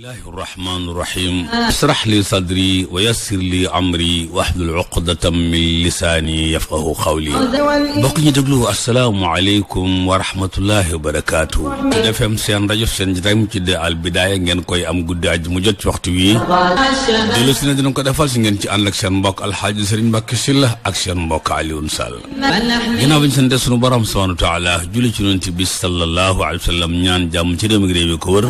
bismillahi rahmaani rahim israh li sadri wa yassir li amri wahlul uqdatam min lisaani yafqahu qawli bokk ñu déglu asalaamualeykum wa rahmatullahi wa barakaatu Sud FM seen rajo seen jotaay mu tuddee al bidaaya ngeen koy am guddi aj mu jot ci waxtu wi dellu si na dinañ ko defal si ngeen ci ànd ak seen mbokk alxaaji Sëriñ Mbàkke Sylla ak seen mbokk Alioune Sall ginnaaw bi ñu sante sunu borom subhaanahu wa taala julli ci Yonent bi sallallahu alayhi wa sallam ñaan jàmm ci réew mi réew yi ko wër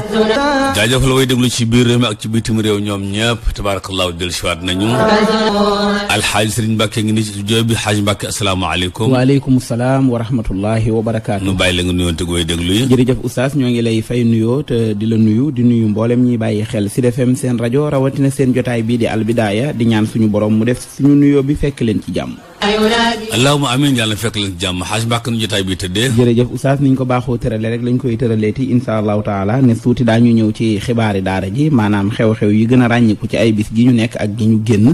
jaajëfal way déglu ci biir réew mi ak ci réew ñoom ñëpp tabaarakallaahu dellu siwaat nañu alxaaji sëriñ Mbàkke ngi ni ci studio bi xaaj Mbàkke asalaamaaleykum waaleykum salaam wa rahmatullahi wa barakaatu nu bàyyi la nga nuyoon te way déglu yi jërëjëf ñoo ngi lay fay nuyoo te di la nuyu di nuyu mboolem ñi bàyyi xel Sud FM seen rajo rawatina seen jotaay bii di albidaaya di ñaan suñu borom mu def suñu nuyoo bi fekk leen ci jàmm allahuma amin yàlla fekk leen jàmm xaaj mbàkk nu jotaay bi tëddee jërëjëf oustaz niñ ko baaxoo tërale rek lañ koy tëraleeti insha allahu taala ne suuti daañu ñëw ci xibaari daara ji maanaam xew-xew yi gën a ràññiku ci ay bis gi ñu nekk ak gi ñu génn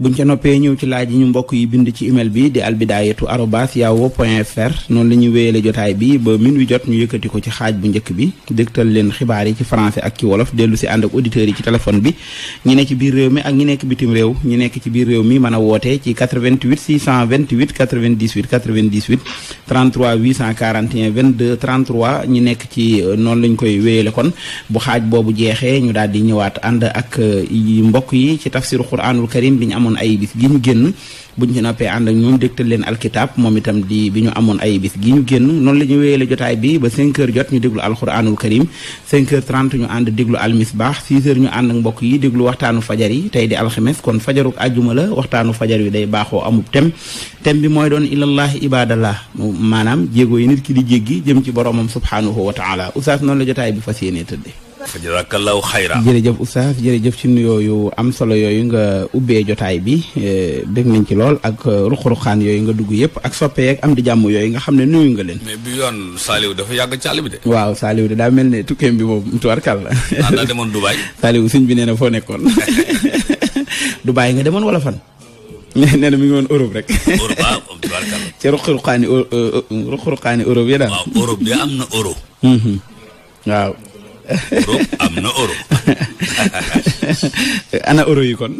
buñ ca noppee ñëw ci laaj yi ñu mbokk yi bind ci email bi di albidaayatu arobas yahoo point fr noonu la ñuy wéyale jotaay bi ba min wi jot ñu yëkkati ko ci xaaj bu njëkk bi dégtal leen xibaar yi ci français ak ci wolof dellu si ànd ak auditeurs yi ci téléphone bi ñi nekk ci biir réew mi ak ñi nekk bitim réew ñi nekk ci biir réew mi mën a woote ci 88 628 98 98 33 841 22 33 ñi nekk ci euh, noonu lañ koy wéyale kon bu xaaj boobu jeexee ñu daal di ñëwaat ànd ak euh, mbokk yi ci tafsiru quranul karim bi ñu amoon amoon ay bis gi ñu génn buñ ci noppee ànd ak ñoom dégtal leen alkitab moom itam di bi ñu amoon ay bis gi ñu génn noonu la ñu wéyale jotaay bi ba 5 jot ñu déglu alquranul karim 5 heures 30 ñu ànd déglu almisbaax 6 heures ñu ànd ak mbokk yi déglu waxtaanu fajar yi tey di alxemes kon fajaruk àjjuma la waxtaanu fajar yi day baaxoo amub tem tem bi mooy doon ilallah ibadallah maanaam jéego yi nit ki di jéggi jëm ci boromam subhanahu wa taala oustaz noonu la jotaay bi fas yéenee tëddee fa jazakallahu xayra jërëjëf oustaz jërëjëf ci nuyoo yu am solo yooyu nga ubbee jotaay bi eh, bég nañ ci lool ak eh, ruq-ruqaan yooyu nga dugg yëpp ak soppeek am di jàmm yooyu nga xam ne nuyu nga leen mais bi yoon Saliou dafa yàgg ci àll bi de waaw Saliou de daa mel ne tukkeem bi moom tuwarkal la naan ah, na demoon Dubaay Saliou sëñ bi nee na foo nekkoon Dubaay nga demoon wala fan nee na mi ngi woon Europe rek. Europe ah comme tubaarkàlla. ci ruq-ruqaani eh, Europe yi daal. Europe de am na euro. Mhm. waaw. Europe am na euro. ana euro yi kon.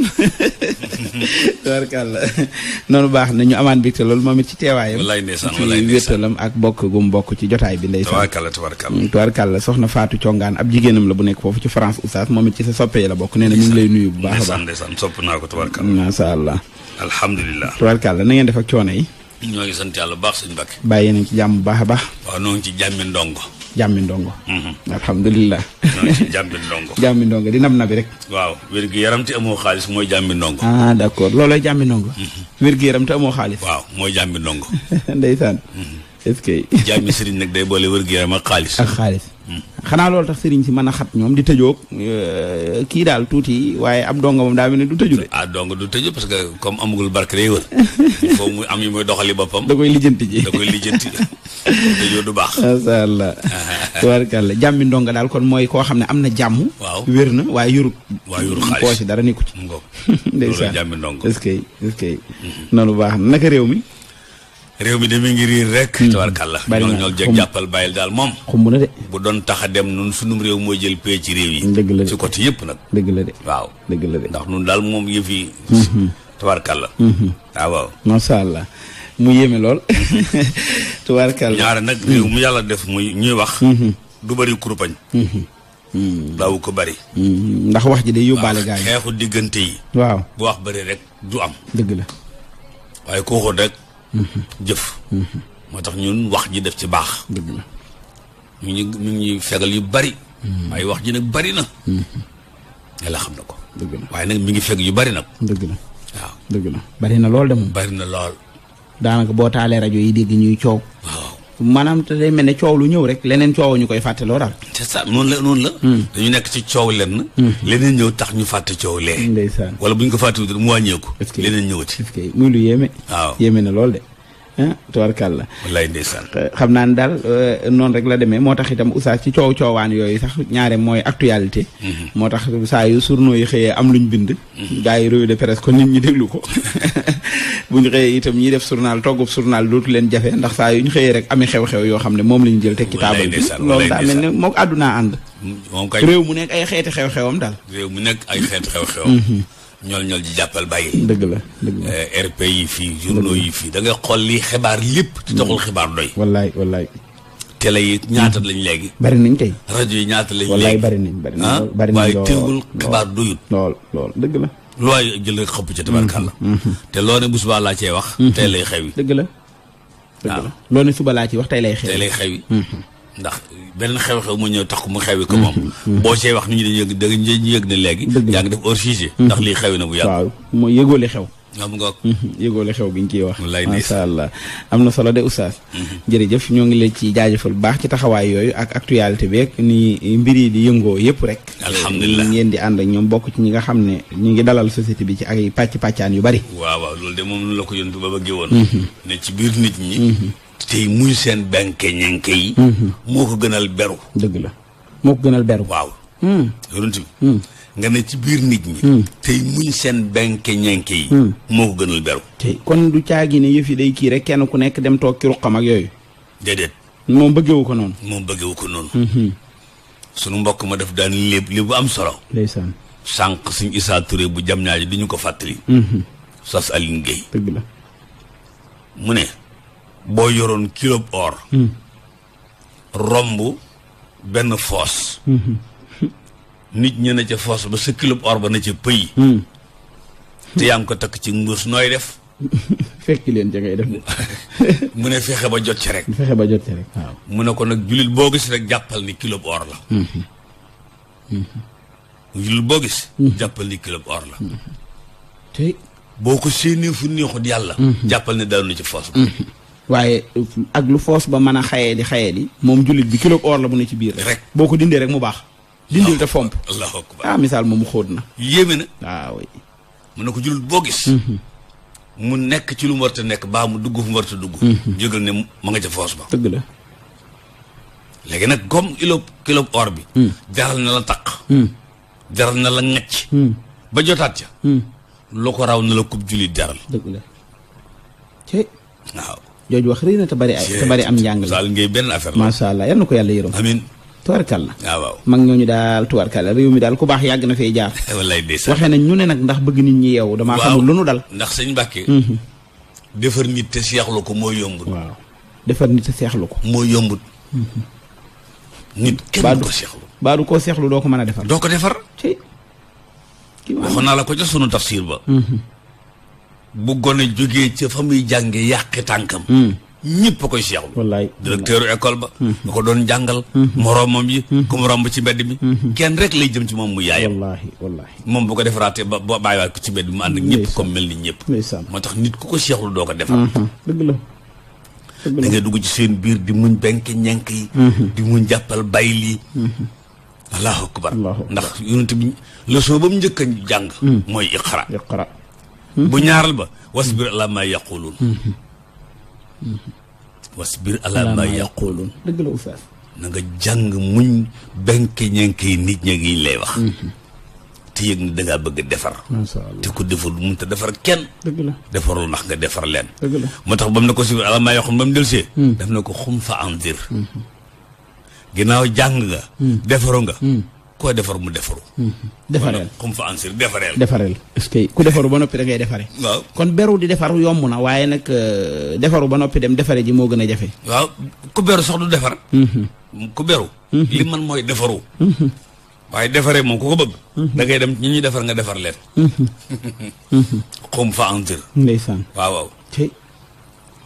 tubarkàlla noonu baax na ñu amaan bégte loolu moom it ci teewaayam. wallaay ak bokk gum bokk ci jotaay bi. ndeysaan tubarkàlla tubarkàlla. Mm, tubarkàlla soxna Fatou Thiongaan ab jigéenam la bu nekk foofu ci France oustaz moom it ci sa soppe la bokk nee na ngi lay nuyu bu baax a baax. ndeysaan sopp naa ko tubarkàlla. macha na ngeen def ak coono yi. ñoo ngi sant yàlla bu baax sëñ Mbacke. bàyyi nañ ci jàmm bu baax a baax. waaw ñoo ngi ci jàmmi ndongo jàmmi ndongo. Mhm. alhamdulilah. jàmmi ndongo. jàmmi ndongo di nab nabi rek. waaw wér yaram te amoo xaalis mooy jàmbi ndongo. ah d' accord loolooy jàmmi ndongo. Mhm. wér gi yaram te amoo xaalis. waaw mooy jàmbi ndongo. ndeysaan. Mhm. est ce que. jàmmi sëriñ nag day boole wér gi yaram ak xaalis. ak xaalis. xanaa loolu tax sëriñ si mën a xat ñoom di tëjoog euh, kii daal tuuti waaye ab dongo moom daa mel ne du tëju de. Ah, dongo du tëju parce que comme amagul barke lay wër foofu muy am yi muy doxali boppam. da koy lijjanti ji da koy du baax. jàmmi ndongo daal kon mooy koo xam ne am na jàmm. waaw wér na waaye yorut. waaye yorut xaalis dara nekku ci. ngoog loolu la jàmmi ndongo ndeysaan est-ce mm-hmm. baax na réew mi. réew mi dama ngi riir rek. Hmm. tabarkalla ñoo ñoo jëg jàppal bàyyil daal moom. xumb na de. bu doon tax dem nun sunum réew mooy jël pee ci réew yi. la de ci côté yëpp nag. dëgg la de waaw. dëgg la de ndax nun daal moom yëf yi. Hmm. tabarkalla. Hmm. Ah, waaw waaw. macha allah mu yéeme lool tabarkalla. ñaare nag mu yàlla def muy ñuy wax. du bari kurpañ. daawu ko bari ndax wax ji day yóbbaale gaa yi. xeexu diggante yi. waaw bu wax bëri rek du am. dëgg la waaye koo xool rek. jëf moo tax ñun wax ji def ci baax mu ñu ngi ñu fegal yu bari mm-hmm. waaye wax ji nag bari na mm-hmm. yàlla xam na ko dëgg la waaye nag mi ngi feg yu bari nag dëgg la waaw dëgg la bari na lool de moom bari na lool daanaka boo taalee rajo yi dégg ñuy coow waaw maanaam ta day mel ne coow lu ñëw rek leneen coow ñu koy fàttaloo daal. sa ça noonu la noonu la. Hmm. dañu nekk ci coow lenn. Hmm. leneen ñëw tax ñu fàtte coow lee. ndeysaan wala bu ñu ko fàttewut mu wàññeeku. leneen ñëwati. muy lu yéeme. waaw yéeme na lool de. tubarkàlla wallaay ndeysaan xam naa ne daal euh, noonu rek la demee moo tax itam oustaz ci coow coowaan yooyu sax ñaare mooy actualité mhm. moo tax saa yu journaux yi xëyee am luñ bind mhm. gars yi revue de presque ko nit ñi déglu ko bu ñu xëyee itam ñiy def journal toggub journal dootu leen jafe ndax saa yu ñu xëyee rek ami xew-xew yoo xam ne moom la ñu jël teg taabal bi loolu daa mel ne mook àddunaa ànd réew mu nekk ay xeeti xew-xewam daal réew mu nekk ay xeeti xew-xewam mhm. ñool ñool ji jàppal bàyyi. dëgg la dëgg la eh, RP yi fii journaux yi fii da nga xool lii xibaar lépp. te taxul mm. xibaar doy. wallaay wallaay. télé yi mm. ñaata lañ léegi. bari nañ tey. rajo yi ñaata lañ léegi bari nañ bari nañ ah, bari nañ waaye teewul xibaar doyut. lool lool dëgg la. loo jël rek xëpp ca tabarkàlla. Mm-hmm, mm-hmm. te loo ne bu subaa laa cee wax. Mm-hmm. tey lay xew dëgg dëgg la ah. loo ne suba laa ci wax tey lay xewi. tey lay xewi. ndax benn xew-xew mu ñëw tax ko mu xew xewi ko moom. Mm-hmm. boo see wax nit ñu dañuy yëg yëg ne léegi. yaa ngi def hors sujet. Mm-hmm. ndax lii xewi na bu yàgg. waaw mooy yëgoo xew. am nga yëgoo li xew gi ñu ciy wax. macha allah am na solo de oustaz. Mm-hmm. jërëjëf ñoo ngi leen ci jaajëfal bu baax ci taxawaay yooyu ak actualité beeg ni mbir yi di yëngoo yëpp rek. alhamdulilah ngeen di ànd ak ñoom bokk ci ñi nga xam ne ñu ngi dalal société bi ci ay pàcc pàccaan yu bari. waaw waaw loolu de moom la ko yëntu ba bëggee woon. ne ci biir nit ñi. université yi muñ seen benke ñenke yi mhm. moo ko gënal beru dëgg la moo ko gënal beru waaw hmm. yonent hmm. ci biir nit hmm. seen benke ñenke moo ko gënal beru kon du caagi ne yëf yi day kii rek kenn ku nekk dem toog ki ruqam ak yooyu déedéet moom bëggewu ko noonu moom bëggewu ko noonu sunu mbokk ma def daan lépp li bu am solo ndeysaan sànq suñ Issa bu jam di ko fàttali sas Aline dëgg la mu ne boo yoroon kilo or. Hmm. romb benn foos. Hmm. nit ñi ne ca foos ba sa kilo or ba na ca pëy. Hmm. te yaa ngi ko takk ci mbuus nooy def. fekk leen ja ngay def mu ne fexe ba jot ci rek. fexe mu ne ko nag jullit boo gis rek jàppal ni kilo or la. jullit boo gis. jàppal ni kilo or la. te boo ko séenee fu neexut yàlla. jàppal ne daanu ci foos ba. waaye ak lu foos ba mën a xayee di xayee di moom jullit bi kilo or la bu ne ci biir rek boo ko dindee rek mu baax dindil te fomp allahu akbar ah misaal moomu xóot na yéeme na waaw ah, mun na ko jullit boo gis mhm. mu nekk ci lu mu war nekk baa mu dugg fu mu war te dugg mhm. jógal ne ma nga ca foos ba dëgg la léegi nag comme kilo kilo or mm. na la taq mm. na la mm. ba jotaat loo ko raw na la kub jullit jaral dëgg waaw jooju wax rëy na te bari ay bari am njàng la ngay la macha allah yal na ko yàlla yërëm amiin tuwarkal la waaw ah, waaw mag ñooñu daal tuwarkal la réew mi daal ku baax yàgg na fee jaar eh, wallaay ndeysaan waxee ñu ne nag ndax bëgg nit ñi yeewu damaa xamul lu nu dal ndax sëñ Mbàkke mhm. defar nit te seexlu ko moo yombut waaw defar nit te seexlu ko moo yombut mhm. nit kenn ko seexlu baadu koo seexlu doo ko mën a defar doo ko defar waxoon naa la ko ca sunu tafsir ba mhm. bu gone jógee ca fa muy jànge yàqi tànkam hmm. ñëpp a koy seexlu wallaay directeur école ba nga hmm. ko doon jàngal hmm. moroomam yi ku mu romb ci mbedd mi kenn rek lay jëm ci moom mu yaayam wallaahi wallaahi moom bu ko defaraatee ba ba bàyyiwaat ko ci mbedd mi mu ànd ak ñëpp comme mel ni ñëpp moo tax nit ku ko seexlu doo ko defar dëgg la dugg ci seen biir di mu benk ñenk di muñ jàppal bay lii allahu akbar ndax yonent bi leçon ba mu njëkk a jàng mooy iqra bu ñaaral ba was ala ma yaquluun wasbir biir ma yaquluun dëgg la oustaz na nga jàng muñ benk ñenk yi nit ña lay wax mhm. te yëg ne dangaa bëgg defar te ko deful mun te defar kenn dëgg la defarul ndax nga defar leen moo tax ba na ko wasbir ala ma yaquluun ba delsee mhm. daf na ko xum fa andir mhm. ginnaaw jàng nga defaru nga koo defar mu defaru hmm. defareel xum fa ansir defareel defareel est-ce que ku defaru ba noppi da defare waaw kon beru di defaru yomb na waaye nag euh, defaru ba noppi dem defare ji moo gën a jafe waaw ku beru sax du defar hmm. ku beru hmm. li man mooy defaru waaye defaree moom ku ko bëgg da ngay dem ñi ñu defar nga defar leen xum fa ansir waaw waaw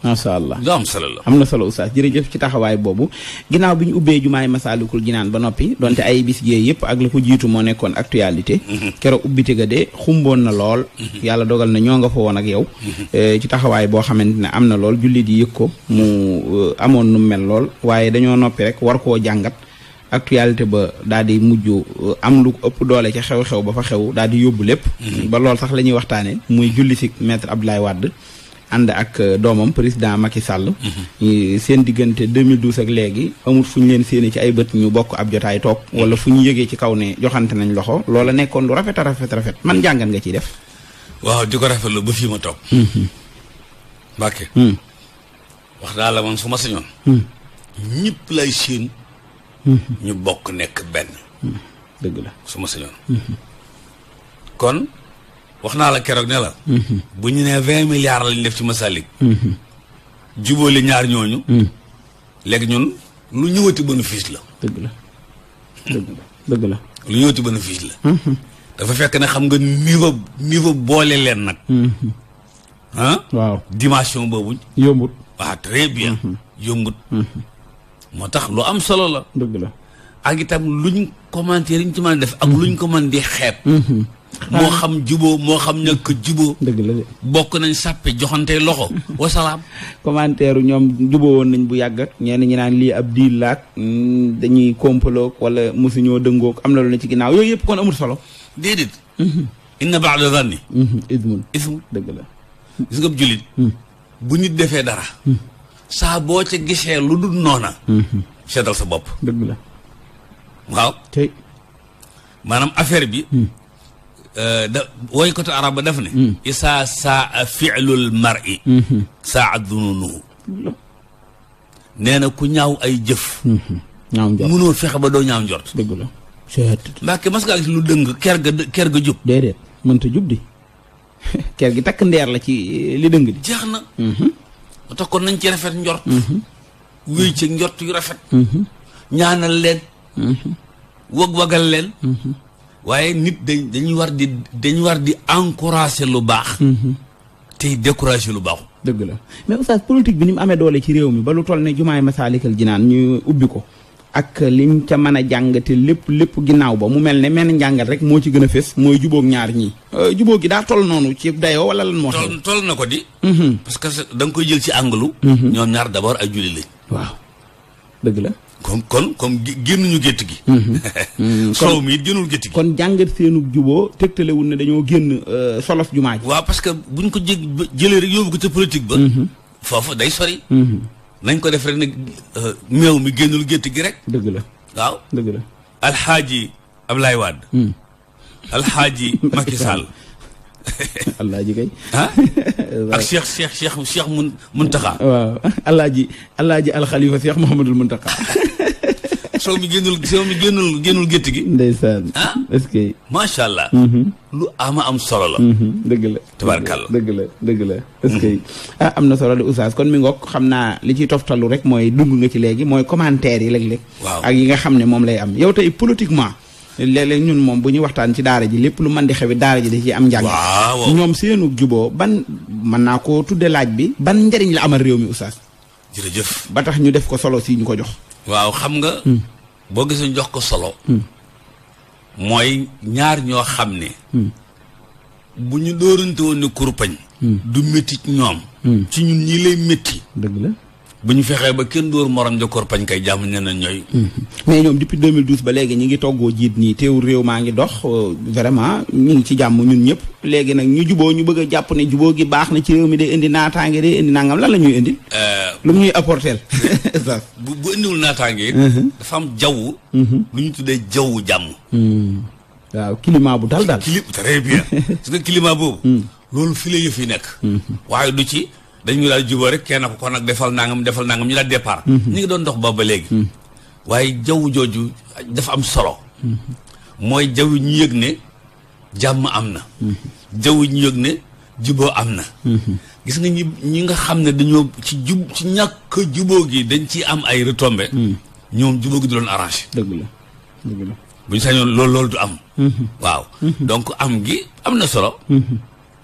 macha allah lu am am na solo oustaz jërëjëf ci taxawaay boobu ginnaaw bi ñu ubbee jumaay masaalikul jinaan ba noppi donte ay bis yee yëpp ak la jiitu moo nekkoon actualité. Mhm. keroog ubbite ga de xumboon na lool. Mhm. yàlla dogal na ñoo nga fa woon ak yow. Mhm. Eh, ci taxawaay boo xamante ne am na lool julli di yëg ko mu eh, amoon nu mel lool waaye dañoo noppi rek war koo jàngat. actualité ba daal di mujj eh, am lu ëpp doole ca xew-xew ba fa xew daal di yóbbu lépp. ba lool sax la ñuy ànd ak euh, doomam président Macky Sall. Mm-hmm. seen diggante 2012 ak léegi amul fu ñu leen séenee ci ay bët ñu bokk ab jotaay toog. wala fu ñu yëgee ci kaw ne joxante nañ loxo loola nekkoon lu rafet a rafet rafet man jàngat nga ciy def. waaw di ko rafet rafetlu ba fii ma toog. Mm-hmm. Mbacke. Mm. wax daal la man su ma sañoon. Mm. lay séen. Mm-hmm. ñu bokk nekk benn. Mm. dëgg la suma ma kon. wax naa la keroog ne la. bu ñu nee vingt milliards lañ def ci masalik. jubóole ñaar ñooñu. léegi ñun lu ñëwati bénéfice la. la dëgg la la. lu ñëwati bénéfice la. dafa fekk ne xam nga niveau niveau boole leen nag. ah. waaw dimension boobu. yombut waaw très bien. yombut. moo tax lu am solo la. dëgg la ak itam luñ commenté liñ ci mën a def. ak luñ ko mën di moo xam juboo moo xam ñàkk jibo dëgg la bokk nañ sàppe joxante loxo wasalaam commentaire ñoom juboo woon nañ bu yàgg ñenn ñi naan lii ab diil laak mm, dañuy kompaloog wala mosuñoo dëngoog am na lu ne ci ginnaaw yooyu yëpp kon amul solo déedéet mhm. inna ba'da mhm. dëgg la gis nga mhm. defee dara saa boo ca gisee lu dul noona seetal sa bopp dëgg la waaw tey maanaam affaire bi Euh, da woykatu arab ba def ne hmm. isaa saa filul mari hmm. saa dununuhu nee na ku ñaaw ay jëf hmm. ñaaw njort mënoo fexe ba doo ñaaw njort dëgg la mbàkke mas ngaa lu dëng ker ga ker ga jub mënta jub di ker gi takk ndeer la ci eh, li dëng di jeex na moo tax nañ ci rafet njort wéy ci njort yu rafet ñaanal leen wag leen waaye nit dañ dañuy war di dañu war di encourager lu baax. Mhm. tey décourager lu baax. dëgg la mais oustaz politique bi ni mu amee doole ci réew mi ba lu toll ne jumaay Masaalikal Jinaan ñu ubbi ko. ak liñ ca mën a jàngate lépp lépp ginnaaw ba mu mel ne menn njàngat rek moo ci gën a fés mooy jubóog ñaar ñii. Euh, jubóog gi daa toll noonu ci dayoo wala lan moo. toll na ko di. Mhm. parce que danga koy jël ci àngalu. Mhm. ñoom ñaar d'abord a julli lañ. waaw dëgg la. kon kon comme génnuñu gétt gi. Mhm. soow mhm. mi it génnul gétt gi. kon jàngat seenu juboo tegtalewul ne dañoo génn euh, solof jumaa ji. waaw parce que buñ ko jég jëlee rek yóbbu ko ca politique ba. Mhm. foofu day sori. nañ ko def rek ne euh, meew mi génnul gétt gi rek. dëgg la waaw dëgg la. alxaaji Ablaye Wade. alxaaji Macky Sall. alaaji kay. ah ak cheikh cheikh cheikh cheikh mun Muntaxa. waaw alaaji alaaji alxalifa cheikh Mouhamadul Muntaxa. soo mi génnul soo mi génnul génnul gétt gi. ndeysaan. ah est-ce que. macha allah. Mhm. lu ama am solo la. Mhm. dëgg la tabaarkàlla dëgg la dëgg ah am na solo de oustaz kon mi ngoog xam naa li ciy toftalu rek mooy dugg nga ci léegi mooy commentaire yi léeg-léeg. waaw ak yi nga xam ne moom lay am yow tey politiquement. léeg ñun moom bu ñu waxtaan ci daara ji lépp lu man di xewi daara ji da ci am njàng ñoom seenu juboo ban mën naa koo tuddee laaj bi ban njariñ la amal réew mi oustaz jërëjëf ba tax ñu def ko solo si ñu ko jox waaw xam nga hmm. boo gisoon jox ko solo hmm. mooy ñaar ñoo xam ne hmm. bu ñu dóorante woon ne kurpañ du métti ñoom ci ñun ñii lay métti dëgg la bu ñu fexee ba kenn dóor morom jokkoor pañ kay jàmm ne na ñooy. Mm-hmm. mais ñoom depuis 2012 ba léegi ñi ngi toggoo jiit nii teewul réew maa ngi dox euh, vraiment ñu ngi ci jàmm ñun ñëpp léegi nag ñu juboo ñu bëgg a jàpp ne juboo gi baax na ci réew mi day indi naataange day indi nangam lan la ñuy indi. Euh, lu mu ñuy apporteel. bu bu indiwul naataange. Mm-hmm. dafa am jaww. Mm-hmm. lu ñu tuddee jawwu jàmm. waaw climat bu dal daal. climat très bien parce boobu. Mm. loolu fi la yëf yi nekk. dañu daal jubóo rek kenn ko kon nag defal nangam defal nangam ñu daal départ. Mhm. ñu ngi doon dox ba ba léegi. Mhm. waaye jaww jooju dafa am solo. Mhm. mooy jaww ñu yëg ne jàmm am na. jaww ñu yëg ne jubóo am na. gis nga ñi ñi nga xam ne dañoo ci jub ci ñàkk jubóo gi dañ ci am ay retombées. ñoom jubo gi du doon arrangé. dëgg bu ñu sañoon lool loolu du am. waaw donc am gi am na solo.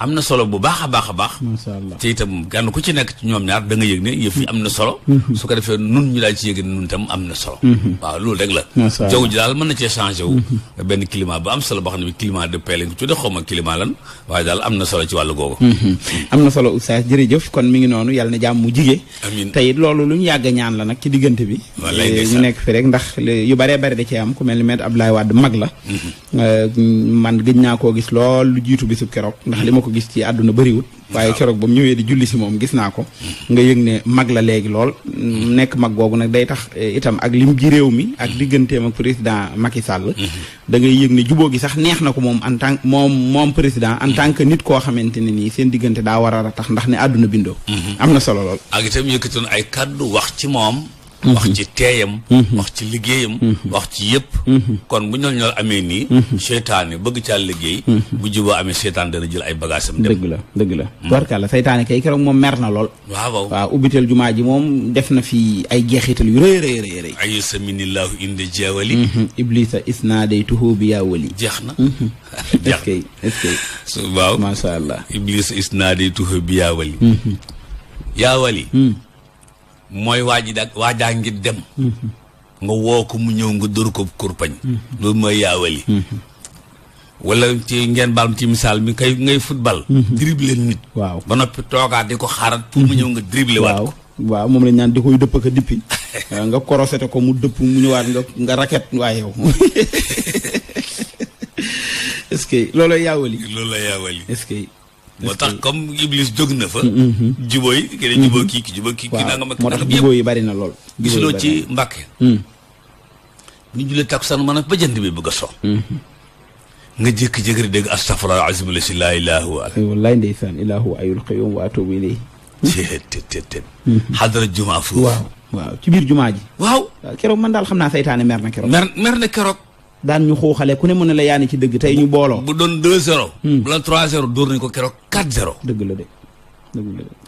am na solo bu baax a baax a baax. macha allah te itam kenn ku ci nekk ci ñoom ñaar da nga yëg ne yëf yi am na solo. Mm-hmm. su ko defee nun ñu daal ci yëg ne nun itam am na solo. Mm-hmm. waaw loolu rek la. macha ji daal mën na cee changé wu. Mm-hmm. benn climat bu am solo boo xam ne climat de paix lañ ko tuddee xaw ma climat lan daal am na solo ci wàllu googu. am na solo oustaz jërëjëf kon mi ngi noonu yàlla na jàmm mu jigee. tey loolu lu ñu yàgg a ñaan la nag ci diggante bi. wallaay eh, ñu nekk fi rek ndax yu baree bare da cee am ku mel ni maître Abdoulaye Wade mag la. Eh, man gëj naa koo gis lool lu jiitu bisub keroog ndax li ma ko gis ci àdduna bëriwut waaye coroog ba mu ñëwee di julli si moom gis naa ko nga yëg ne mag la léegi lool nekk mag googu nag day tax eh, itam ak lim ji réew mi ak digganteem ak président Macky Sall mhm. da ngay yëg ne juboo gi sax neex na ko moom en tant moom moom président en mhm. tant que nit koo xamante ne nii seen diggante daa war a tax ndax ne àdduna bindoo mhm. am na solo lool ak itam yëkkatoon ay kaddu wax ci moom wax ci mhm. teeyam mhm. wax ci liggéeyam mhm. wax ci yëpp kon bu ñol ñol amee nii seytaane bëgg caa liggéey bu juboo amee seytaane dana jël ay bagaasam dem dëgg la dëgg la tubarkàlla seytaane kay keroog moom mer na lool waaw waaw ubbiteel jumaa ji moom def na fi ay jeexital yu rëy rëy rëy rëy ayu saminillahu inde jaawali iblisa isnaadaytuhu bi yaa wali jeex na jeex kay est ce que waaw macha allah iblisa isnaadaytuhu bi yaa wali yaa wali mooy waa ji da waajaa ngir dem mm-hmm. nga woo ko mu ñëw nga dóor ko kurpañ mm-hmm. loolu mooy yaawali mm-hmm. wala ci ngeen baal ci misaal mi kay ngay football dribble nit waaw ba noppi toogaat di ko xaarat pour mu ñëw nga dribble waat ko waaw moom lañ ñaan di koy dëpp ka dippi ah, nga korosete ko mu dëpp mu ñëwaat nga nga raket waa yow est loolu que looloo yaawali looloo yaawali est-ce que moo tax comme Iblis jóg na fa. Mm-hmm. jubóo yi kii la jubóo kii ki jubóo kii. waaw moo tax jubóo yi bari na lool. gisuloo ci Mbàkke. Mm. ñu jullee takkusaan maanaam ba jant bi bëgg a so. Mm-hmm. nga jékki-jékki dégg astafurlah azim la si laa ilaaha wa ala. wallaay ndeysaan ilaahu wa ayul qayyum wa atubu xadara jumaa foofu. waaw waaw ci biir jumaa ji. waaw. keroog man daal xam na keroog. mer keroog. daan ñu xuuxale ku ne mën na la yaani ci dëgg tey ñu booloo. bu doon 2-0. Hmm. bu la 3-0 dóor ko keroo 4-0. dëgg la de dëgg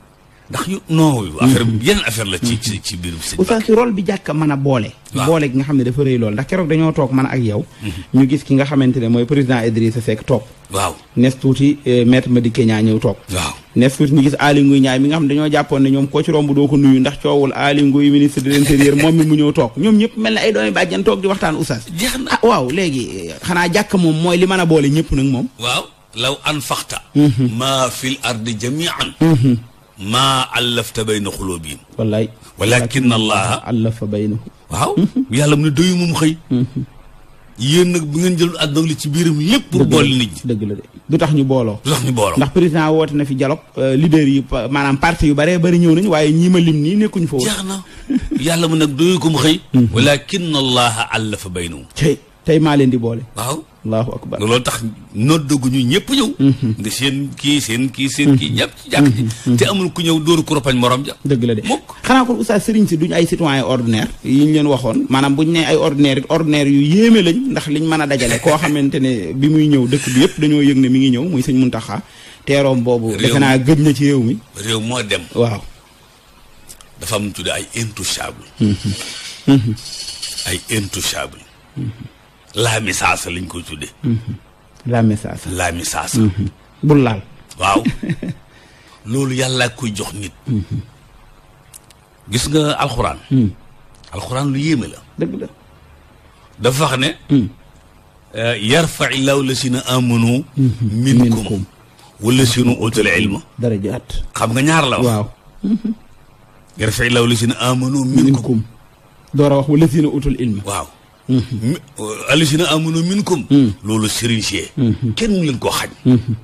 ndax yu non affaire yenn affaire la ci ci ci biir sëñ oustaz si rôle bi jàkka mën a boole boole gi nga xam ne dafa lool ndax keroog dañoo toog man ak yow mhm. ñu gis ki nga xamante ne mooy président Idrissa Seck toog waaw nes tuuti eh, maître Madické Niang ñëw toog waaw nes tuuti ñu gis Aly Ngouille mi nga xam ne dañoo jàppoon ne ñoom koo ci romb doo ko nuyu ndax coowul Aly Ngouille ministre de l'intérieur moom mi mu ñëw toog ñoom ñëpp mel na ay doomi bàjjan toog di waxtaan oustaz ah, waaw léegi xanaa jàkk moom mooy li mën a boole ñëpp nag moom waaw law anfaqta mhm. ma fil ardi jami'an mhm. maa allafta bayna xuluubihim wallaay walakin allaha allafa baynahum waaw yàlla mun a doyu moom xëy mm-hmm. yéen nag bu ngeen jëlul àdduna li ci biiram lépp pour boole nit ñi la de du tax ñu booloo du ñu booloo ndax président woote na fi dialogue euh, leader yi maanaam parti yu baree bari ñëw nañ waaye ñii ma lim nii nekkuñ fa woon na yàlla mun nag doyu ko mu xëy mm-hmm. walakin allaha allafa baynahum tey maa leen di boole. waaw allahu akbar loolu tax noddogu ñu ñëpp ñëw. Mhm. nga seen kii seen kii seen kii mhm. ñëpp ci jàkk ji. Mhm. te amul ku ñëw dóoru ku ropañ morom ja. dëgg la de mukk xanaa kon oustaz sëriñ si duñ ay citoyen ordinaire. yi ñu leen waxoon maanaam bu buñ ne ay ordinaire it ordinaire yu yéeme lañ ndax liñ mën a dajale. koo xamante ne bi muy ñëw dëkk bi yëpp dañoo yëg ne mi ngi ñëw muy sëñ Muntaxa teeroom boobu. defe naa gëj na ci réew mi. réew moo dem. waaw. dafa am tudd ay intouchable ay intouchable laami saasa lañ koy tuddee. Mm-hmm. laami saasa. laami saasa. Mm-hmm. bul laal. waaw loolu yàlla koy jox nit. Mm-hmm. gis nga alxuraan. Mm. alxuraan lu yéeme la. dëgg la. dafa wax ne. Mm. Eh, yarfa illaahu lasina amanu. minkum wala sinu utul ilma. darajaat xam nga ñaar la wax. waaw. yarfa illaahu lasina amanu minkum. door a wax wala sinu utul ilma. na alisina min minkum mm-hmm. loolu sëriñ si mm-hmm. kenn mu leen koo xaj mm-hmm.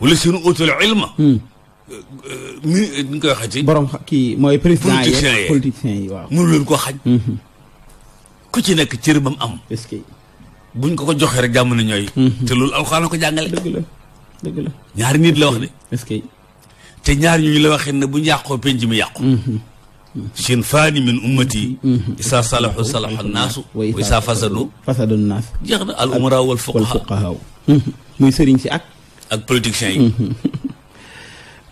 wala seen utul ilma mm. euh, mi ñu koy xañ ci borom kii mooy président yi politiciens yi waaw mënu leen koo xañ ku ci nekk cër bam am est-ce que buñ ko ko joxee rek jàmm na ñooy te loolu alxuraan ko jàngale dëgg ñaari nit la wax de que te ñaar ñooñu la waxee na bu ñu yàqoo penc mi yàqu sinfaani min ummati isa salahu salaha naasu wa isa fasadu fasadu naasu jeex na al umara wal fuqaha muy sëriñ si ak ak politiciens yi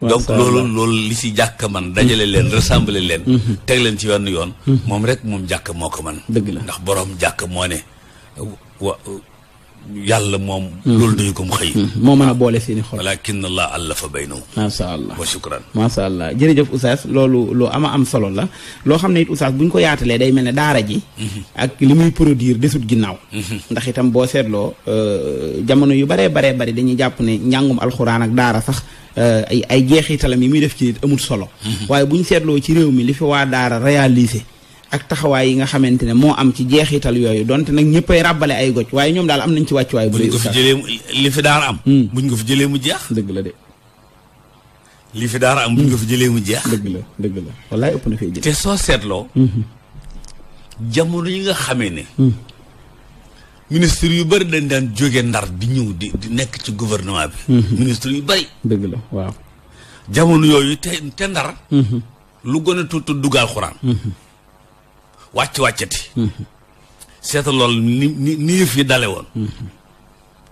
donc loolu loolu li si jàkk man dajale leen rassembler leen mhm. teg leen ci wenn yoon mhm. moom rek moom jàkk moo ko man dëgg la ndax boroom jàkk moo ne wa yàlla moom. Hmm. loolu dañu ko xëy. Hmm. Hmm. moo mën a boole seeni xol. walakin allah allafa baynahum. macha allah jërëjëf Oustaz loolu loo ama am solo la loo xam ne it Oustaz bu ñu ko yaatalee day mel ne daara ji. ak li muy produire desut ginnaaw. ndax itam boo seetloo euh, jamono yu baree baree bari dañuy jàpp ne njàngum alxuraan ak daara sax. Euh, ay ay jeexitalam yi muy def ci nit amul solo. waaye bu seetloo ci réew mi li fi waa daara réaliser. ak taxawaay yi nga xamante ne moo am ci jeexital yooyu donte nag ñëppay ràbbale ay goj waaye ñoom daal am nañ ci wàccuwaay bu buñ ko fi jëlee li daara am hmm. buñ ko fi jëlee mu jeex dëgg la de li fi daara am buñ ko fi hmm. jëlee mu jeex dëgg la dëgg la wallaay ëpp na fee jëlee te soo seetloo hmm. jamono nga xamee ne ministre yu bëri dañ daan jóge ndar di ñëw di di nekk ci gouvernement bi ministre yu bëri dëgg la waaw jamono yooyu te te ndar lu gën a tuuti dugg alxuraan wàcc wàccati. seeta lool ni ni ni yëf dale woon.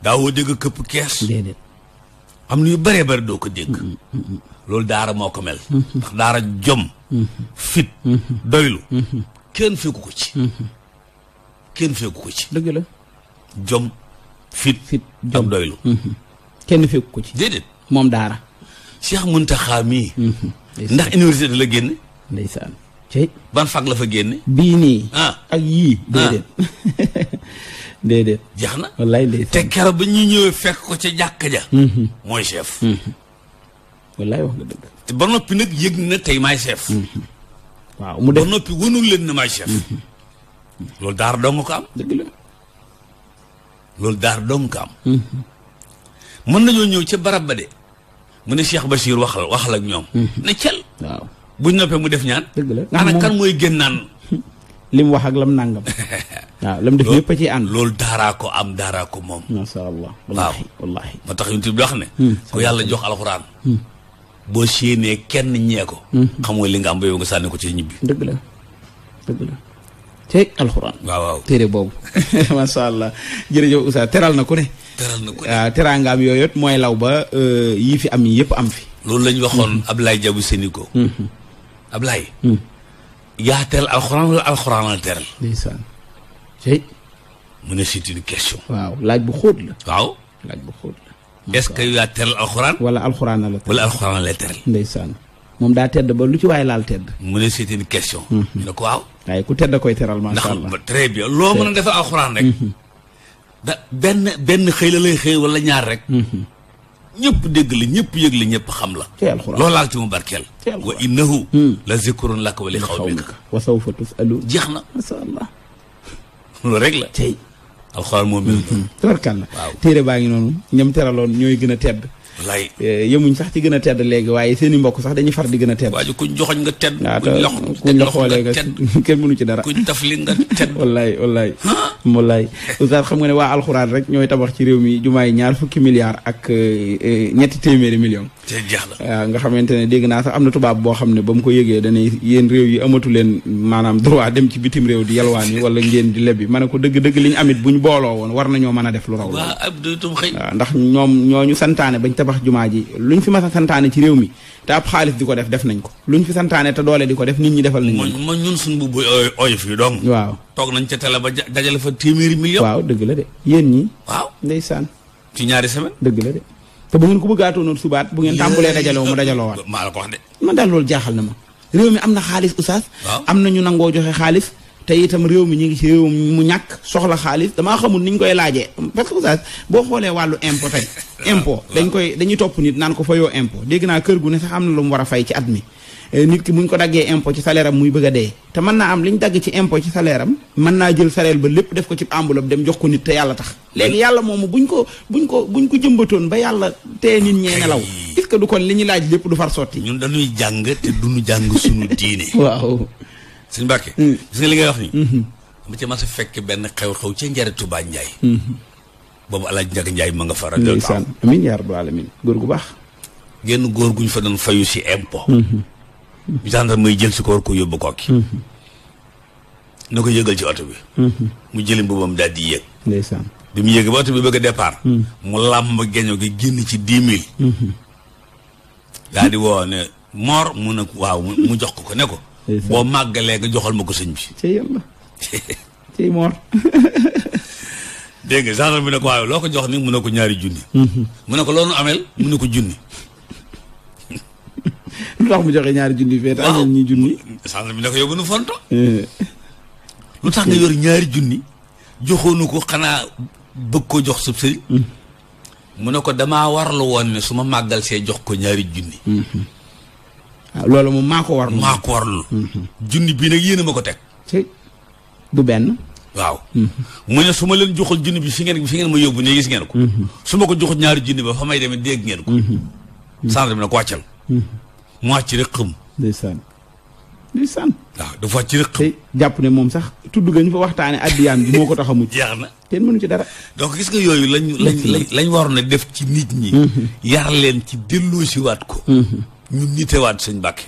daawoo dégg këpp kees. déedéet am na yu bëree doo ko dégg. loolu daara moo ko mel. ndax daara jom. fit doylu. kenn fekku ko ci. kenn ko ci. dëgg la jom. fit fit jom doylu. kenn fekku ko ci. déedéet moom daara. Cheikh Mountakha mii. ndax université la génne. ndeysaan. ban fag la fa nii. Ah. ak yii. Ah. déedéet jeex na wallaay ba ñuy ñëwee fekk ko ca jàkka mm-hmm. mooy chef. Mm-hmm. ba noppi nag yëg na tey maay chef. Mm-hmm. waaw mu def ba noppi wanul leen ne maay chef. loolu daar dong ko am. dëgg la loolu nañoo ñëw ca barab ba de mu ne Cheikh Bachir waxal waxal ak ñoom. ne cel buñ noppee mu def ñaan. dëgg la kan mooy génn naan. lim wax ak lam nangam. waaw lam def yëpp ci ciy ànd. loolu daaraa ko am daaraa ko moom. macha allah wallaahi wallaahi moo tax yonent bi wax ne. Hmm. ku yàlla jox alxuraan. Hmm. boo séenee kenn ñee ko. Hmm. li nga am yow nga sànni ko ci ñibbi. la dëgg la. tey alxuraan. boobu. macha allah jërëjëf Oustaz teral na ku ne. teral na ku ne waaw ah, teraangaam yooyu mooy law ba euh, yii fi am yëpp am fi. loolu la ñu waxoon Abdoulaye Diabou Sénigo. Ablaye. yaa teral mu hmm. ne c'est laaj bu xóot bu xóot la. est yaa teral alxuraan. wala alxuraan la teral wala alxuraan la teral. ndeysaan moom daa tedd ba lu ci waaye laal tedd. mu ne c'est une question. ñu hmm. ne ko waaw. waaye ku tedd koy teral macha allah loo mën a defee alxuraan rek. Hmm. da benn benn xëy la lay xëy wala ñaar rek. ñëpp dégg la ñëpp yëg la ñëpp xam la loolaal ci mu barkeel wa innahu hmm. la zikrun laka wa li xawmika wa sawfa tusalu jeex na masha allah loolu rek la tey alxuraan moom mel hmm. tabarkàlla téere baa ngi noonu ñam teraloon ñooy gën a tedd lay eh, yemuñ sax ci gën a tedd léegi waaye seen mbokk sax dañuy far di gën a tedd kuñ joxoñ nga tedd kuñ lox kuñ kenn mënu ci dara kuñ taf li nga tedd wallaay wallaay wallaay oustaz xam nga ne waa alxuraan rek ñooy tabax ci réew mi jumaay ñaar fukki milliards ak eh, eh, ñetti téeméeri millions te jeex la waaw nga xamante ne dégg naa sax am na tubaab boo xam ne ba mu ko yëgee dana yéen réew yi amatu leen maanaam droit dem ci bitim réew di yalwaan yi wala ngeen di lebbi ma ne ko dëgg-dëgg li ñu amit buñ booloo woon war nañoo mën a def lu tabax jumaa ji luñ fi mas a santaane ci réew mi te ab xaalis di ko def def nañ ko luñ fi santaane te doole di ko def nit ñi defal nañ ko. ma ñun suñu mbubb oyof yi dong. waaw toog nañ ca télé ba dajale fa téeméeri million. waaw dëgg la de yéen ñi. waaw ndeysaan. ci ñaari semaine. dëgg la de te bu ngeen ko bëggaatoonoon subaat bu ngeen tàmbulee dajaloo mu dajaloo waat. maa daal loolu jaaxal na ma réew mi am na xaalis oustaz. am na ñu nangoo joxe xaalis te itam réew mi ñu ngi ci réew mu ñàkk soxla xaalis damaa xamul ni ñu koy laajee parce que boo xoolee wàllu impôt tey impôt dañ koy dañuy topp nit naan ko fayoo impôt dégg naa kër gu ne sax am na lu mu war a fay ci at mi eh, nit ki buñ ko daggee impôt ci salaire muy bëgg dee te mën naa am li ñu dagg ci impôt ci salaire mën naa jël salaire ba def ko ci enveloppe dem jox ko nit te yàlla tax léegi yàlla moomu buñ ko buñ ko buñ ko jëmbatoon ba yàlla tee nit ñee nelaw est-ce que du kon li ñu laaj lépp du far sotti ñun dañuy jàng te duñu jàng suñu diine waaw sëñ Mbàkke mm. gis nga li ngay wax nii mu mm-hmm. ci mas a fekk benn xew-xew ci njari Touba Njaay mm-hmm. boobu alaaj Njaga Njaay ma nga faral ndeysaan amin bu rabbal alamin góor gu baax génn góor guñ fa doon fayu si impôt bi tax muy jël si ko war ko yóbbu kokki mm-hmm. na ko yëgal ci oto bi mu jëli mbubbam daal di yëg ndeysaan bi mu yëg ba oto bi bëgg a départ mm. mu làmb geño gi génn ci dix mille daal di woo ne moor mu ne waaw mu jox ko ko ne ko boo màggalee nga joxal ma ko sëñ bi. ci moor. dégg nga gendarme bi ne ko waaye loo ko jox ni mu ne ko ñaari junni. mu ne ko loolu amel mu ne ko junni. lu tax mu ñaari junni fee. waaw te bi ne ko yow bu eh. tax nga yor ñaari junni. joxoonu ko xanaa bëgg ko jox sub sëriñ. Mm. mu ne ko damaa warlu woon ne su ma màggal see jox ko ñaari junni. Mm-hmm. waaw loolu moom maa ko war. maa ko war junni bii nag yéen ma ko teg. du benn. waaw. Mm-hmm. mu ne su ma leen joxul junni bi fi ngeen fi ngeen ma yóbbu ne gis ngeen ko. Mm-hmm. su ma ko joxul ñaari junni ba fa may demee dégg ngeen ko. Mm-hmm. sànq na ko wàccal. mu wàcc rek xëm. ndeysaan ndeysaan. waaw dafa wàcc jàpp ne moom sax tudd nga ñu fa waxtaanee addiyaam bi moo ko tax a jeex na te mënu ci dara. donc gis nga yooyu lañ lañ lañ waroon a def ci nit ñi. yar leen ci delloosiwaat ko. ñu waat sëñ Mbàkke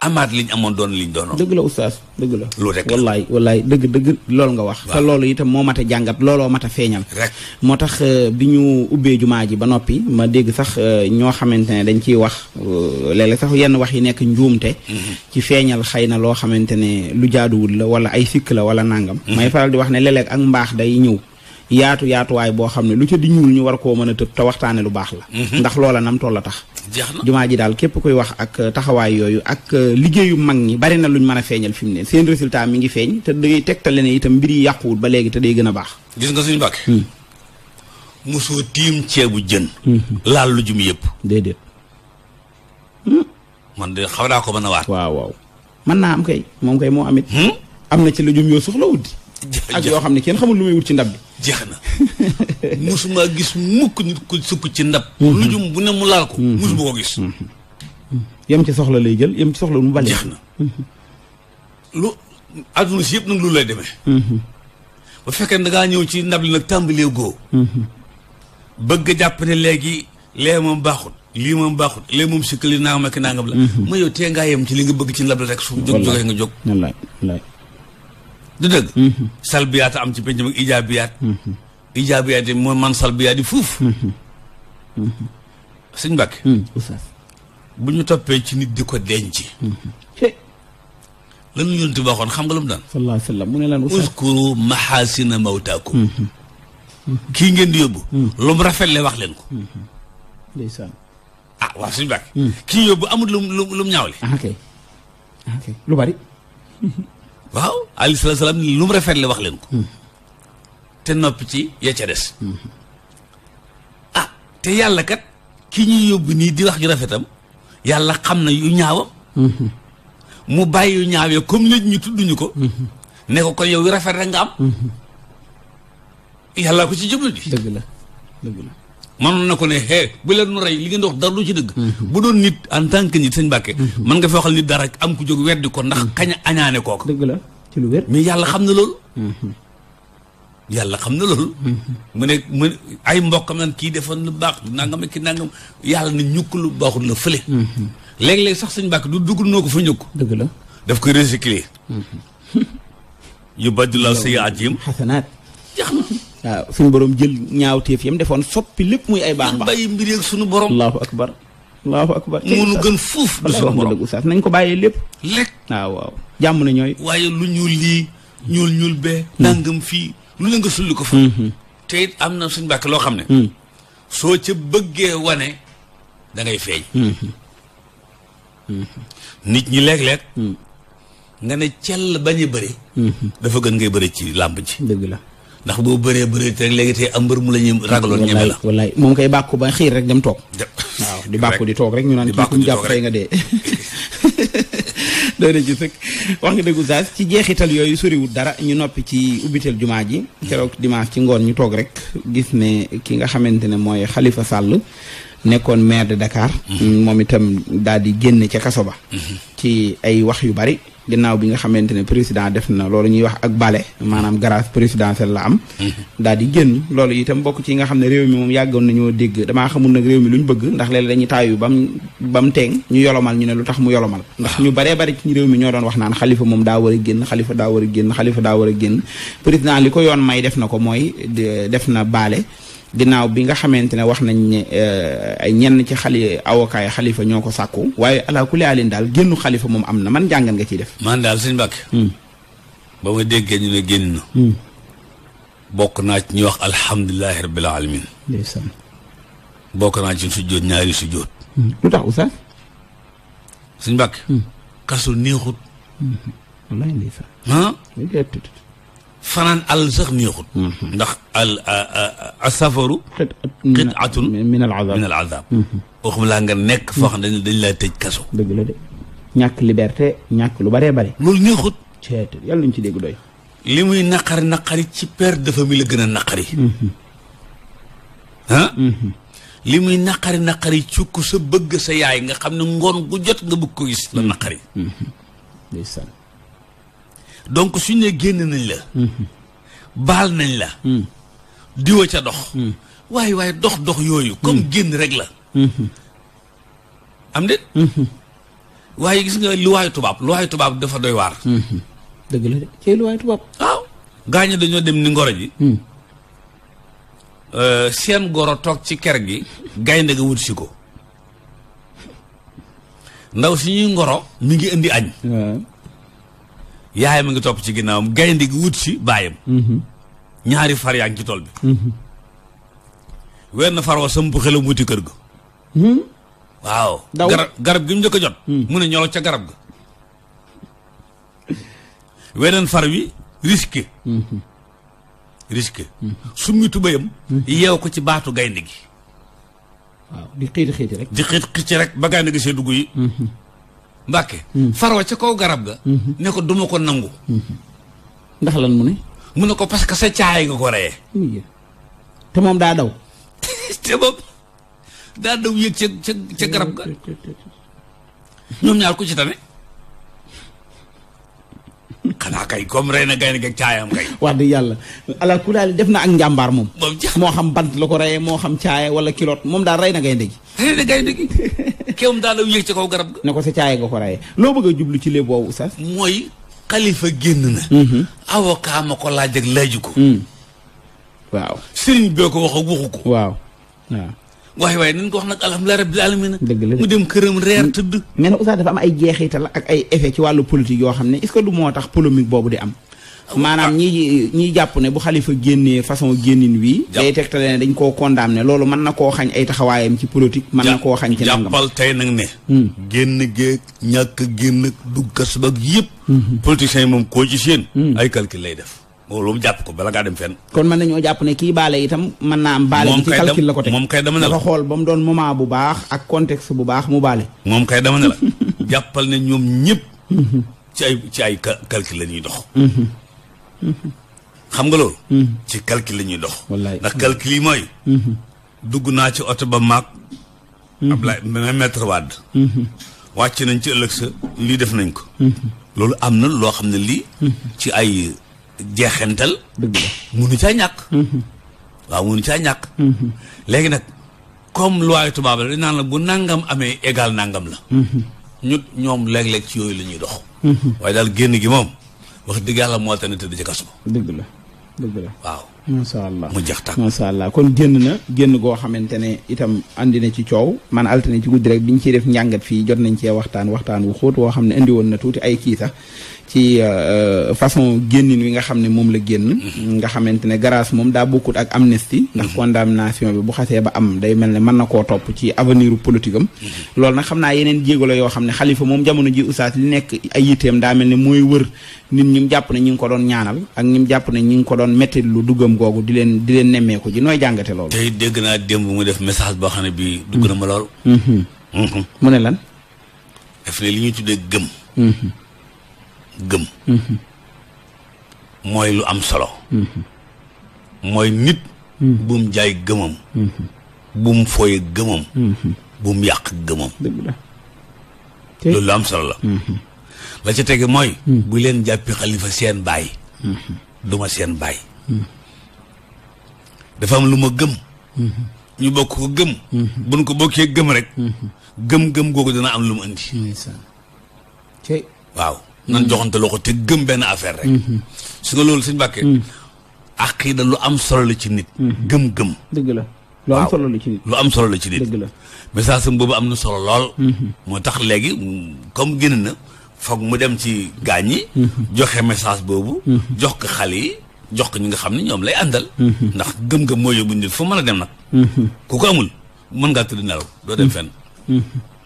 amaat liñ amoon doon liñ doon dëgg la oustaz dëgg la loolu rek wallaay wallaay dëgg dëgg loolu nga wax te loolu itam moo mat a jàngat looloo mat a feeñal rek moo tax euh, bi ñu ubbee jumaa ji ba noppi ma dégg sax euh, ñoo xamante ne dañ ciy wax euh, léeg-léeg sax yenn wax yi nekk njuumte mm-hmm. ci feeñal xëy na loo xamante ne lu jaaduwul la wala ay sikk la wala nangam mm-hmm. may faral di wax ne léeg ak mbaax day ñëw yaatu yaatuwaay boo xam ne lu ca di ñuul ñu war koo mën a tëb te waxtaane lu baax la mhm. ndax loola nam toll la tax jumaa ji daal képp koy wax ak taxawaay yooyu ak euh, liggéeyu mag ñi bari na luñ mën a feeñal fi mu ne seen résultat mi ngi feeñ te day tegtale ne itam mbir yi yàquwul ba léegi te day gën a baax gis nga suñu bàkke hmm. mosoo tiim ceebu jën hmm. lu jum yëpp déedéet hmm. de xaw naa ko mën a waat waaw waaw mën naa am kay moom kay moo amit am na ci lu jum yoo soxla wut ak yoo xam ne kenn xamul lu muy wut ci ndab bi jeex na musuma gis mukk nit ku sukk ci ndab mhm. lujum bu ne mu laal ko musuma mhm. ko gis mhm. yam ci soxla lay jël yam ci soxla mu bale jeex na lu àdduna si yëpp nag lu lay demee bu fekkee da ngaa ñëw ci ndab li nag tàmbalee góo bëgg jàpp ne léegi lee moom baaxut lii moom baaxut lee moom sikkali naangam ak naangam la ma yow tee ngaa yem ci li nga bëgg ci ndab la rek su jóg jógee nga jóg du dëgg mm-hmm. salbiyaat am ci penc mag ijaabiyaat mm-hmm. ijaabiyaat yi moo man salbiyaat yi fuuf mm-hmm. sëñ Mbàkke bu ñu toppee ci nit di ko denc lan waxoon xam nga lu mu daan sallallahu alayhi mu ne lan uskuru mahasina mawtaakum kii ngeen di yóbbu lu mu rafet le wax leen ko ndeysaan ah waaw suñu bàkk mm. kii yóbbu amul lu lu mu ñaawle ah, ah, lu bari waaw alayhi salaatu salaam lu mu rafet la wax leen ko hmm. te noppi ci ya ca des hmm. ah te yàlla kat ki ñuy yóbbu nii di wax ju rafetam yàlla xam na yu ñaawam hmm. mu bàyyi yu ñaawee comme nit ñi tudduñu ko ne ko yow yu rafet rek nga am yàlla ko ci jublu bi dëgg dëgg la man na ko ne xee bu leen nu rey li ngeen di wax lu ci dëgg bu doon nit en tant que nit sañ Mbàkke mën nga fi waxal nit dara am ku jóg weddi ko ndax kañ a añaane kooka dëgg la ci lu wér mais yàlla xam na loolu mhm. yàlla xam na loolu mhm. mu ne mu ay mbokkam naan kii defoon lu baax nangam ki nangam yàlla ne ñukk lu baaxul la fële mhm. léeg-léeg sax sañ Mbàkke du dugg noo ko fa ñukk dëgg la daf koy recycler yu baddu la say ajim xasanaat jeex waaw suñu borom jël ñaawteef yam defoon soppi lépp muy ay baax baax bàyyi mbir yeeg suñu borom allahu akbar allahu akbar moo nu gën fuuf du suñu borom dëgg oustaz nañ ko bàyyee lépp lekk waaw waaw jàmm na ñooy waaye lu ñuul lii ñuul ñuul bee nangam hmm. fii lu la nga sulli ko fa hmm, hmm. te am na suñ bàkk loo xam ne soo ca bëggee wane dangay ngay feeñ nit ñi léeg-léeg nga ne cell bañ a bëri dafa gën ngay bëri ci làmb ji dëgg la ndax boo bëree bëree te rek am mbër mu la ñuy ragaloon ñeme la wallaay moom kay bàkku ba xiir rek dem toog waaw di bàkku di toog rek ñu naan kii kuñ jàpp tey nga dee doy na wax nga dëggu saas ci jeexital yooyu soriwul dara ñu noppi ci ubbital jumaa ji keroog dimanche ci ngoon ñu toog rek gis ne ki nga xamante ne mooy xalifa sàll nekkoon maire de Dakar mm-hmm. moom itam daal di génn ca kaso ba mm-hmm. ci ay wax yu bari ginnaaw bi nga xamante ne président def na loolu ñuy wax ak bale maanaam grâce présidentielle la am mm-hmm. daal di génn loolu itam bokk ci yi nga xam ne réew mi moom yàggoon nañoo dégg damaa xamul nag réew mi lu ñu bëgg ndax léeg dañuy taayu bam ba mu teeng ñu yolomal ñu ne lu tax mu yolomal ah. ndax ñu baree bari ci réew mi ñoo doon wax naan xalifa moom daa war a génn xalifa daa war a génn xalifa daa war a génn président li ko yoon may def na ko mooy def na baale ginnaaw bi nga xamante ne wax nañ ne euh, ay ñenn ci xali avocat xalifa ñoo ko sàkku waaye ala kulli alin daal génnu xalifa moom am na man jàngan nga ciy def man daal sëñ Mbàkke hmm. ba ma déggee ñu ne génn na hmm. bokk naa ci ñu wax alhamdulilahi rabbil alamin ndeysaan bokk naa ci sujjóot ñaari sujjóot hmm. lu tax oustaz sëñ Mbàkke kasu neexut wallaay fanaan al sax neexut mhm. ndax al asafaru qit'atun min al azab min al azab mhm. waxuma laa nga nekk foo xam ne dañ laa tëj kaso dëgg ñàkk liberté ñàkk lu baree bare loolu neexut ceet yàlla ñu ci dégg doy li muy naqari naqari ci père de la gën a naqari ah li muy naqari naqari cukk sa bëgg sa yaay nga xam ne ngoon gu jot nga bëgg ko la naqari ndeysaan donc suñ ne génn nañ la baal nañ la diwa ca dox waaye waaye dox dox yooyu comme génn rek la am de waaye gis nga luwaayu tubaab luwaayu tubaab dafa doy waar dëgg la de gaañu dañoo dem ni ngoro ji hmm. euh, seen goro toog ci ker gi gaynde ga wut si ko ndaw si ñuy ngoro mi ngi indi añ yaayam a ngi topp ci ginnaawam gaynde gi wut si baayam mhm. ñaari far yaa ngi ci tool bi mhm. wenn far wa samp xelam wuti kër ga hmm? waaw garab gi mu njëkk a jot hmm. mu ne ñolo ca garab ga weneen far wi risque mhm. risque summi tubayam yeew ko ci baatu gaynde gi waaw di xiiti xiiti rek di xiit xiit rek ba gaynde gi see dugg yi mbàkke faroo ca kaw garab ga ne ko duma ko nangu ndax lan mu ne mu ne ko parce que sa caay nga ko reyee te moom daa daw te moom daa daw yëg ca garab ga ñoom ñaar ku ci tane xanaa kay comme rey na gaynde ak caayam kay wax dëgg yàlla ala ku daal def na ak njàmbaar moom moo xam bant la ko reyee moo xam caaya wala kiloot moom daal rey na gaynde gi rey na gaynde gi kéwam daal la yëg ci kaw garab ga. ne ko sa caay nga ko rayee loo bëgg a jublu ci léeb boobu oustaz. mooy xalifa génn na. Mhm. avocat ma ko laa ak laaju ko. Mhm. waaw sëriñ bee ko wax ak waxu ko. waaw waaw. waaye waaye nañ ko wax nag alhamdulilah rabbil alamin dëgg la mu dem këram reer tëdd. mais na oustaz dafa am ay jeexital ak ay effet ci wàllu politique yoo xam ne est moo tax polémique boobu di am. maanaam ñi ñiy jàpp ne bu xalifa génnee façon génnin wii day tegtale ne dañ koo condamné loolu mën na koo xañ ay taxawaayam ci politique mën na koo xañ ci nangam jàppal tey nag ne hmm. génn géeg ñàkk génn dugg kaso bag yëpp hmm. politiciens yi moom koo ci seen hmm. ay calcul lay def loolu jàpp ko bala ngaa dem fenn kon mën nañoo jàpp ne kii baale itam mën naa am baale bi ci ko teg moom kay dama ne la xool ba doon moment bu baax ak contexte bu baax mu baale moom kay dama jàppal ne ñoom ñëpp ci ay ci ay calcul la ñuy dox xam nga loolu. Mm-hmm. ci calcul la ñuy dox. wallaay ndax calcul yi mooy. Mm-hmm. dugg naa ci oto ba maag. Mm-hmm. Ablaye ma maître Wade. wàcc nañ ci ëllëg sa lii def nañ ko. loolu am na loo xam ne lii. ci ay jeexental. dëgg la munu caa ñàkk. mu munu caa ñàkk. léegi nag comme loi tubaab la dañ naan la bu nangam amee égal nangam la. ñu ñoom léeg-léeg ci yooyu lañuy ñuy dox. waaye daal génn gi moom. wax dëgg yàlla moo tax ne tëdd ci kaso dëgg la dëgg la waaw. allah mu jeex tàkk allah kon génn na génn goo xamante ne itam andi na ci coow man altine ci guddi rek bi ñu ciy def njàngat fii jot nañ cee waxtaan waxtaan wu xóot woo xam ne andi woon na tuuti ay kii sax. ci euh, façon génnin wi nga xam ne moom la génn nga xamante ne grâce moom daa bokkut ak amnistie ndax kon mhm. nation bi bu xasee ba am day mel ne mën na koo topp ci avenir politique am mhm. loolu nag xam naa yeneen jéego la yoo xam ne xalifa moom jamono ji oustaz li nekk a yiteem daa mel ne mooy wër nit ñi jàpp ne ñi ngi ko doon ñaanal ak ñi jàpp ne ñi ngi ko doon métti lu duggam googu di leen di leen nemmeeku ji nooy jàngate loolu tey dégg naa démb mu def message boo xam ne bii dugg na ma lool mhm. mu ne lan li ñuy tuddee gëm gëm mooy lu am solo mooy nit bum jaay gëmam bum fooye gëmam bum yàq gëmam loolu lu am solo la la ca tege mooy bu leen jàppi xalifa seen baay du seen baay dafa am lu ma gëm ñu bokk ko gëm buñ ko bokkee gëm rek gëm-gëm googu dana am lu mu indi waaw nan joxante ko te gëm benn affaire rek. Mhm. su nga loolu sëñ Mbàkke. Mhm. aqida lu am solo la ci nit. Mhm. gëm-gëm. la lu am solo la ci nit. lu am solo la ci nit. la message sam boobu am na solo lool. moo tax léegi comme génn na foog mu dem ci gaañ yi. joxe message boobu. jox ko xale yi jox ko ñi nga xam ne ñoom lay àndal. ndax gëm-gëm mooy yóbbu nit fu mën a dem nag. ku ko amul mën ngaa tëdd nelaw doo dem fenn.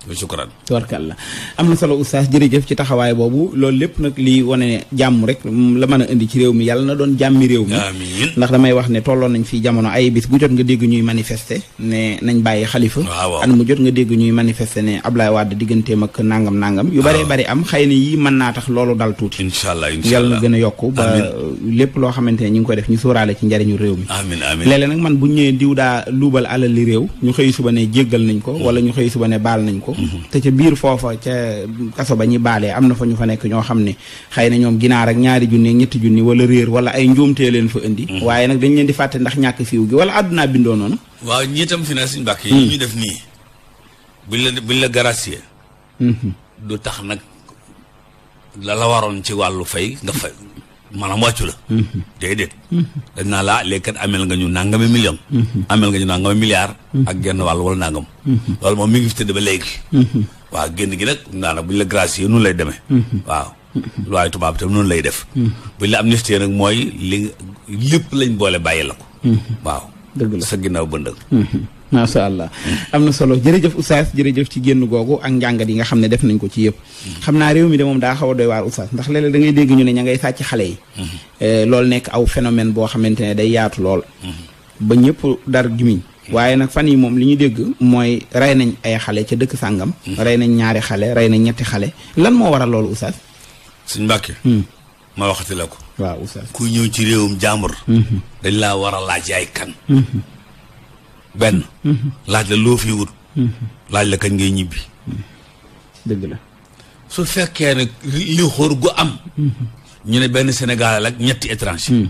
shukran tubarkalla am na solo oustaz jërëjëf ci taxawaay boobu loolu lépp nag li wane jàmm rek la mën a indi ci réew mi yàlla na doon jàmmi réew mi amiin ndax damay wax ne tolloon nañ fi jamono ay bis bu jot nga dégg ñuy manifester ne nañ bàyyi xalifa waaw an jot nga dégg ñuy manifester ne Ablaye Wade digganteem ak nangam nangam yu bëree bëri am xay na yii mën naa tax loolu dal tuuti incha allah incha allah yàlla na gën a yokku lépp loo xamante ne ñu ngi ko def ñu sóoraale ci njariñu réew mi amiin amiin léeg-léeg nag man bu ñëwee diw daa luubal alal li réew ñu xëy suba ne jéggal nañ ko hmm. wala ñu xëy suba ne baal nañ ko ko te ca biir foofa ca kaso ba ñi baalee am na fa ñu fa nekk ñoo xam ne xëy na ñoom ginaar ak ñaari junni ñetti junni wala réer wala ay njuumtee leen fa indi mhm. waaye nag dañ leen di fàtte ndax ñàkk fiiw gi wala àdduna bindoo noonu waaw ñii tam finance suñu mbàkk yi mhm. def nii buñ la buñ la gracier mhm. du tax nag lala la waroon ci wàllu fay nga fay maanaam wàccu la. déedéet. dañ naa laa léegi kat amel nga ñu nangami million. ameel nga ñu nangami milliard. ak genn wàll wal nangam. loolu moom mi ngi fi tëdd ba léegi. waaw génn gi nag naana bu ñu la gracier noonu lay deme waaw waaye tubaab tam noonu lay def. bu ñu la amnistie nag mooy li lépp lañ boole bàyyi la ko. waaw. dëgg la sa ginnaaw bëndëng macha mhm. allah am na solo jërëjëf oustaz jërëjëf ci génn googu ak njàngat yi nga xam ne def nañ ko ci yëpp mhm. xam naa réew mi de moom daa xaw a doy waar oustaz ndax léeg-léeg da ngay dégg ñu ne ña ngay sàcc xale yi mhm. eh, loolu nekk aw phénomène boo xamante ne day yaatu lool ba ñëpp dar gimiñ waaye nag fan yi moom li ñu dégg mooy rey nañ ay xale ca dëkk sàngam rey nañ ñaari xale rey nañ ñetti xale lan moo waral loolu oustaz suñ mbàkke hmm. ma waxati la ko. waaw ñëw ci réewum jàmbur. Mhm. dañ laa war a laaj yaay kan. Mhm. benn. Mhm. laaj la loo fi wut. laaj la kañ ngay ñibbi. dëgg la. su fekkee ne li gu am. ñu ne benn Sénégal ak ñetti étranger.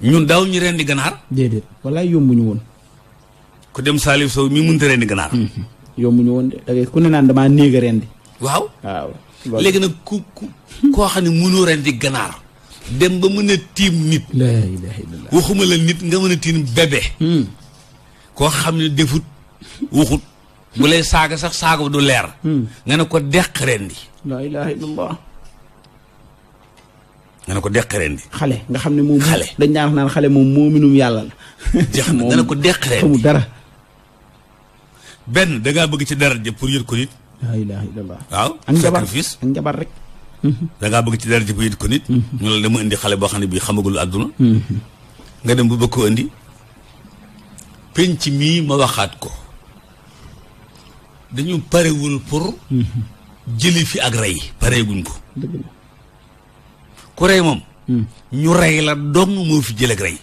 ñun daaw ñu rendi ganaar. déedéet walaay yombuñu woon. ku dem Salif Sow mi mënut a rendi ganaar. yombuñu woon de da ngay ku ne naan damaa néeg a rendi. waaw. léegi nag ku koo xam ne mënoo rendi ganaar dem ba mën a tiim nit la waxuma la nit nga mën a tiim bébé hmm. koo xam ne defut waxut bu lay saaga sax saaga du leer hmm. nga ne ko deq rendi la ilaha illallah ko deq rendi xale nga xam ne moom xale dañ daan wax xale moom moominum yàlla la na nga ne ko deq rendi xamul dara benn da bëgg ci dara jë pour yët ko nit laa ilaaha waaw sacrifice ak njabar rek mhm. mhm. da bëgg ci dara ji bu ko nit mhm. ñu la dama indi xale boo xam ne bii xamagul àdduna nga dem bu bëgg ko indi penc mii ma waxaat ko dañu parewul pour jëli fi ak rey pareeguñ ko ku rey moom ñu rey la dong moo fi jël ak rey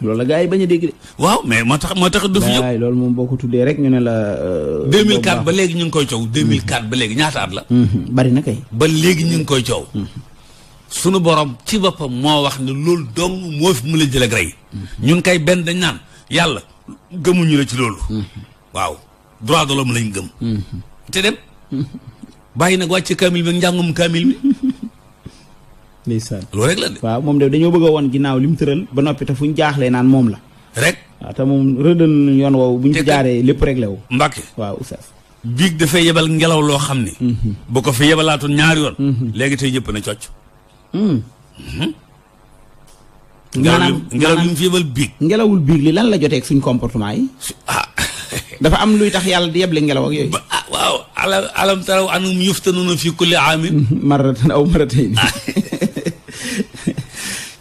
loolu la gars yi bañ a dégg de. waaw mais moo tax moo tax du fi ñëw waaye loolu moom boo ko ñu ne la. 2004 euh, ba léegi ñu ngi koy coow 2004 ba léegi ñaata at la. Mm-hmm. bari na kay. ba léegi ñu ngi koy coow. Mm-hmm. sunu borom ci boppam moo wax ne loolu dong moo fi mu la jëlee ak rey. Mm-hmm. ngi kay benn dañ naan yàlla gëmuñu la ci loolu. waaw droit de l'homme lañ gëm. te dem. bàyyi nag wàcce kaamil bi njàngum kaamil bi. ndeysaan loolu de. waaw moom de dañoo bëgg woon ginnaaw li mu tëral ba noppi te fu ñu jaaxlee naan moom la. rek waaw te moom rëddal yoon woowu bu ñu jaaree lépp réglé wu. Mbàkke waaw oustaz. biig dafay yebal ngelaw loo xam ni. Mhm. bu ko fi yebalaatoon ñaari yoon. Mhm. léegi tey ñëpp na cocc. maanaam mhm. ngelaw li yebal biig. ngelawul biig li lan la jotee suñ comportement yi. Ah. dafa am luy tax yàlla di yeble ngelaw ak yooyu. Ah, alam alam taraw anum yuftanuna fi kulli aamin. marratan aw marratayn ah.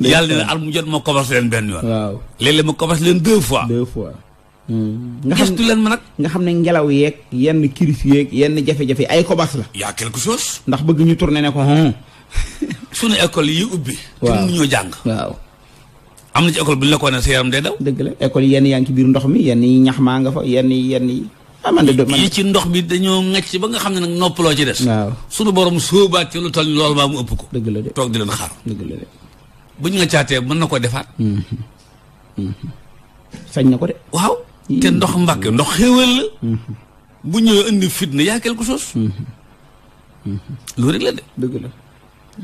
yàlla nee na mu jot ma kobos leen benn yoon. waaw léeg-léeg ma kobos leen deux fois. deux fois. Hmm. nga xam gëstu leen ma nag. nga xam ne ngelaw yeeg yenn kirif yeeg yenn jafe-jafe ay kobas la. y a quelque chose. ndax bëgg ñu tourné ne ko. suñu école yi ubbi. waaw te mënuñoo jàng. waaw. am na ci école bu ñu la ko wane sa yaram day daw. dëgg la école yenn yaa ngi biir ndox mi yenn yi ñax maa nga fa yenn yenn yi. ah man de ci ndox bi dañoo ŋacc ba nga xam ne nag noppaloo ci des. waaw borom sóobaat ci lu toll loolu maa mu ëpp ko. dëgg la de toog di leen xaar. dëgg la de. buñ nga caatee mën na koo defaat. sañ na ko de. waaw te ndox mbàkke ndox xéwal la. bu ñëwee indi fitna yaa quelque chose. loolu rek la de.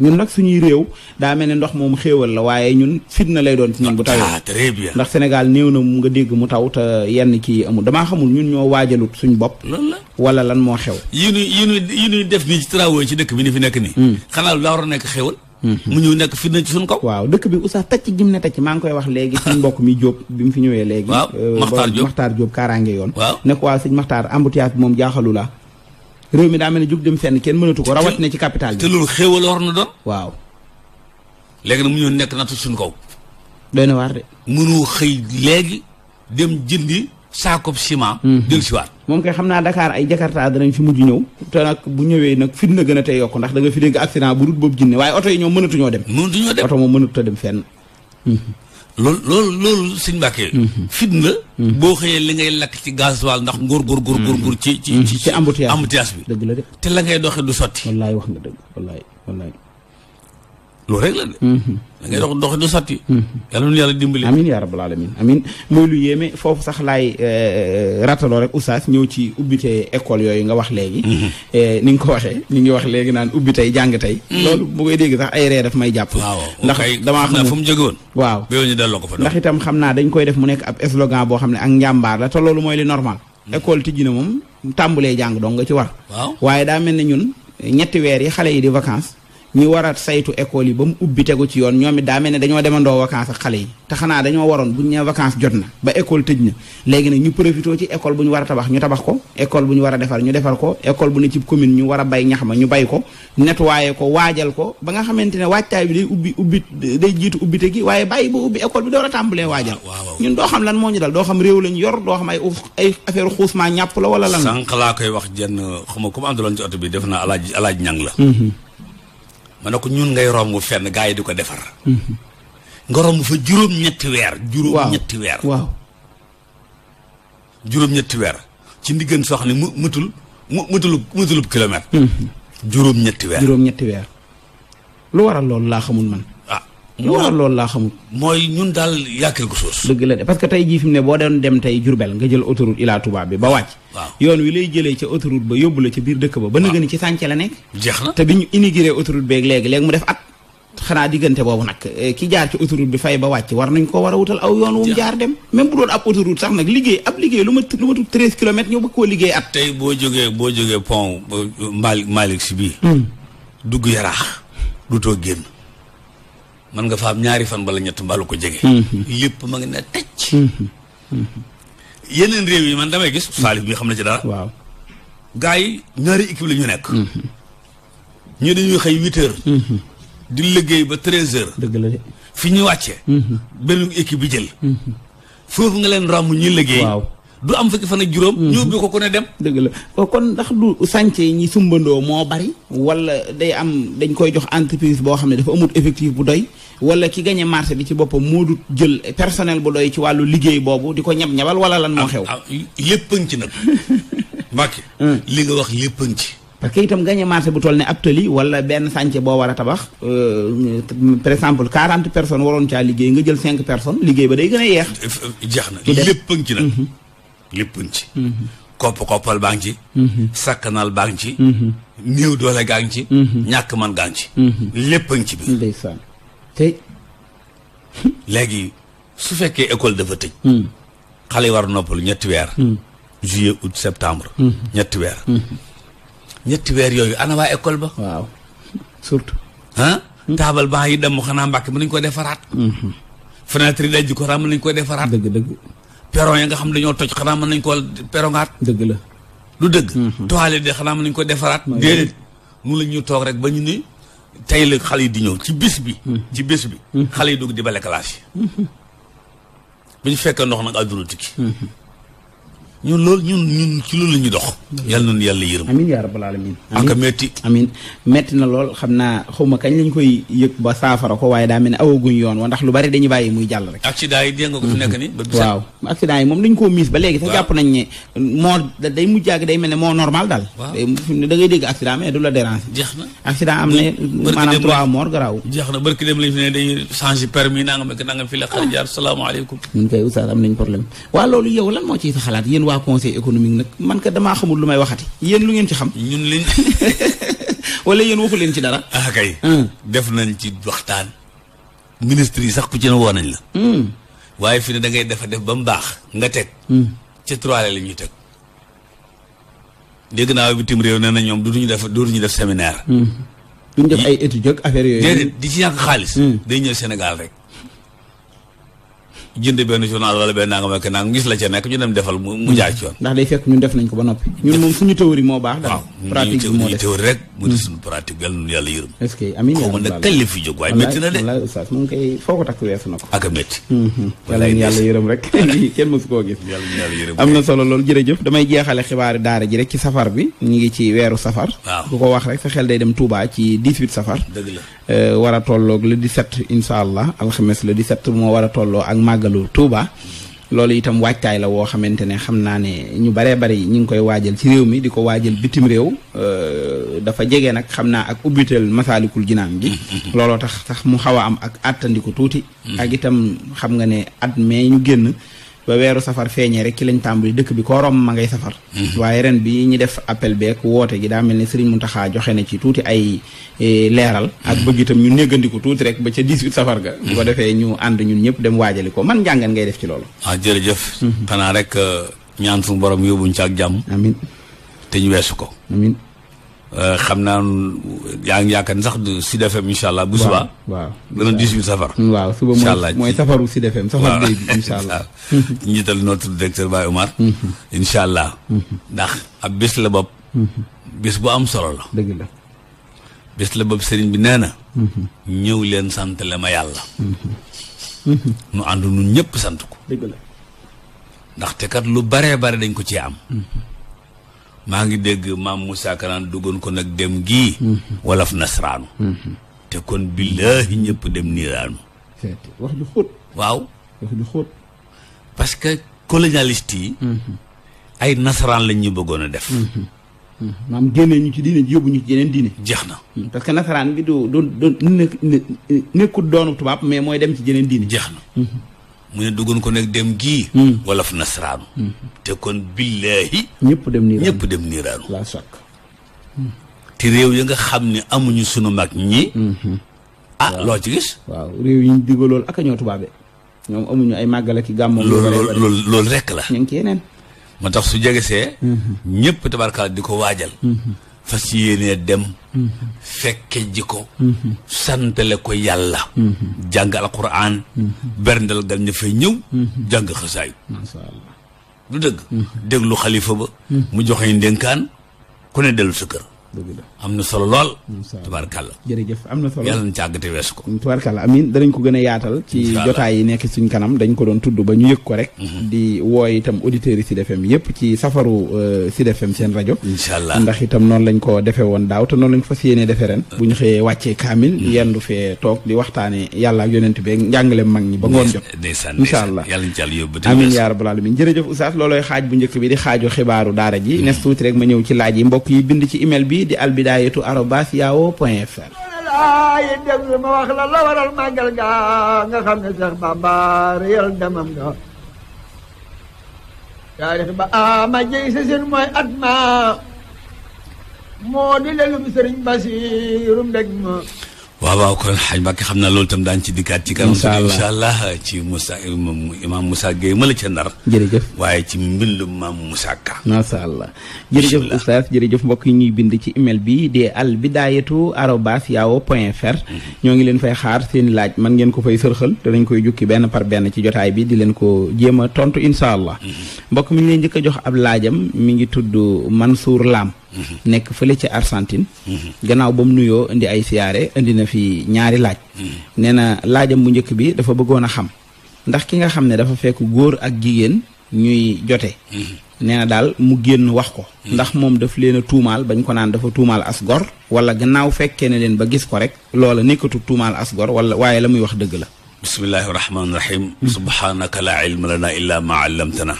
ñun nag suñuy réew daa mel ne ndox moom xéewal la waaye ñun fitna lay doon ci ñun bu tawee. ah très ndax Sénégal néew na mu nga dégg mu taw te yenn kii amul damaa xamul ñun ñoo waajalut suñu bopp. loolu la wala lan moo xew. yi ñuy yi ñuy def nii ci travaux ci dëkk bi ni fi nekk nii. Hmm. xanaa lu daa war nekk xéewal. Mm-hmm. mu ñëw nekk fitna ci suñ kaw waaw dëkk bi oustaz tacc gim ne tacc maa ngi koy wax léegi suñ mbokk mi Jóob bi mu fi ñëwee léegi waaw euh, Maxtaar Jóob Maxtaar Jóob kaaraange yoon nekk waa ko waaw sëñ Maxtaar embouteillage bi moom jaaxalu la réew mi daa mel ne jub dem fenn kenn mënatu ko rawat na ci capital bi te loolu xéewal na doon waaw léegi nag mu ñëw nekk nattu suñ kaw doy na waar de mënoo xëy léegi dem jëndi saako ciment. Mhm. dellu siwaat moom kay xam naa Dakar ay jakartaa Jakarta danañ fi mujj ñëw te nag bu ñëwee nag fitna gën a tey yokk ndax da nga fi dégg accident bu rut boobu jinne waaye oto yi ñoom mënatuñoo dem mënatuñoo dem oto moom mënatuta dem fenn mhm. loolu loolu loolu sëñ Mbàkke mhm. fitna boo xëyee li ngay lakk ci gasoil ndax ngóor góor góor góor góor ci ci ci embouteillage bi dëgg la de te la ngay doxee du sotti wallaay wax nga dëgg wallaay wallaay loolu rek la de. Mm-hmm. da ngay dox dox du sotti. Mm-hmm. yàlla na yàlla dimbali. amiin yaa rabbal foofu sax laay eh, rataloo rek oustaz ñëw ci ubbite école yooyu nga wax léegi. Mm-hmm. Eh, ni nga ko waxee ñu ngi wax léegi naan ubbi tey jàng tey. lool bu koy dégg sax ay ree daf may jàpp. ndax damaa xam ne mu jóge woon. waaw ñu delloo ko fa ndax itam xam naa dañ koy def mu nekk ab slogan boo xam ne ak njàmbaar la ta loolu mooy li normal. école tijji na moom tàmbulee jàng dong nga ci war. waaw waaye daa ñun ñetti weer yi xale yi di vacances ñu war a saytu école yi ba mu ubbi tegu ci yoon ñoom it daa mel ne dañoo demandoo vacances ak xale yi te xanaa dañoo waroon bu ñu nee vacances jot na ba école tëj na léegi nag ñu profité ci école bu ñu war a tabax ñu tabax ko école bu war a defar ñu defar ko école bu ne ci commune ñu war a bay ñax ma ñu bay ko nettoyé ko waajal ko ba nga xamante ne waajtaay bi day ubbi ubbi day jiitu ubbite gi waaye bàyyi ba ubbi école bi door a tàmbalee waajal ah, ñun doo xam lan moo ñu dal doo xam réew lañ yor doo xam ay ay affaire xuusmaa ñàpp la wala lan sànq laa koy wax jenn xama comme ànduloon ci oto bi def na alaaj alaaj ñang la mm-hmm. ma ne ko ñun ngay romb fenn gars yi di ko defar. Mhm. nga romb fa juróom-ñetti weer. juróom-ñetti weer waaw juróom weer ci ndiggante soo xam ne mu mutul mu mutulub mutulub kilomètre. Mhm. juróom-ñetti weer juróom-ñetti weer. lu waral loolu laa xamul man. lu waral loolu laa xamul. mooy ñun daal yàkkee gu soos. dëgg la parce que tey jii fi ne boo doon dem tey Jurbel nga jël autoroute Ila Touba bi ba wàcc. waaw yoon wi lay jëlee ca autoroute ba yóbbu la ca biir dëkk ba. ba nga ni ci sànce la nekk. na te bi ñu inauguré autoroute beeg léegi léegi mu def at. xanaa diggante boobu nag eh, ki jaar ci autoroute bi fay ba wàcc war nañ ko war a wutal aw yoon wu jaar dem même bu doon ab autoroute sax nag liggéey ab liggéey lu ma lu ma tudd treize kilomètres ñu tey boo jógee boo jógee pont Malick euh, Malick si bii hmm. dugg yaraax mën nga fa am ñaari fan bala ñett mbalu ko jege. Mhm. lépp ma ngi ne tecc. Mhm. Mhm. yeneen réew yi man damay gis. Salif bi xam na ci dara. waaw yi ñaari équipe la ñu nekk. ñu dañuy xëy huit heures. di liggéey ba treize heures. dëgg la de fi ñu wàccee. benn équipe bi jël. foofu nga leen ràmm ñuy liggéey. waaw du am fukki fan ak juróom. Mhm. ñu ubbi ko ku ne dem. dëgg la oh, kon ndax du sànce yi ñi sumbandoo moo bari. wala day am dañ koy jox entreprise boo xam ne dafa amut effectif bu doy. wala ki gañe marché bi ci boppam moo du jël personnel bu doy ci wàllu liggéey boobu di ko ñab-ñabal wala lan moo ah, xew. Ah, lépp a ci nag. Mbacke. Hmm. li nga wax lépp a ci. parce que itam gañe marché bu toll ne ab tali wala benn sànce boo war a tabax. Euh, par exemple quarante personnes waroon caa liggéey nga jël cinq personnes liggéey ba day gën a yeex. jeex na lépp a ngi ci nag. Mhm. léppuñ ci mm-hmm. kopp-koppal baa ci mm-hmm. sakkanal baa ngi ci mm-hmm. néew doole gaa ngi ci ñàkk man gaa ci lépp a ngi ci bi ndeysaan tey léegi su fekkee école dafa tëj mm. xale yi war noppalu ñetti weer mm. juillet août septembre ñetti weer ñetti weer yooyu ana waa école ba waaw surtout ah taabal baa yi dem xanaa mbàkk mën nañ ko defaraat fenêtre yi daj ko ram mën nañ ko defaraat dëgg dëgg peron ya nga xam dañoo toj xanaa mën nañ koo perongaat dëgg la lu dëgg mm-hmm. toilette de xanaa mën nañ ko defaraat déedéet mu la ñu toog rek ba ñu ni tey la xale yi di ñëw ci bis bi mm-hmm. ci bis bi mm-hmm. xale yi dugg di bale classe yi bu ñu fekkee ndox nag àdduna tukki ñun loolu ñun ñun ci loolu la dox. yàlla na ñu yàlla yërëm. amiin yaa rabbal aalamiin. amiin ak metti. amiin metti na lool xam naa xaw ma kañ lañ koy yëg ba saafara ko waaye daa mel ne awaguñ yoon wa ndax lu bari dañuy bàyyi muy jàll rek. accident yi dégg nga ko fi nekk ni waaw accident yi moom dañ koo miis ba léegi. sax jàpp nañ ne moo day mujj ak day mel ne moo normal daal. waaw da ngay dégg accident mais du la déranger. jeex na accident am na maanaam trois morts garaaw. jeex na barki dem lañ fi ne dañuy fi la xar jaar ah. salaamaaleykum. ñun kay oustaz am nañ problème waa loolu yow lan moo ci sa waa conseil économique nag man ka damaa xamul lu may waxati yéen lu ngeen ci xam. ñun liñ. wala yéen waxu leen ci dara. ah kay. Ah. def nañ ci waxtaan. ministre yi sax ku ci ne woo nañ la. Hmm. waaye fi ne da ngay defa def ba mu baax nga teg. Hmm. ci trois la ñu teg. dégg naa bitim réew nee na ñoom du ñu def du ñu def séminaire. Hmm. du ñu def ay yooyu. déedéet di ci day ñëw Sénégal rek. jënd benn journal wala benn nangam ak nangam gis la ca nekk ñu dem defal mu jaar ci yoon. ndax day fekk ñun def nañ ko ba noppi. ñun moom suñu théorie moo baax. daal pratique bi moo def théorie rek. mu di hmm. suñu pratique yàlla nu yàlla yërëm. est-ce que amiin xaw ma nag kañ la fi jóg waaye foo ko takk weesu na ko. ak a métti. Hmm, hmm. yàlla nu yàlla rek kenn mësu koo gis. yàlla nu yàlla yërëm am na solo loolu jërëjëf damay jeexale xibaaru daara ji waaw euh, a a màggalu Touba. loolu itam waajtaay la woo xamante ne xam naa ne ñu baree bari ñu ngi koy waajal ci réew mi di ko waajal bitim réew euh, dafa jege nag xam naa ak ubbital masaalikul jinaan gi looloo tax tax mu xaw a am ak àttandiku tuuti mm-hmm. ak itam xam nga ne at mee ñu génn ba weeru safar feeñee rek ci lañ tàmbali dëkk bi ko romb ma ngay safar mhm. waaye ren bi ñi def appel beek woote gi daa mel ni seriñ Serigne Mountakha joxe na ci tuuti ay eh, leeral ak mhm. bëgg itam ñu néggandiku tuuti rek ba ca 18 safar ga bu ko mhm. defee ñu ànd ñun ñëpp dem waajali ko man njàngan ngay def ci loolu ah jërëjëf xanaa rek euh, ñaan suñu borom yóbbuñ ci ak jàmm amin weesu ko Euh, xam naa yaa ngi yaakaar sax Sud FM incha bu subaa waaw dana 18 safar. Mm, waaw suba mooy mooy safaru Sud FM. safar béy bi njiital notre directeur Baye Omar. Mm-hmm. incha allah. Mm-hmm. ndax ab bés la bopp. Mm-hmm. bu am solo la. dëgg la. bés la bopp sëriñ bi nee na. ñëw leen sant ma yàlla. nu ànd nu ñëpp sant ko. dëgg la. ndaxte kat lu baree bare dañ ko ci am. maa ngi dégg maam Moussa Kanaan duggoon ko nag dem gi walaf nasraanu te kon billaahi ñëpp dem niiraanu wax ju xóot waaw wax ju xóot parce que colonialiste yi ay nasaraan lañ ñu bëggoon a def maam génnee ñu ci diine ji yóbbu ñu ci yeneen diine jeex na parce que nasaraan bi du du nekkut nekkul doonu tubaab mais mooy dem ci jeneen diine jeex na mu ne duggoon ko nag dem gii hmm. wolof nasraanu hmm. te kon billaahi ñëpp dem niiraanu ñëpp dem niiraanu laa sàkk hmm. te réew yi nga xam ne amuñu sunu mag ñi ah loo ci gis réew yi ñu digalool ak a ñoo tubaabe ñoom amuñu ay màggal ak i gàmmoom loolu loolu rekk la ñu ngi ci moo tax su jegesee ñëpp tabarkaal di ko waajal fas yéenee dem mm-hmm. fekke ji ko mm-hmm. santale ko yàlla mm-hmm. jàng alquran berndal gal ña fay ñëw jàng xasaay du dëgg déglu xalifa ba mu joxe ndénkaan ku ne dellu sa kër am na solo lool. tubaarkàlla jërëjëf am na solo yàlla na càggate weesu ko. Mm, tubaarkàlla amiin danañ ko gën yaatal. ci jotaay yi nekk suñ kanam dañ ko doon tudd ba ñu yëg ko rek. Mm-hmm. di wooy itam auditeurs yi Sud FM yëpp ci safaru euh, Sud FM seen rajo. incha allah ndax itam noonu lañ ko defee woon daaw te noonu lañ ko fas yéenee defee ren. Mm-hmm. bu ñu xëyee wàccee kaamil. Mm-hmm. yendu fee toog di waxtaanee yàlla ak yonent bi njàngale mag ñi ba ngoon jot. ndeysaan incha allah yàlla incha allah yóbbu te amiin yaa rabbal alamin jërëjëf oustaz xaaj bu njëkk bi di xaaju xibaaru daara ji nes tuuti rek ma ñëw ci laaj yi mbokk yi bind ci email bi di albi wilaayatu arobas yahoo point fr ay déglu ma wax la la waral màggal ga nga xam ne Seex Bàmba réyal demam nga taarix ba ama jëy sa seen mooy at ma moo di lelum sëriñ Basiirum dég ma waaw waaw kon xaj Mbàkke xam na loolu tam daañu ci dikkaat ci kanam incha allah ci Moussa imaam Moussa Gueye ma la ca ndar jërëjëf waaye ci mbindum maam Moussa Ka macha allah jërëjëf jërëjëf mbokk yi ñuy bind ci email bi di al bidayatu arobas yahoo point fr mhm. ñoo ngi leen fay xaar seen laaj man ngeen ko fay sërxal danañ koy jukki benn par benn ci jotaay bi di leen ko jéem a tontu incha allah mhm. mbokk mi ñu njëkk a jox ab laajam mi ngi tudd Mansour laam nekk fële ci Argentine gannaaw ba mu nuyoo indi ay siyaare indi na fi ñaari laaj nee na laajam bu njëkk bi dafa bëggoon a xam ndax ki nga xam ne dafa fekk góor ak jigéen ñuy jote nee na daal mu génn wax ko ndax moom daf leen a tuumaal bañ ko naan dafa tuumaal as gor wala gannaaw fekkee ne leen ba gis ko rek loola nekkatu tuumaal as gor wala waaye la muy wax dëgg la bismillahi rahmaani rahim subhanaka la ilma lana ma allamtana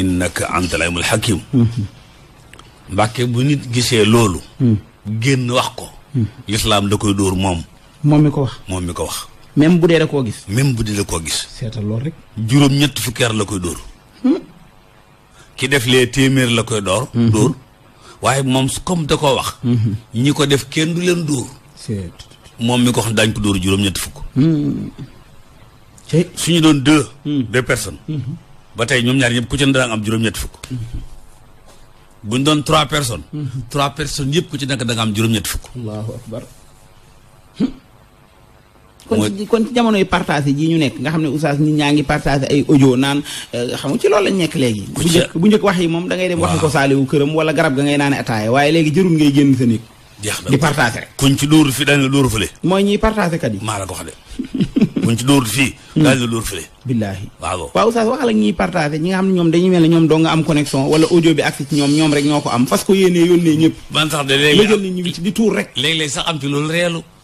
innaka anta al alim mbàkke bu nit gisee loolu hmm. génn wax ko hmm. lislaam da koy dóor moom moom mi ko wax moom mi ko wax même bu dee da koo gis même bu dee da koo gis seetal loolu rek juróom ñett fukki at la koy dóor hmm. ki def lee téeméer la koy door dóor waaye comme da koo wax ñi ko def kenn du leen dóor moom mi ko xam daañ ko dóor juróom ñett fukk suñu doon deux de personnes ba tey ñoom ñaar ñëpp ku ci ne daan am juróom ñett fukk bu ñu doon trois personnes. trois personnes yëpp ku ci nekk da nga am juróom-ñetti fukk. allahu akbar. kon ci kon ci jamonoy partagé ji ñu nekk nga xam ne oustaz nit ñaa ngi partagé ay audio naan euh, xam ci loolu lañ nekk léegi. bu njëkk bu wax yi moom da ngay dem waxi ko saaliwu këram wala garab ga ngay naan ataaya waaye léegi jërul ngay génn sa néeg. di partagé rek. kuñ ci dóoru fi daan dóoru fële. mooy ñiy partagé kat yi. maa la ko wax de. buñ ci dóor fii daal hmm. la dóor fële billaahi waaw waaw oustaz waxal ak ñi nga xam ne ñoom dañuy mel ne ñoom doo nga am connexion wala audio bi agsi ci ñoom ñoom rek ñoo ko am parce que yéenee yónnee ñëpp man sax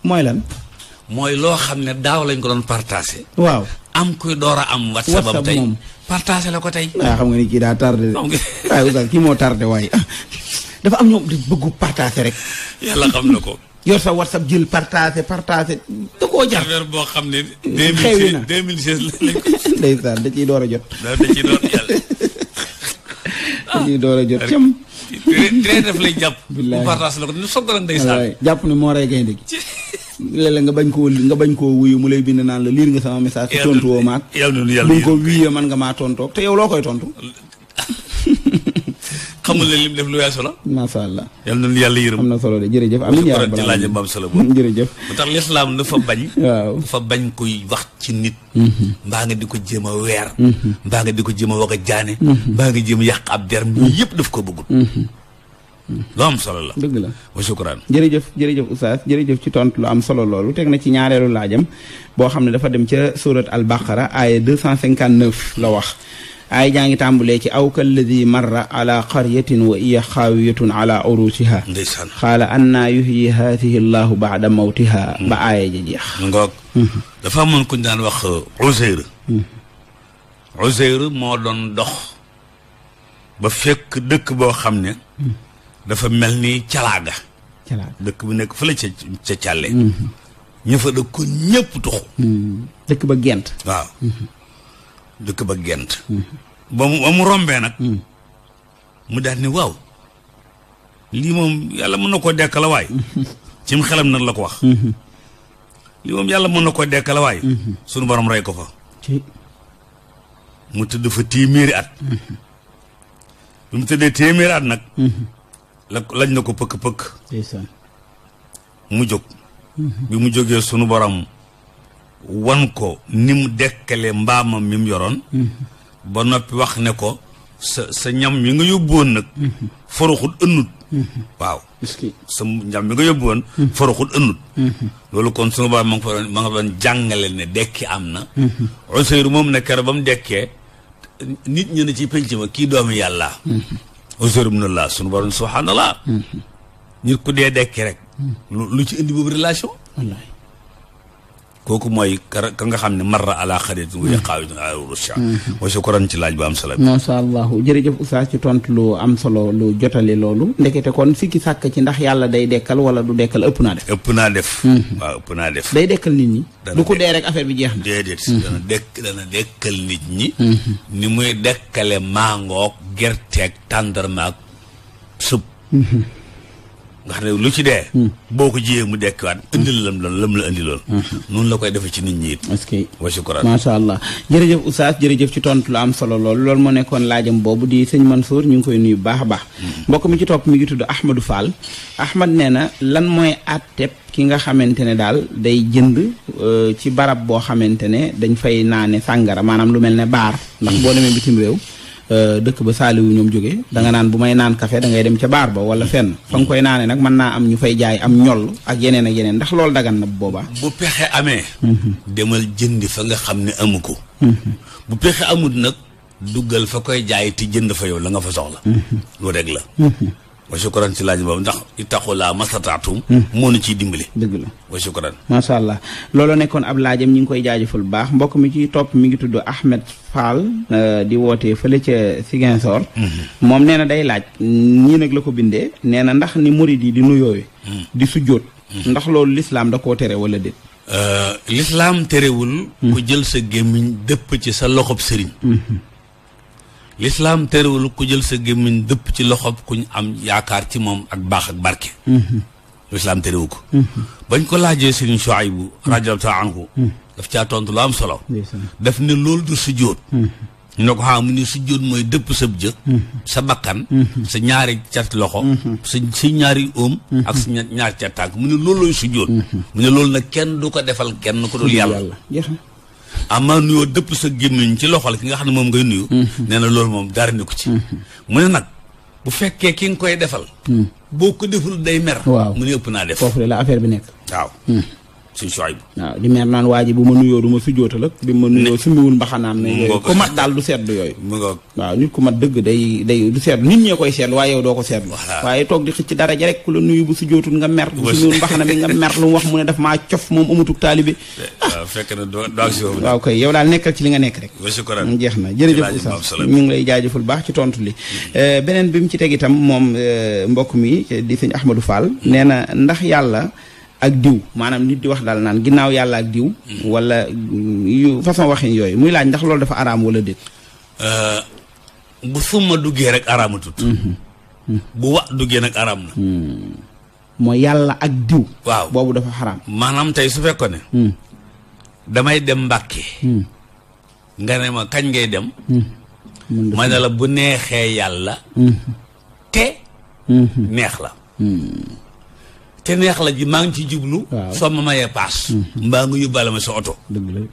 mooy lan mooy loo xam ne daaw lañ ko doon partagé waaw am kuy door a am whatsapp am tey la ko tey waaw ah, xam nga ni kii daa tardé waaye oustaz kii moo tardé waaye dafa am ñoom di bëggu partagé rek yàlla xam na ko yor sa whatsapp jël partagé partagé da koo jar. boo xam ne. Mm, xewi na da ciy door a jot. da ciy door a yàlla. da ciy door a jot cam. très def lay jàpp. bilaay mu partage la ko nu soog a ndeysaan. jàpp ne moo rey gaynde gi. léeg-léeg nga bañ koo nga bañ koo wuyu mu lay bind naan la liir nga sama message. te tontu woo maag. yàlla na yàlla bu man nga maa tontoog te yow loo koy tontu. xamul ne lim def lu weesu la. macha allah yal na yàlla yërëm. am na solo de jërëjëf amiin yaa rabbal aalamiin bu solo boobu jërëjëf. bu tax lislaam dafa bañ. waaw dafa bañ koy wax ci nit. Mm-hmm. mbaa nga di ko jéem a weer. Mm-hmm. mbaa nga di ko jéem a wog jaane. Mm-hmm. mbaa nga jéem yàq ab der mi yëpp def ko bëggul. lu am solo la dëgg la wa sukkuraan jërëjëf jërëjëf oustaz jërëjëf ci tontu lu am solo loolu teg na ci ñaareelu laajam boo xam ne dafa dem ca surat al baqara cinquante 259 la wax ay jaa ngi tàmbulee ci aw kalladi marra ala qaryatin wa iya xaawiyatun ala urusiha xaala anna yuhyi haatihi llahu baada mawtiha hmm. ba aaya ja jeex ngoog hmm. dafa amoon kuñ daan wax euh, Uzeyr hmm. Uzeyr moo doon dox ba fekk dëkk boo xam ne dafa mel ni calaaga dëkk bu nekk fële ca ca càlle dëkk ko ñëpp tuxu dëkk ba gent dëkk ba gent ba mu ba mu rombee nag mm. mu daal ni waaw lii moom yàlla mën na koo dekkala waay xelam nag la ko wax mm-hmm. lii yàlla mën na koo dekkala mm-hmm. sunu borom rey ko fa mu tëdd fa téeméeri at mm-hmm. bi mu tëddee téeméeri at nag la lañ na ko pëkk-pëkk mu jóg bi mu jógee sunu borom wan ko ni mu dekkale mbaamam mi mu yoroon mm-hmm. ba noppi wax ne ko sa sa ñam mi nga yóbbuwoon nag mm-hmm. foroxut ënnut mm-hmm. waaw sa ñam mi nga yóbbuwoon foroxut ënnut loolu kon sunu nga baa ma nga fa ma jàngale ne dekki am na Useyru moom ne kere ba mu dekkee nit ñu ne ci penc ma kii doomi yàlla mun ibn Allah sunu borom subhaanallah nit ku dee dekki rek lu ci indi boobu relation kooku mooy ka nga xam ne marra ala xaritin wa yaqaawitin mm. ala rusha wa mm. shukran ci laaj bu am solo bi masha allah jërëjëf oustaz ci tontu lu am solo lu jotale loolu ndekete kon siki sàkk ci ndax yàlla day dekkal wala du dekkal ëpp naa def ëpp naa def mm. waaw ëpp naa def day dekkal nit ñi du ko dee rek affaire bi jeex na déedéet dana dekk dana dekkal nit ñi ni muy dekkale maangoog gerteeg tàndarmaag sub mm-hmm. nga xam lu ci dee. Hmm. boo ko jiyee mu dekkiwaat. Hmm. indil lam lool lam la indi lool. Hmm. noonu la koy defee ci nit ñi it. que wa shukran macha allah jërëjëf Oustaz jërëjëf ci tontu lu am solo lool lool moo nekkoon laajam boobu di man Mansour ñu ngi koy nuyu baax a baax. mbokk mi ci topp mi ngi tudd Ahmadou Fall Ahmad nee na lan mooy àtteb ki nga xamante ne daal day jënd euh, ci barab boo xamante ne dañ fay naane sàngara maanaam lu mel ne baar. ndax boo demee bitim réew. Euh, dëkk ba saaliwu ñoom jóge da nga naan bu may naan café da ngay dem ca baar ba wala fenn fa nga koy naane nag mën naa am ñu fay jaay am ñoll ak yeneen ak yeneen ndax loolu dagan na bu boobaa bu pexe amee mhm. demal jëndi fa nga xam ne amu ko mhm. bu pexe amut nag duggal fa koy jaay ti jënd fa yow la nga fa soxla mhm. lu rek la wa shukran ci laaj boobu ndax ittaqulaa mastataatum hmm. moo ñu ciy dimbali dëgg la wa shukran macha allah loolu nekkoon ab laajam ñu ngi koy jaajëfal bu baax mbokk mi ci topp mi ngi tudd Ahmed Fall euh, di wootee fële ca Ziguinchor hmm. moom nee na day laaj ñii nag la ko bindee nee na ndax ni murid yi di nuyoowe hmm. di sujjóot ndax loolu lislaam da koo tere wala déet euh, lislaam terewul ku jël sa gémmiñ dëpp ci sa loxob sëriñ lislaam terewul ko jël sa gémmiñ dëpp ci loxob kuñ am yaakaar ci moom ak baax ak barke mhm. lislaam terewu ko mhm. bañ ko laajee Sëriñ Shuaybu radiyallaahu taala anhu mhm. daf caa tontu lu am solo daf ne lool du sujjóot ñu ne ko xam ah, mu ne sujjóot mooy dëpp sab jë sa bakkan sa ñaari cat loxo sa sa ñaari óom ak sa ñaari cat tànk mu ne loolu looy sujjóot mu ne loolu nag kenn du ko defal kenn ko dul yàlla amaa nuyoo dëpp sa gémmiñ ci loxol ki nga xam ne moom ngay nuyu mm-hmm. nee na loolu moom dara ni ko ci mm-hmm. mu ne nag bu fekkee ki nga koy defal mm-hmm. boo ko deful day mer mu ne ëpp naa def foofu la affaire bi nekk waaw suñ sooy waaw di mer naan waa ji bu ma nuyoo du ma si jootal ak bi ma nuyoo sumbiwul mbaxanaam ne yooyu mat daal du seetlu yooyu waaw nit ku mat dëgg day day du seetlu nit ñee koy seetlu waaye yow doo ko seetlu waaye toog di xëcc dara ja rek ku la nuyu bu si jootul nga mer bu sumbiwul mbaxana bi nga mer lu mu wax mu ne daf maa cof moom amatuk taalibe eh, fekk na doo ak si foofu waaw koy yow daal nekkal ci li nga nekk rek jeex na jërëjëf Oustaz ñu ngi lay jaajëful baax ci tontu li mm-hmm. eh, beneen bi mu ci teg itam moom eh, mbokk mi di sëñ Ahmadou Fall mm-hmm. nee na ndax yàlla ak diw maanaam nit di wax daal naan ginnaaw yàlla ak diw. Mm-hmm. wala yu façon waxin yooyu muy laaj ndax loolu dafa araam wala déet. Euh, bu summa duggee rek araamatut. Mm-hmm. Mm-hmm. bu wax duggee nag araam na. mooy yàlla ak diw. boobu dafa xaraam. maanaam tey su fekkoon ne. Mm. damay dem Mbàkke. Mm. nga ne ma kañ ngay dem. Mm. ma ne la bu neexee yàlla. te. neex la. te neex la ji maa ngi ci jublu. waaw ma mayee paas. Mm-hmm. mbaa nga yóbbaale ma sa oto.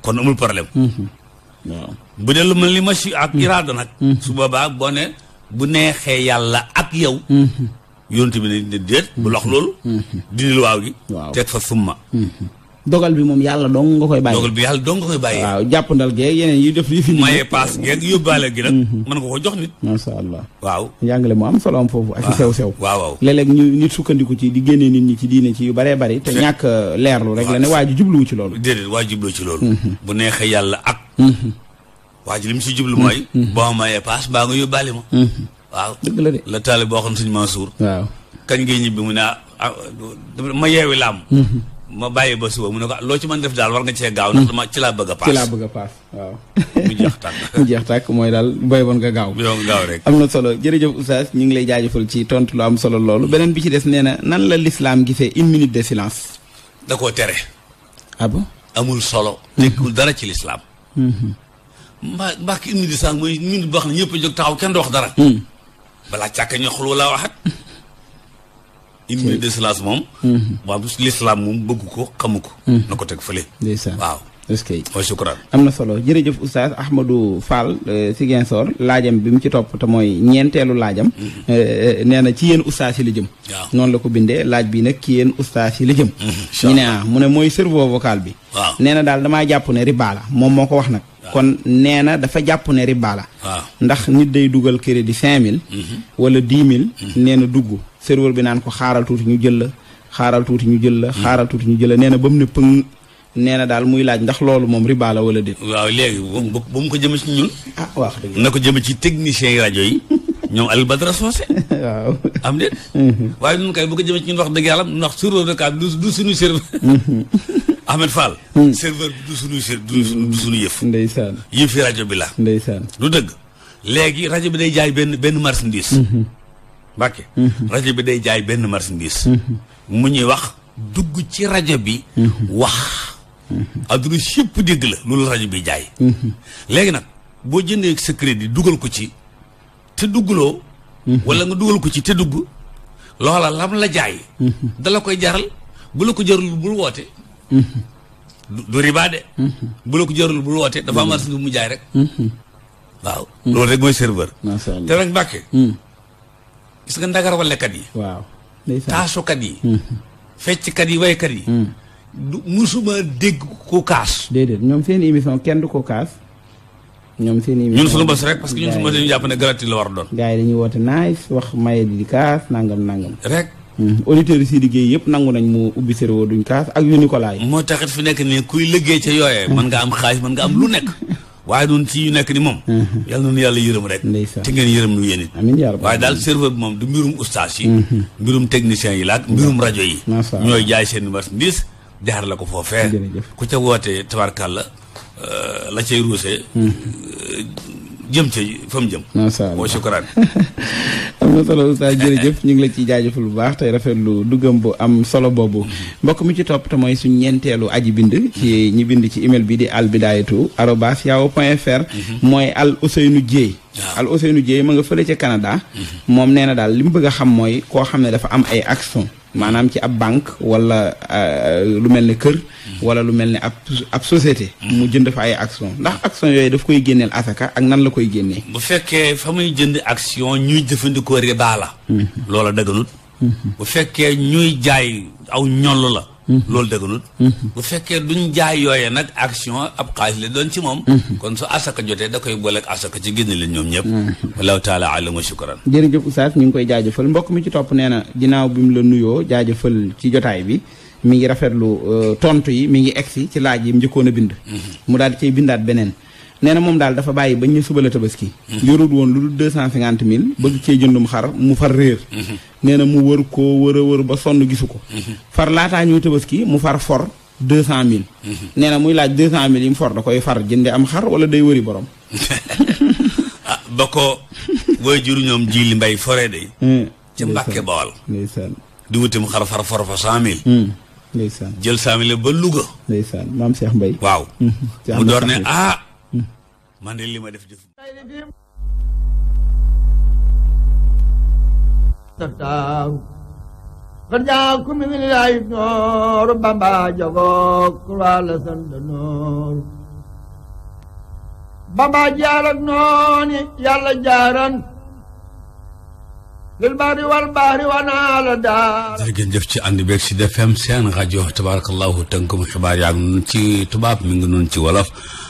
kon amul problème. Mm-hmm. waaw bu dee lu mel ni ma si ak mm-hmm. iraado nag. su boobaa boo bu neexee yàlla ak yow. yonent bi ne déet bu lox loolu. dindil waaw gi. teg fa summa. dogal bi moom yàlla dong nga koy bàyyi. dogal bi yàlla dong nga koy bàyyi. waaw jàppandal geeg yeneen yi def. yi fi maye paas geeg yóbbaale gi nag. Mhm. mën nga ko jox nit. macha allah waaw. njàngale mu am solo am foofu. waaw waaw léeg ñu nit sukkandiku ci di génnee nit ñi ci diine ci yu baree bari. te ñàkk euh, leerlu rek la ne waa ji jubluwu ci loolu. déedéet waa ji jubluwu ci loolu. Mhm. bu neexee yàlla ak. Mhm. waa ji li mu si jublu mooy. boo mayee paas baa nga yóbbaale ma. waaw dëgg la de la taali boo xam suñu Mansour. waaw kañ ngay ñibbi mu ne ah, ah, ma yeewi laam ma bàyyi ba suba mu ne ko loo ci man def daal war nga cee gaaw ndax dama ci laa bëgg a paas ci laa bëgg a paas waaw mu jeex tàkk mooy daal béy woon nga gaaw béyoon nga gaaw rek am na solo jërëjëf oustaz ñu ngi lay jaajëfal ci tontu lu am solo loolu beneen bi ci des nee na nan la lislaam gisee une minute de silence da koo tere ah amul solo nekkul dara ci lislaam mbaa mbaa ki une minute de silence mooy minute boo xam ne ñëpp a taxaw kenn du wax dara hmm. balaa càkk ñu xul wala une minute de silence moom. Mhm. waaw lislaam moom bëgg ko xamu ko. Mhm. na ko teg fële. waaw. am na solo jërëjëf oustaz Ahmadou Fall euh, Ziguinchor laajam bi mu ci topp te mooy ñeenteelu laajam mhm. euh, euh, nee na ci yéen oustaz yi la jëm noonu la ko bindee laaj bi nag ci yéen oustaz yi la jëm ñu ah, mu ne mooy cerveau vocal bi waaw na daal damaa jàpp ne riba moom moo ko wax nag kon nee na dafa jàpp ne riba ndax nit day dugal crédit cinq mille wala dix mille nee na dugg serveur bi naan ko xaaral tuuti ñu jël la xaaral tuuti ñu jël la xaaral tuuti ñu jël la nee na ba mu ne pëng nee na daal muy laaj ndax loolu moom riba la wala déet waaw léegi bu mu ko jëmee ci ñun ah wax dëgg na ko jëmee ci technicien yi rajo yi ñoom Aliou Badara Socé waaw am déet mhm. waaye ñun kay bu ko jëmee ci ñun wax dëgg yàlla ndax serveur de câble du suñu serveur mhm. Ahmed Fall mhm. serveur bi du suñu serveur du suñu yëf ndeysaan yëf yi rajo bi la ndeysaan lu dëgg léegi rajo bi day jaay benn benn marchandise Mbàkke mhm. rajo bi day jaay benn marchandise mhm. mu ñuy wax dugg ci rajo bi mhm. wax adduna sipp dégg la loolu rajo bi jaay léegi nag boo jëndee sa crédit dugal ko ci te dugguloo wala nga dugal ko ci te dugg loola lam la jaay dala koy jaral bu la ko jarul bul woote du ribaa de bu la ko jarul bul woote dafa am marchandise mu jaay rek waaw loolu rek mooy serveur te nag Mbàkke gis nga ndagar walekat yi. waaw taasukat yi. Hmm. fecckat yi waykat yi. Hmm. du musuma dégg ko kaas. déedéet ñoom seen émission kenn du ko kaas. ñoom seen émission ñun suñu bës rek parce que ñun suñu bës dañuy jàpp ne gratuit la war doon. gars yi dañuy woote nice wax maye di kaas nangam nangam. rek. Hmm. auditeurs yi si liggéey yëpp nangu nañ mu ubbi wo duñ kaas ak yu Nicolas yi. moo taxit fi nekk nii kuy liggéey ca yooyee. mën nga am xaalis mën nga am lu nekk. waaye nun ci yu nekk ni moom mhm. yàlla nunu yàlla yërëm rek te ngeen yërëm nu yéen it waaye daal serveur bi moom du mbirum ustaas yi mhm. mbirum technicien yi laak mbirum rajo yi ñooy jaay seen marchandise jaar la ko foofee ku ca wootee tabarkàlla euh, la cay ruusee mhm. euh, jëm ca fa mu jëm. macha allah wa na solo Oustaz jërëjëf ñu ngi la ciy jaajëfal bu baax tey rafetlu duggam bu am solo boobu mbokk mu ci topp te mooy suñ ñeenteelu aji bind. ci ñi bind ci email bi di albidayatu arobas yahoo point fr. Mhm. mooy al Ousseynou Dieye. al Ousseynou Dieye ma nga fële ca Canada. Mhm. moom nee na daal li mu bëgg a xam mooy koo xam ne dafa am ay action maanaam ci ab banque wala euh, lu mel ne kër. wala lu mel ne ab ab société. mu jënd fa ay action ndax action yooyu daf koy génneel asaka ak nan la koy génnee. bu fekkee fa muy action ñuy jëfandikoo riba la. Mm-hmm. loola dëgganut. Mm-hmm. bu fekkee ñuy jaay aw ñoll la. Mm-hmm. loolu dëgganut. bu fekkee duñ jaay yooye nag action ab xaalis la doon ci moom. kon su asaka jotee da koy booleeg asaka ci génn leen ñoom ñëpp. wallahu taala alam wa shukran. jërëjëf Oustaz ñu ngi koy jaajëfal mbokk mi ci topp nee na ginnaaw bi mu la nuyoo jaajëfal ci jotaay bi. mi ngi rafetlu euh, tontu yi mi ngi egsi ci laaj yi mu njëkkoon a bind mhm. mu daal di bindaat beneen nee na moom daal dafa bàyyi bañ ñu suba la tabaski mhm. yorut woon lu dul deux cent cinquante mille bëgg cee jëndum xar mu far réer mhm. nee na mu wër koo wër a wër ba sonn gisu ko far laataa ñuy tabaski mu far for deux cent mille nee na muy laaj deux cent mille yi mu for da koy far jënde am xar wala day wëri borom ah ba ko way jur ñoom jiili mbay fore day mm. ci mbàkke bawal di wutim xar far for fa cent mille mm. ndeysaan jël saamile ba Louga. ndeysaan maam Cheikh Mbaye. waaw. mu door ne ah, mm. man de li def jëf. taaw xarja ku mi lay nooru bamba jogo ku la sant nooru bamba jaar nooni yàlla jaaran jërëjëf jëf ci ànd beeg si defem seen rajo tabarakallahu tënkum xibaar yaa ngi noonu ci tubaab mi ngi noonu ci wolof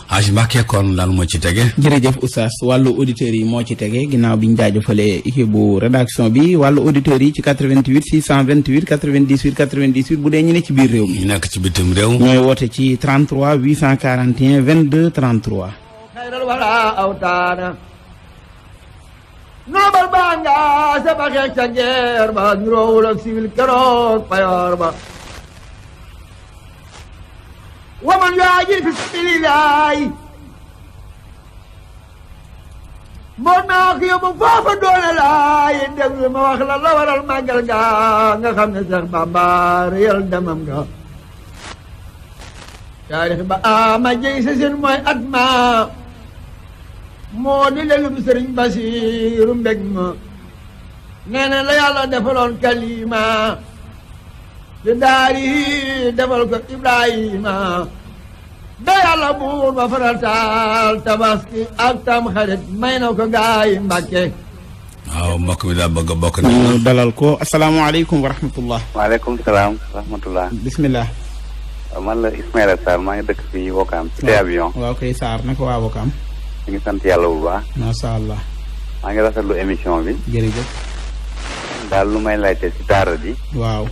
Haji Mbàkke kon lan moo ci tege jërëjëf oustaz wàllu auditeurs yi moo ci tege ginnaaw bi ñu jaajëfalee équipe bu rédaction bi wàllu auditeurs yi ci 88 628 98 98 bu dee ñu ne ci biir réew mi ñu nekk ci bitim réew ñooy woote ci 33 841 22 33 noobal baa nga sa baxee ca ngeer ba ñu roowul ak civil keroog payoor ba waman yaajir fi sabilillaay moo naa ko yóbbu foofa doone laay déglu ma wax la la waral màggal nga xam ne Seex Bàmba réyal demam nga taarix ba ama jëy sa seen mooy at ma moo di lelum sëriñ basiiru mbég ma nee na la yàlla defaloon kalima li daari defal ko ibrahima da yàlla buur ba farataal tabaski ak tam xarit may na ko gaay mbàkke waaw mbokk mi daal bëgg a bokk ñu dalal ko asalaamaaleykum wa rahmatullah waaleykum salaam wa rahmatullah bismillah man la Ismaïla Sarr maa ngi dëkk fii Wokam cité avion waaw kay Sarr naka waa Wokam a ngi sant yàlla bu baax. macha allah. maa ngi rafetlu émission bi. daal lu may laajte ci daara ji. waaw.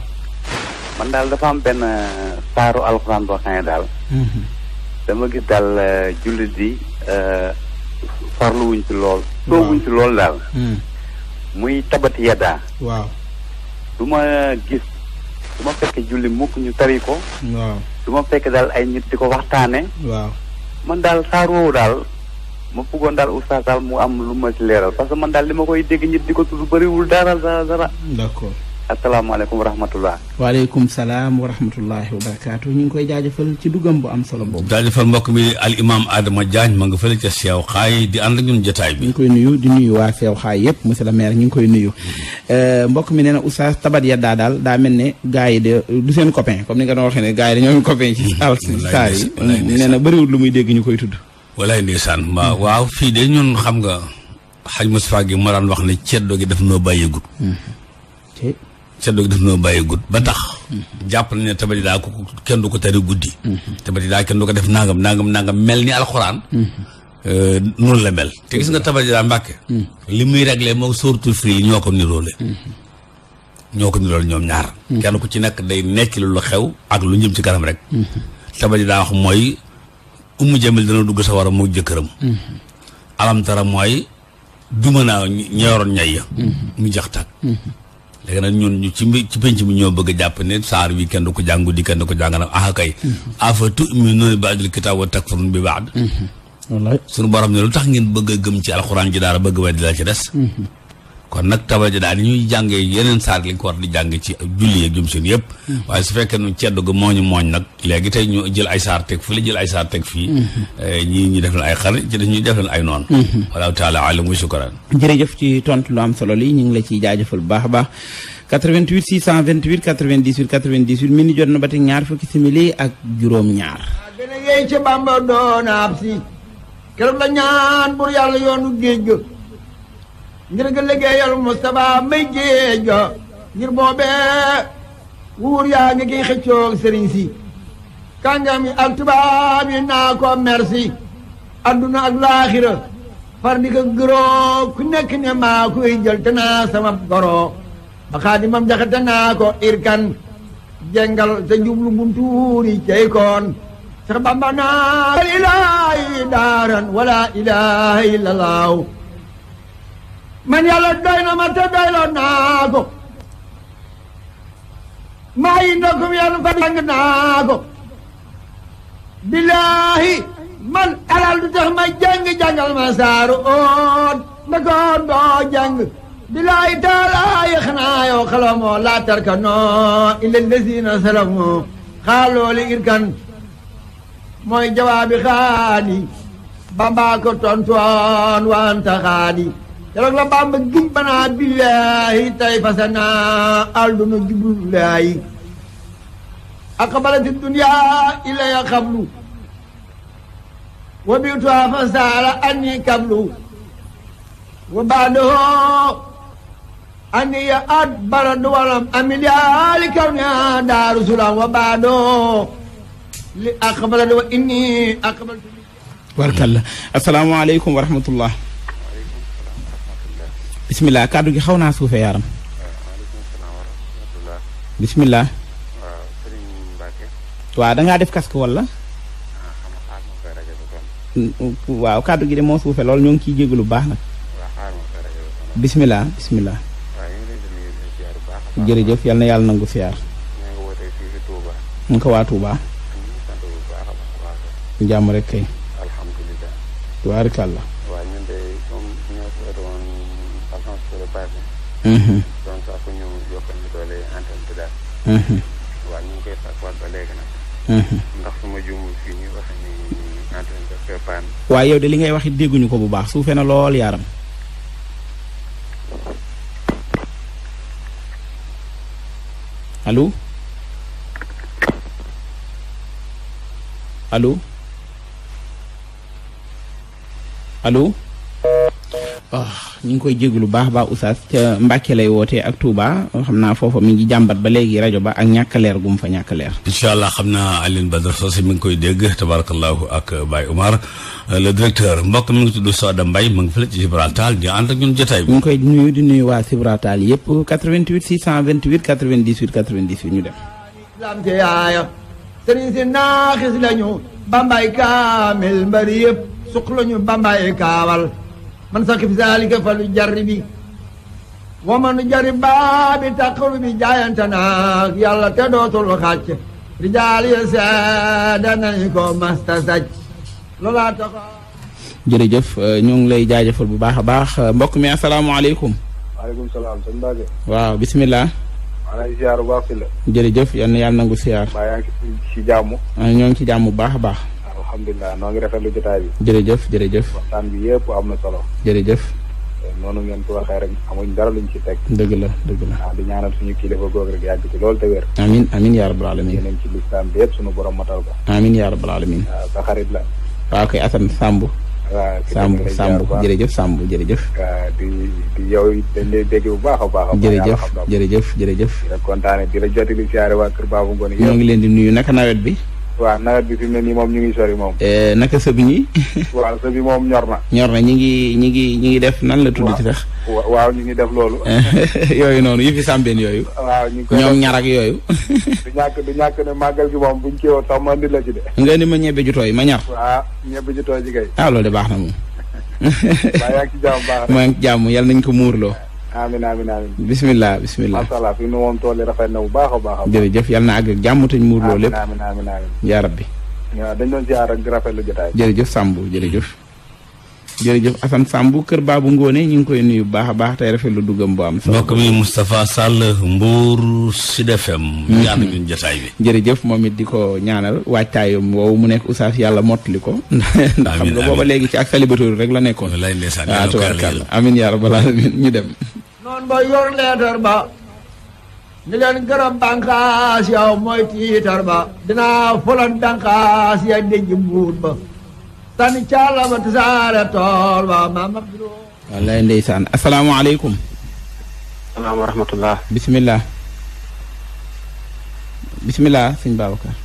man daal dafa am benn euh, saaru alxuraan boo xam ne daal. Mhm. dama gis daal euh, jullit yi euh, farluwuñ ci lool. soobuñ ci lool daal. Mhm. muy tabati yaddaa. waaw. du ma gis du ma fekk julli mukk ñu tari ko. waaw du fekk daal ay nit di ko waxtaane. waaw man daal saar woowu daal. ma bëggoon daal oustaz daal mu am lu ma ci leeral parce que man daal li ma koy dégg ñit di ko tudd bëriwul dara dara dara. d'accord. asalaamaaleykum wa rahmatullah. waaleykum salaam wa rahmatullahi wa barakaatu. ñu ngi koy jaajëfal ci duggam bu am solo boobu. jaajëfal mbokk mi al imaam Adama Diagne ma nga fële ca seew xaay di ànd ak ñun jotaay bi. ñu ngi koy nuyu di nuyu waa seew xaay yëpp monsieur le maire ñu ngi koy nuyu. Mm-hmm. Euh, mbokk mi nee na oustaz tabat yaddaa daal daa mel ne gars yi de du seen copain comme ni nga doon waxee ne gars yi dañoo am copain. ci lu muy dégg ñu koy tudd. walaay waaw fii de ñun xam nga xaj Moustapha gi moo daan wax ne ceddo gi daf noo bàyyeegut ceddo gi daf noo bàyyeegut ba tax mm-hmm. jàpp na ne tabati daa ko kenn du ko tari guddi mm-hmm. tabati daa kenn du ko def nangam nangam nangam mel ni alxuraan mm-hmm. euh, noonu la mel te gis nga tabati daa mbàkke li muy réglé moom sóortul fii ñoo ko niroole ñoo ko niroole ñoom ñaar kenn ku ci nekk day nekk lu xew ak lu jëm ci kanam rek tabati daa wax mooy ummu jamil dana dugg sawara moo jëkkëram mm-hmm. alamtara mooy duma naa ñeeroon ñay ya mm-hmm. mu jax mm-hmm. léegi nag ñun ci ci penc mi ñoo bëgg jàpp ni saar wi kenn du ko jàngu di kenn du ko jàng nag ah kay afa tu'minuuna bi ba'dil kitaab wa takfuruuna bi ba'd wallaay suñu borom ne lu tax ngeen bëgg a gëm ci alxuraan ji daara bëgg wa di la ci des kon nag tabaja daal di ñuy jàngee yeneen saar li ko war di jàng ci julli ak jum seen yëpp hmm. waaye su fekkee nu ceddu ga mooñu mooñ nag léegi tey ñu jël ay saar teg fële jël ay saar teg fii hmm. eh, ñii ñu def leen ay xarit ci dañuy def leen ay noonu hmm. wallahu taala alam wa ci tontu lu am solo li ñu ngi la ciy jaajëfal bu baax a baax 88 628 98 98 mi ni jot na ba tey ñaar fukki simili ak juróom ñaar gën a yey ci Bàmba doon ab si keroog la ñaan bur yàlla yoonu géej ngir nga liggéeyal Moustapha may géej ga ngir boobee wuur yaa ngi kiy xëccoog sëriñ si kàngam yi ak tubaab yi naa ko merci adduna ak laaxira far di ko gëroo ku nekk ne maa koy jël te naa sama goroo ba xaadimam jaxate naa ko irkan jengal te jublu buntuuri cey koon sax bamba naa laa ilaaha daaran wala ilaaha illallaahu man yàlla doy na ma te doyloo naa ko maa yi ndokum yàlla fa jàng naa ko man alal du tax ma jàng jàngal ma oon ndakoon doo jàng bilaahi taalaayi xanaa yow xalamoo laa tarka noo illa lazina salamu xaalooli irkan mooy jawaabi xaani bambaa ko tontoon wanta xaani keroog la Bàmba jumbanaa billaahi tay fasanaa alduna jibullaahi aqbalati dunyaa ilaya xablu wa biituha fa saala anni kablu wa baadoo anni ya at baradu walam amilyaali kawna daaru salaam wa baadoo li aqbalati wa inni aqbaltu barkalla asalaamaaleykum wa rahmatullah bisimilah kàddu gi xaw naa suufe yaaram. bisimilah. waaw da def casque wala. waaw kàddu gi de moo suufe lool ñoo ngi ciy jégg lu baax nag. bisimilah bisimilah. jërëjëf yal na yàlla nangu siyaar. mu ko waa Touba. jàmm rek kay. tubaarikàlla. doon sàkku ñu yokkal ñu doole koy sàkkuwaat léegi nag ndax su ma juumul fii yow de li ngay wax it dégguñu ko bu baax suufee na lool yaaram allo allo allo waaw ah, ñu ngi koy jéglu baax baax oustaz ca lay wootee ak Touba xam naa foofa mi ngi jàmbat ba léegi rajo ba ak ñàkk leer gu mu fa ñàkk leer incha allah xam naa Alioune Badara Socé mu ngi koy dégg tabarakallahu ak Baye Omar euh, le directeur mbokk mu ngi tudd Soda Mbaye mu ngi fa ci Gibraltar di ànd ak ñun jotaay bi ñu ngi koy nuyu di nuyu waa yëpp 88 628 98 98 ñu dem lamte yaaya sëriñ si naaxis lañu bambay kaamil mbari yëpp suq lañu bambay kaawal man saqib zalika falu jarribi wa man jarib baabi taqrubi jaayante naag yàlla te dootul xàcc rijaal yi seede nañ ko masta saj loolaa tax euh, ngi lay jaajëfal bu baax a baax mbokk mi asalaamaaleykum. waaleykum salaam sëñ Mbacke. waaw bisimilah. maa ngi ziar jërëjëf yal na yàlla nangu ziar. maa yaa ci jàmm. ñoo ngi ci jàmm bu baax a baax. alhamdulilah noo ngi rafetlu jotaay bi. jërëjëf jërëjëf. waxtaan yëpp am na solo. jërëjëf. noonu ngeen ko waxee rek amuñ dara luñ ci teg. dëgg la dëgg la. waaw di ñaanal suñu kilifa googu rek yàgg ci loolu te wér. amiin amiin yaa rabbal alamin. yeneen ci lislaam bi yëpp suñu borom matal ko. amiin yaa rabbal alamin. waaw sa xarit la. waaw kay Assane Samb. waaw Samb Samb jërëjëf Samb jërëjëf. di di yow dañ lay dégg bu baax a baax. jërëjëf jërëjëf jërëjëf. di la kontaane di la jotali siyaare waa Kër Babou Ngoné. ñoo ngi leen di nuyu naka nawet bi. waaw nawet bi fi mu ne nii moom ñu ngi sori moom. Eh, naka sëb yi. waaw sëb yi moom ñor na. ñor na ñu ngi ñu ngi ñu ngi def nan la tudd ci tax. waaw ñu ngi def loolu. Eh, yooyu noonu yi fi sàmbeen yooyu. waaw ñu ngi koy ñoom ñaar yooyu. du ñàkk du ñàkk ne màggal gi moom buñ kiiwoon sax ma indi la ci de. nga ni ma ñebe ju tooy ma ñor. waaw ñebe ju tooy ji kay. Ah, loolu de baax na moom. waaye ak jàmm baax maa jàmm yàlla nañ ko muurloo. amiin amiin amiin. bisimilah bisimilah macha allah fi mu woon tool yi na bu baax baax. jërëjëf yal na àgg ak jàmm te ñu muur loolu lépp amiin amiin amiin yaa rabbi. waaw dañu doon ziar ak rafetlu jotaay. jërëjëf Samb jërëjëf Assane Samb kër Baabu Ngóone ñu ngi koy nuyu bu baax a baax tey rafetlu duggam bu am. mbokk mi Moustapha Sall Mbour Sud FM. Mm-hmm. ñaanu ñun jotaay bi. jërëjëf moom it di ko ñaanal waajtaayam woowu mu nekk Oustaz yàlla mottali ko. ndax xam nga booba léegi ci ak célibataire rek la nekkoon. walaay ndeysaan waaw ah, tubaarkàlla amiin yaa rabbal aalamiin ñu dem. noonu ba yor leetar ba. ni leen gërëm bànqaas yow mooy tiitar ba. dinaa fulan bànqaas ya denc buur ba. tani caala ba tasaare tool ba maam ak juróom wallaay ndeysaan asalaamaaleykum salaam wa rahmatullah bisimilah bisimilah sëñ Babacar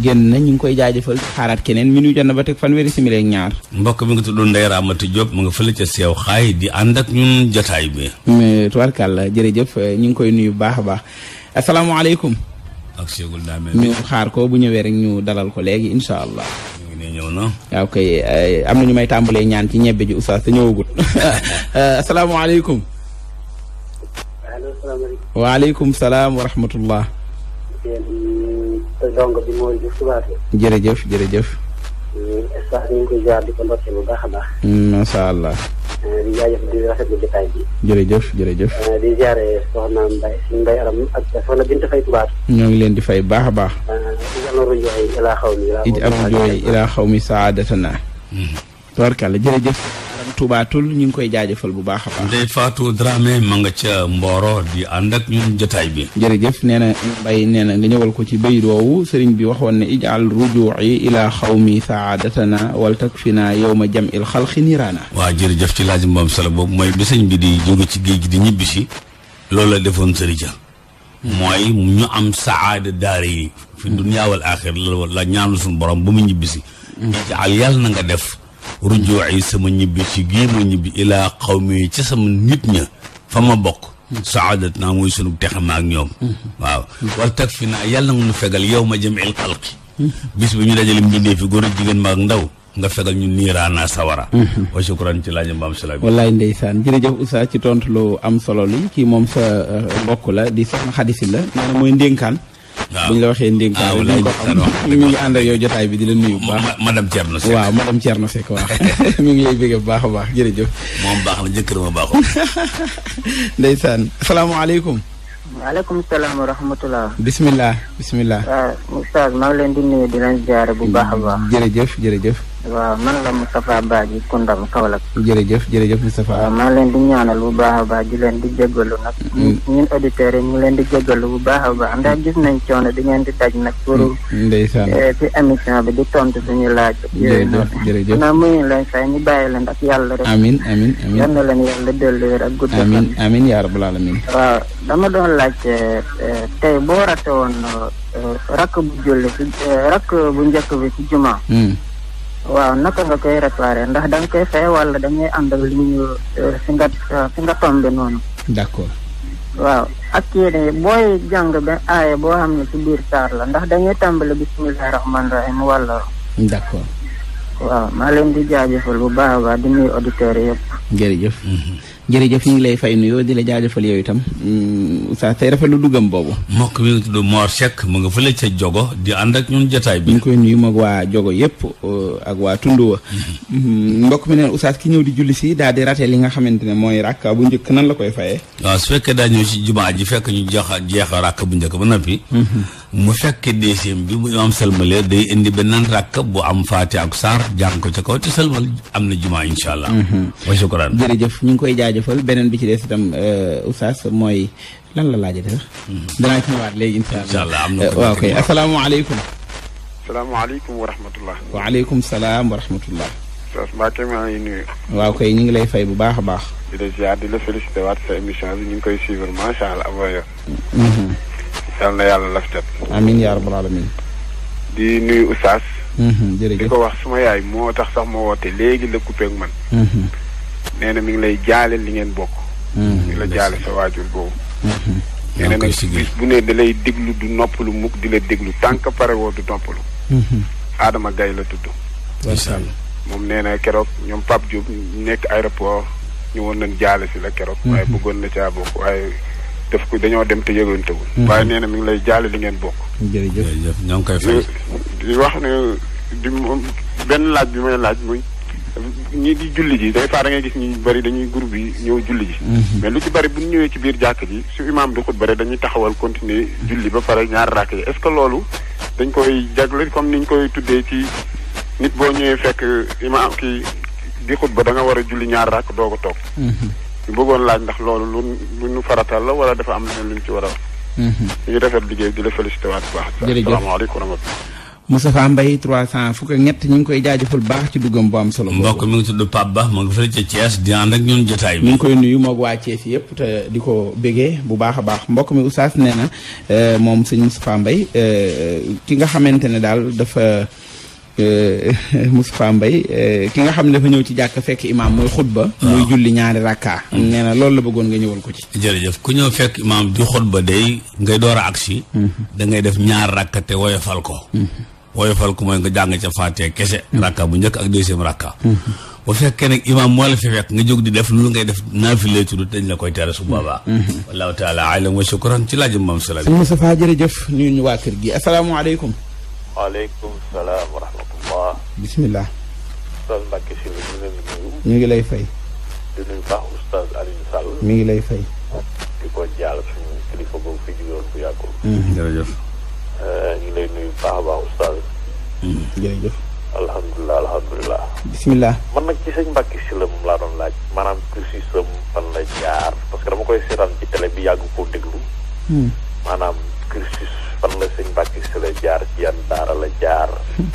génn na ñu ngi koy jaajëfal xaaraat keneen mi nu jot na ba teg fanweeri simile ak ñaar mbokk mi nga tudd Ndeye Ramata Diop mu nga fële ca seew xaay di ànd ak ñun jotaay bi mais tubarkàlla jërëjëf ñu ngi koy nuyu bu baax a baax asalaamaaleykum ak Cheikh Goulda ñu xaar ko bu ñëwee rek ñu dalal ko léegi incha allah bi ah, eh, am na may tàmbalee ñaan ci ñebbe ji oustaz te ñëwagul eh, asalaamaaleykum. waaleykum salaam wa rahmatullah. jërëjëf jërëjëf. Hmm, macha allah. di jaajëf di rafetlu jotaay bi. jërëjëf jërëjëf. Euh, di ziare soxna Mbaye suñu mbay aram ak soxna Binta Faye Touba. ñoo ngi leen di fay baax a baax. ij amaru jooy ilaa xaw mi. ij amaru jooy ilaa xaw mi saadatana. tubarkàlla jërëjëf ram tubaatul ñu ngi koy jaajëfal bu baax a baax Ndeye Fatou nga ca Mboro di ànd ak ñun jotaay bi jërëjëf nee na mbay nee na nga ñëwal ko ci bayit sëriñ bi waxoon ne ijaal rujuuci ila xawmi saadatana wal takfina yowma jam il xalqi niraana waaw jërëjëf ci laaj moom solo boobu mooy bi bi di jóge ci géej gi di ñibbi si loolu la defoon sëriñ ja mooy ñu am saada daara yi fi dunya wal axir la la ñaanu suñu borom ba mu ñibbisi mm. ijaal yàlla yal nanga def rujoo yi sama ñibbi ci gii ma ñibbi ilaa xawmi ci sama nit ña fa ma bokk saadat naa mooy sunu texe ma ak ñoom waaw war tag fi naa yàlla nga nu fegal yow ma jamiil xalqi bis bi ñu dajale mbindee fi góor ak jigéen ma ak ndaw nga fegal ñu niiraana sawara wa shukran ci laaj mbaam sala wallaay ndeysaan jërëjëf Oustaz ci tontu lu am solo li kii moom sa uh, mbokk la di soxna xadisi la nee mooy ndénkaan buñ la waxee ndénkaane duñ ko xam ñu ngi ànd ak yow jotaay bi di la nuyu bu baax madame Thierno Seck waaw madame Thierno Seck waaw mi ngi lay bégge bu baax a baax jërëjëf moom baax na jëkkër ma baaxoo ndeysaan asalaamaaleykum waaleykum salaam wa rahmatulah bisimilah bisimilah waaw ah, Oustaz maa ngi leen di nuyu di leen ziare bu baax a baax jërëjëf jërëjëf waaw man la Moustapha Badji Koundam Kaolack. jërëjëf jërëjëf Moustapha. waaw maa leen di ñaanal bu baax a baax di leen di jégalu nag. Mm. ñun auditeurs yi ñu leen di jégalu bu baax a baax ndax gis nañ coono di ngeen di daj nag. pour mm. ndeysaan eh, ci émission bi di tontu suñu laaj. jërëjëf jërëjëf naa muñu leen fay ñu bàyyi leen ak yàlla rek. amiin amiin amiin yal na leen yàlla dolli wér ak gudd. amiin amiin yaa rabbal aalamiin. waaw dama doon laaj eh, eh, tey boo rate woon rakk bu julli ci rakk bu njëkk bi ci jumaa. Mm. waaw naka nga koy réparé ndax da koy fay wala da ngay ànd ak ñu euh, fi nga fi nga tombé noonu. d'accord. waaw ak yéen booy jàng ba aaye boo xam ne ci biir saar la ndax dañuy tàmbali bisimilah rahmaani rahim wala. d'accord. waaw maa leen di jaajëfal bu baax a baax di nuyu auditeurs yëpp. jërëjëf. Mm-hmm. jërëjëf ñu ngi lay fay nuyoo di la jaajëfal yow itam mm, saa tey rafet lu duggam boobu mbokk mi ngi tudd Mor nga fële ca jogo di ànd ak ñun bi ñu koy nuyu mag waa jogo yëpp uh, ak waa tund wa mm-hmm. Mm-hmm. mbokk mi neen oustaz ñëw di julli daal di li nga xamante ne mooy ràkka bu njëkk nan la koy fayee waaw su fekkee daa ñëw jumaa ji fekk ñu jox jeex ràkka bu njëkk ba noppi mm-hmm. mu fekkee deuxième bi bu imaam sëlmalee day indi beneen ràkka bu am faati ak saar jàng ko ca kaw te am na jumaa incha allah wa shukran jaajëfal beneen bi ci des itam euh, oustaz mooy lan la laajate sax. Hmm. danaa ci ñëwaat léegi incha allah am na euh, waaw kay asalaamaaleykum. asalaamaaleykum wa rahmatullah. waaleykum salaam wa rahmatullah. Oustaz Mbacké maa waaw kay ñu ngi lay fay bu baax a baax. di la ziar di la félicité waat sa émission bi ñu ngi koy suivre macha allah am mm-hmm. waay yal na yàlla laf cat. amiin alamin di nuyu oustaz. Mm-hmm, jërëjëf di ko wax su suma yaay moo tax sax ma woote léegi la coupé man. Mm-hmm. nee na mi ngi lay jaale li ngeen bokk. Hmm. la jaale sa waajur boobu. Hmm. nee bu ne da déglu du noppalu mukk di la déglu tànk pare woo du noppalu. Hmm. Adama la tudd. moom nee na keroog ñoom Pape Diop nekk aéroport ñëwoon nañ jaale si la keroog. waaye bëggoon na caa bokk waaye daf ko dañoo dem te yëgantewul. waaye nee na mi ngi lay jaale li ngeen bokk. jërëjëf jërëjëf ñoo wax ne benn laaj bi may laaj muy. ñi di julli ji des fois da ngay gis ñu bari dañuy groupe yi ñëw julli ji mhm. mais lu ci bëri bu ñu ñëwee ci biir jàkk ji su imaam di xutba rek dañuy taxawal continuer julli ba pare ñaar rakk yi est-ce loolu dañ koy jagle comme ñu koy tuddee ci nit boo ñëwee fekk imaam ki di xutba da nga war a julli ñaar rakk doo ko toog mhm. ñu bëggoon laaj ndax loolu lu lu ñu faratal la wala dafa am na leneen lu ñu ci war a mhm. ñu rafet liggéey di la félicité waat bu baax asalaamaaleykum wa rahmatulah Moustapha Mbaye 300 fukk ak ñett ñu ngi koy jaajëfal baax ci duggam bu am solo. mbokk mi ngi tudd Pape Ba mu ngi fële ca Thiès di ànd ak ñun jotaay bi. ñu ngi koy nuyu moog waa Thiès yëpp te di ko bégee bu baax a baax mbokk mi Oustaz nee na euh, moom sëñ Moustapha Mbaye euh, ki nga xamante ne daal dafa euh, Moustapha Mbaye ki nga xam ne dafa ñëw ci jàkk fekk imaam muy xutba. muy julli ñaari rakka. Mm. nee na loolu la bëggoon nga ñëwal ko ci. jërëjëf ku ñëw fekk imaam di xutba day ngay door a agsi. Mm-hmm. da ngay def ñaar rakka te woyofal ko. Mm-hmm. woyofal ko mooy nga jàng ca faatee kese mm. rakka bu njëkk ak deuxième rakka mm. bu fekkee nag imaam moo la fi fekk nga jóg di def lu ngay def naafile tudd dañ la koy tere su boobaa mm. wallahu taala alam wa shukran ci laajum maam sala sëñ Moustapha jërëjëf nuyu ñu waa kër gi asalaamaaleykum waaleykum salaam wa rahmatullah bismillah oustaz Mbacke si la ñu leen nuyu ngi lay fay di mi ngi lay fay Eh, ñu ngi lay nuyu bu baax a baax oustaz. Hmm, jërëjëf. alhamdulilah alhamdulilah. bisimilah. man nag ci sëñ Mbacke si la moom laa doon laaj. maanaam cursusam fan la jaar parce que dama koy seetaan ci télé bi yàgg koo déglu. Hmm. maanaam cursus fan la sëñ Mbacke si la jaar ci yan daara la jaar. Hmm.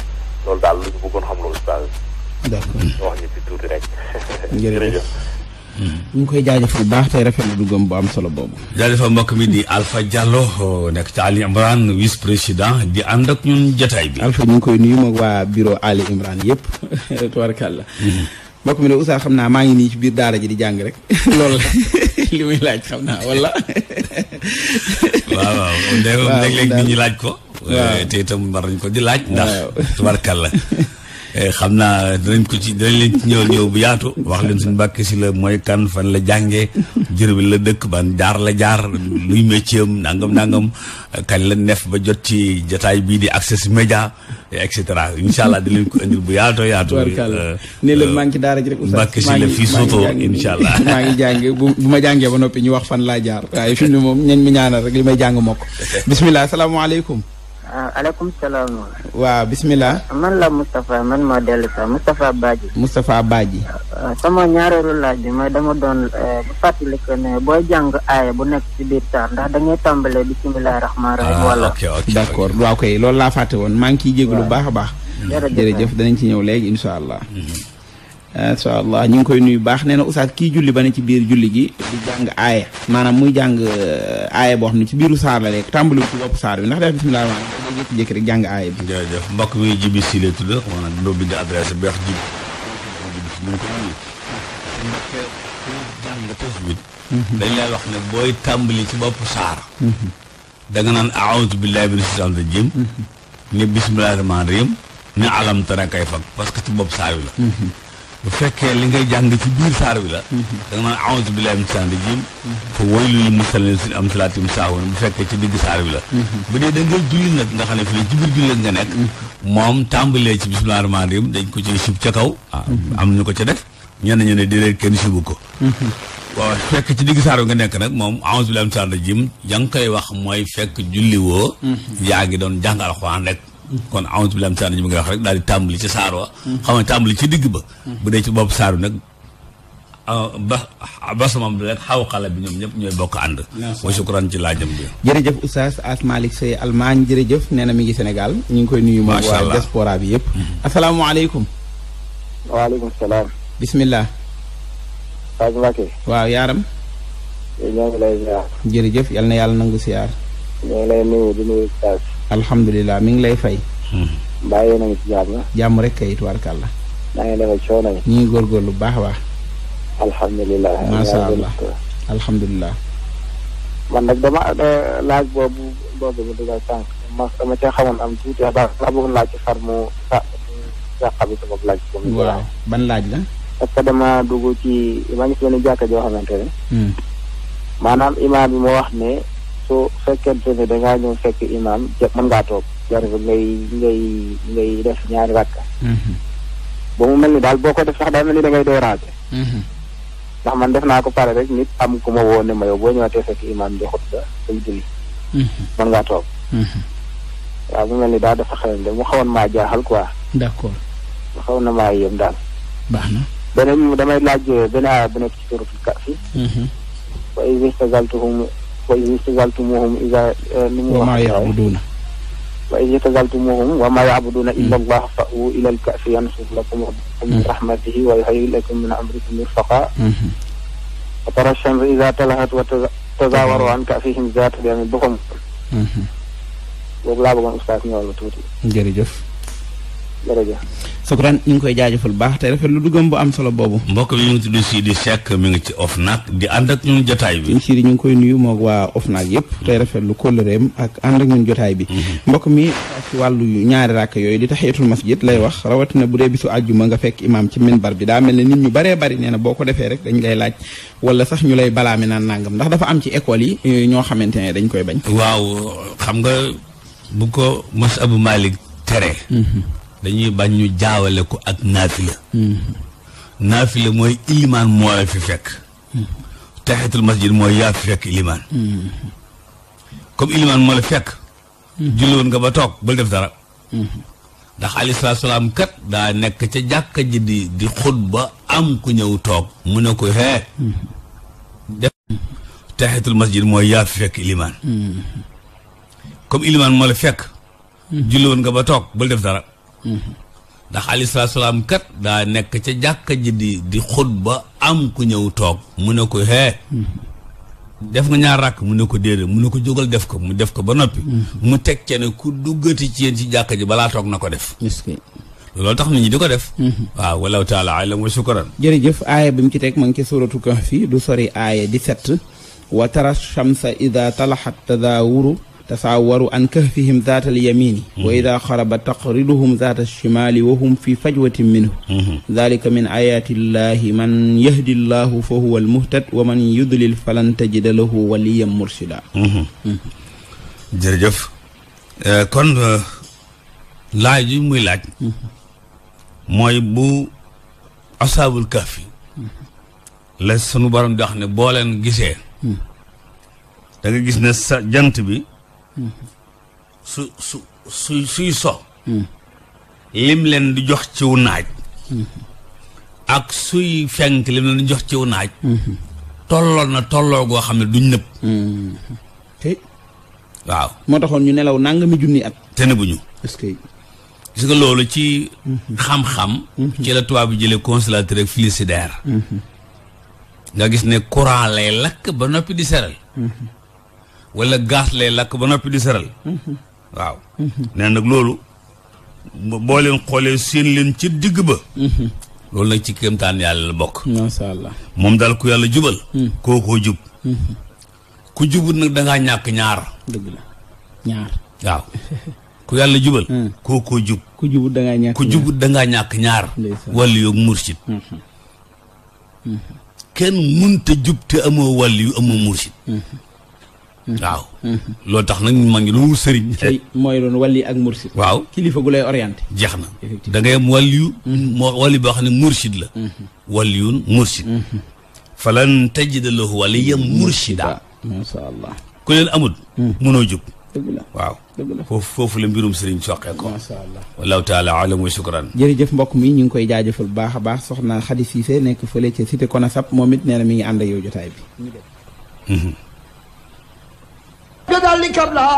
loolu daal lu ñu bëggoon xam loolu oustaz. d'accord wax ñu ci tuuti rek. jërëjëf jërëjëf. ñu ngi koy jaajëfal bu baax tey rafetlu duggam bu am solo boobu. fa mbokk mi di alfa Diallo nekk ci Ali Imran vice président di ànd ak ñun jotaay bi. Alpha ñu ngi koy nuyu moog waa bureau Ali Imran yëpp tubarkàlla. Mm-hmm. mbokk mi ne Oussa xam naa maa ngi nii ci biir daara ji di jàng rek loolu la li muy laaj xam naa wala. waaw waaw léeg-léeg ñi laaj ko. waaw eh, te itam war nañ ko di laaj. ndax la Eh, xam naa dinañ ko ci dinañ leen ñëw ñëw bu yaatu wax leen suñu mbàkk si la mooy kan fan la jàngee Jurbel la dëkk ban jaar la jaar luy métier am nangam nangam kañ la neef ba jot ci jataay bii di access média et cetera incha allah di leen ko indil bu yaatoo yaatu. Eh, ne la eh, maa ngi ci daara ji rek oustaz mbàkk si la fii soto allah ngi jàngee bu bu ma jàngee ba noppi ñu wax fan laa jaar waaye fi mu moom ñañ mi ñaanal rek li may jàng mokk bisimilah salaamaaleykum Ah, aleykum salaam. waaw bisimilah. man la Moustapha man moo dellu sax Moustapha Badji. Moustapha Badji. Ah, sama ñaareelu laaj bi mooy dama doon eh, bu fàttali ko ne booy jàng aaya bu nekk ci biir saar ndax da ngay tàmbalee bisimilah rahmaani rahiim. Ah, wala d' accord waaw kay loolu laa fàtte woon maa ngi ciy jégalu lu baax a baax. jërëjëf jërëjëf danañ ci ñëw léegi incha allah. Mm-hmm. incha ñu ngi koy nuyu baax nee na oustaz kii julli ba ne ci biir julli gi di jàng aaya maanaam muy jàng euh, aaya boo xam ne ci biiru saar la rek tàmbali ci bopp saar bi ndax def bismillah maanaam jékki-jékki rek jàng aaya bi jërëjëf mbokk mi jibi si bi wax si ñu ko ñu ndaxte ku jàng tasbit dañ lay wax ne booy tàmbali ci bopp saar mhm. da nga naan aoudu billahi mina shaytaani rajim mhm. parce que ci bopp saar bi la mhm. bu fekkee li ngay jàng ci biir saar bi la da nga mën a'uuzu billaahi mu shaytaani rajiim fa waylul lil musalliin allaziina hum an bu fekkee ci digg saar bi la bu dee da ngay julli nag nga xam ne fii ci biir julli moom tàmbalee ci bismillaahi rahmaani rahiim dañ ko ci sub ca kaw am ñu ko ca def ñenn ñu ne di leen kenn subu ko waaw fekk ci digg saar bi nga nekk rek moom a'uuzu billaahi mina shaytaani rajiim yaa ngi koy wax mooy fekk julli woo yaa ngi doon jàng alxuraan rek kon awuzu billaahi mina shaytaani rajiim nga wax rek daal di tàmbali ci saar wa xam nga tàmbali ci digg ba bu dee ci bopp saar nag ba basamam bi rek xaw xale bi ñoom ñëpp ñooy bokk ànd wa sukran ci laajam bi jërëjëf oustaz as malik say almaañ jërëjëf nee na mi ngi sénégal ñu ngi koy nuyu moom waa diaspora bi yëpp mm-hmm. asalaamaaleykum waaleykum salaam bismillah Sadio Mbacke waaw yaaram ñoo jërëjëf yal na yàlla nangu siyaar ñoo lay nuyu di nuyu oustaz alhamdulilah mi ngi lay fay. mbaa yéen a ngi jàmm. jàmm rek kay tubaarkàlla. maa ngi defal coono yi. ñu ngi góorgóorlu bu baax a baax. alhamdulilah. macha allah alhamdulilah. man nag dama laaj boobu boobu mu dugal tànk ma dama cee am laaj ci laaj. waaw ban laaj la. parce que dama dugg ci maa ngi fi leen jàkka joo xamante hmm. maanaam imaam bi moo wax ne. su fekkente ne dangaa ñëw fekk imaam mën ngaa toog jarul ngay ngay ngay def ñaari rakka mhm. ba mu mel ni daal boo ko def sax daa mel ni da ngay déranger mhm. ndax man def naa ko pare rek nit am ku ma woo ne ma yow boo ñëwaatee fekk imaam di xutba day julli mhm. mën mu mel ni daal dafa xewoon de mu xawoon mu xawoon na maa yëm daal baax na beneen damay laaj beneen aaya bu nekk ci suuratul Kahf fa iz istazaltuhum wa iz i'tazaltumuuhum iza eh, nu mu. wa maa ya'buduuna. wa iz i'tazaltumuuhum wa maa ya'buduuna illa allaha mm. fa'uu ila al-ka'fi yansur lakum rabbukum min mm. rahmatihi wa yuhayyi' lakum min amrikum mirfaqa. Mm-hmm. wa tara ash-shamsa iza talaat wa tazaawaru an ka'fihim zaata al-yamiin mm-hmm. boobu laa bëggoon oustaz ñëwal ma tuuti. jërëjëf. jërëjëf. Sokran ñu ngi koy jaajëfal bu baax te rafet lu duggam bu am solo boobu. mbokk mi mu ngi tudd Sidi Seck mi ngi ci OFNAC di ànd ak ñun jotaay bi. Sidi ñu ngi koy nuyu moog waa OFNAC yëpp tey rafet lu kóllëreem ak ànd ak ñun jotaay bi. Mhm. mbokk mi ci wàllu ñaari rakk yooyu di taxiyatul masjid lay wax rawatina bu dee bisu àjjuma nga fekk imaam ci bar bi daa mel ne nit ñu baree bari nee na boo ko defee rek dañ lay laaj wala sax ñu lay balaame naan nangam ndax dafa am ci école yi eh, ñoo xamante ne dañ koy bañ. waaw xam nga bu ko mas Abu Malik tere mhm. dañuy bañ ñu jaawale ko ak naafila mm-hmm. naafila mooy ilimaan moo la fekk mm-hmm. taxitul masjid mooy yaa fi fekk ilimaan mm-hmm. comme ilimaan moo la fekk julloon nga ba toog bul def dara ndax aleyhi kat daa nekk ca jàkka di di xutba am ku ñëw toog mu ne ko hee def taxitul masjid mooy yaa fi fekk ilimaan comme ilimaan nga ba toog bul def dara ndax alayhi salaatu salaam kat daa nekk ca jàkka ji di di xutba am ku ñëw toog mu ne ko hee def nga ñaar rakk mu ne ko déedéet mu ne ko jógal def ko mu def ko ba noppi mu teg ce ne ku duggati ci yéen ci jàkka ji balaa toog na ko def loolu tax nit ñi di ko def mhm. waaw wallahu taala alam wa shukran jërëjëf aaya bi mu ci teg ma ngi ci suratu fii du sori aaya di set wa tara shamsa ida talaxat tadawuru tasaawaru an kahfihim zaata alyamini mhm. wa ida xaraba taqriduhum zaata alchimali wa mhm. man yahdi llahu fa huwa almuhtad wa man yudlil falan tajida lahu waliyan mursida mhm. jërëjëf eh, eh, yi muy laaj mooy bu asaabul kahfi la sunu borom di wax ne boo leen gisee da gis ne jant bi su su su suy so lim leen di jox ciw naaj ak suy fenk lim leen di jox ciw naaj tolloo na tolloo goo xam ne duñ nëb tey waaw moo taxoon ñu nelaw nangami junni at te nëbuñu est-ce que gis nga loolu ci xam-xam ci la tubaab bi jëlee consolateur ak frigidaire nga gis ne courant lay lakk ba noppi di seral wala gaas lay lakk ba noppi di sëral waaw nee nag loolu boo leen xoolee seen leen ci digg ba loolu nag ci kéemtaan yàlla la bokk masha moom daal ku yàlla jubal hmm. kookoo jub ku jubut nag dangaa ñàkk ñaar dëgg yàlla jubal hmm. kookoo jub ku jubut dangaa ñàkk ku dangaa ñàkk ñaar wàllu yoog mursid hmm. kenn munta jub te amoo wàllu yu amoo mursid waaw. loolu tax nag mag ngi doon sëriñ. tey mooy doon wàlli ak mursid. waaw kilifa gu lay orienté. jeex na da ngay am wàlliyu. Mhm. moo wàlli boo xam ne mursid la. Mhm. wàlliyun mursid. Mhm. falan tajida lahu waliyan mursida. macha allah ku leen amul. mënoo jub. la waaw foofu foofu la mbirum sëriñ soqee ko masha allah jërëjëf mbokk mi ñu ngi koy jaajëfal bu baax a baax soxna Xadi Siise nekk fële ca cité Konasap moom it nee na mi ngi ànd ak yow jotaay bi كذلك بلا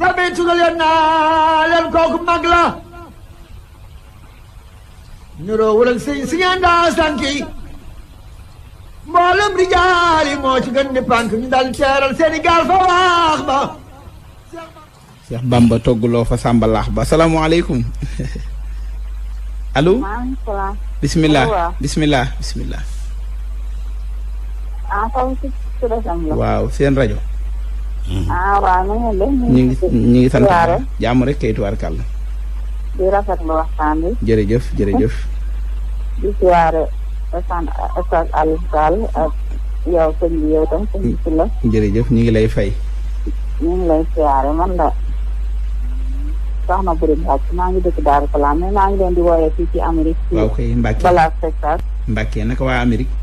نبيتنا لنا لنكوك مغلا nuroo wala sëñ si ngeen daa sànki mboolem rijaal yi moo ci gën di pànk ñu dal teeral Sénégal fa waax ba. Cheikh Bamba toggloo fa Samba laax ba salaamualeykum allo. maaleykum salaam. bisimilah bisimilah bisimilah. ah foofu waaw seen rajo. Mm-hmm. ah waaw na ngeen ngi ñu ngi sant jàmm rek kay tuwaar kàll. di rafetlu waxtaan bi. jërëjëf jërëjëf. di siwaare ñu ngi lay fay. ñu ngi lay siwaare man la soxna Buri Mbacke maa ngi dëkk Daaru Salaam mais maa ngi leen di waaw kay Mbacke balaa naka waa Amérique.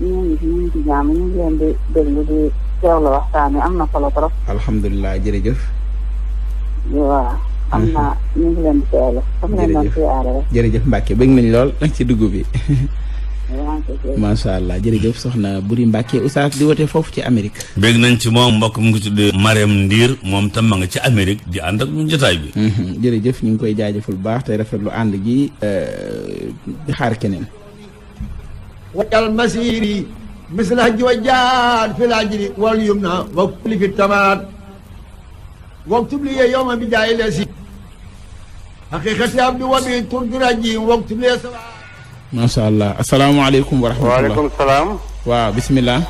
ñu am na solo trop. alhamdulilah jërëjëf. waaw am na mhm. ñu jërëjëf jërëjëf Mbacke bëgg nañ lool ci dugub bi. allah jërëjëf soxna Buri Mbacke Oustaz di wote foofu ci Amérique. bëgg nañ ci moom mbokk mu ngi tuddee Marème Ndiir moom tam ma nga ci Amérique di ànd ak ñun jotaay bi. Mhm, jërëjëf ñu ngi koy jaajëful bu baax te rafetlu ànd gi euh, xaar keneen. wajal masiiri misl hajji wa jaad fi lajri wal yumna wa kulli fi tamaat waktub li yawma bi jaay lesi haqiqati abdi wa bi turdi raji waktub li sawa allah asalaamaaleykum wa rahmatulah waaleykum salaam waaw bisimilah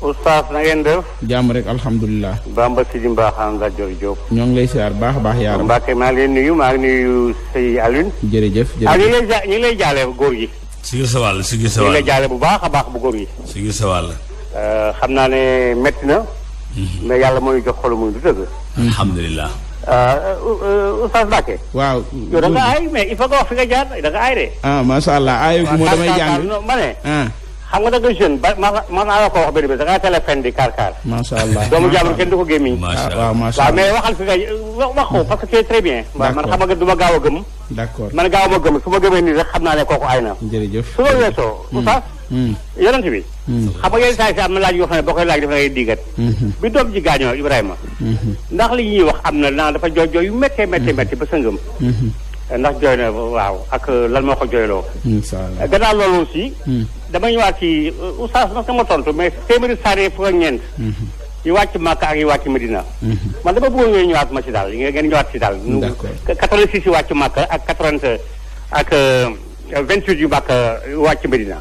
oustaz na ngeen jàmm rek alhamdulilah bamba si di mbaaxaan la jor Diop ñoo ngi lay siyaar baax baax yaaram Mbacke maa ngi leen nuyu maa ngi nuyu sëy Alioune jërëjëf jërëjëf ah ñu ngi lay ñu góor gi si gis sa wàll si gis sa wàll ñu ngi lay jaale bu baax a baax bu góor yi. si gis sa wàll. Euh, xam naa ne métti na. Mhm. mais yàlla mooy jox xolu muy du dëgg. alhamdulilah. Euh, euh, Oustaz Mbacké. waaw. yow da nga aay mais il faut nga wax fi nga jaar da nga aay de. ah macha allah aayu moo damay jàng ma ne. Ah. xam nga danga jeune ba ma ma naa la ko wax benn bi da ngaa teel a fen doomu jàmbur kenn du ko gémmiñ. waaw mais waxal fi nga wax ko parce que c'est très bien. waaw man xam nga du ma gaaw a gëm. man gaaw a gëm su ma gëmee nii rek xam naa ne kooku ay na. jërëjëf su ma weesoo. Hmm. oustaz. Hmm. yonent bi. Hmm. xam nga yenn saa yi si am na laaj yoo xam ne boo koy laaj dafa ngay digat. bi doom ji gaañoo Ibrahima. ndax li ñuy wax am na naan dafa jooy jooy yu méttee méttee méttee ba sëngëm ndax jooy na waaw ak euh, lan moo ko jooyloo. incha allah euh, gannaaw loolu aussi. Hmm. dama ñëwaat ci euh, oustaz nag sama tontu mais téeméeri saar yëpp ak ñeent. Hmm. yi wàcc Màkka ak yi wàcc Medina. Hmm. man dama bëggoon ngeen ñëwaat ma ci daal ngeen ñëwaat ci daal. d' accord 86 yi wàcc Màkka ak 80 ak 28 yu Màkka wàcc Medina.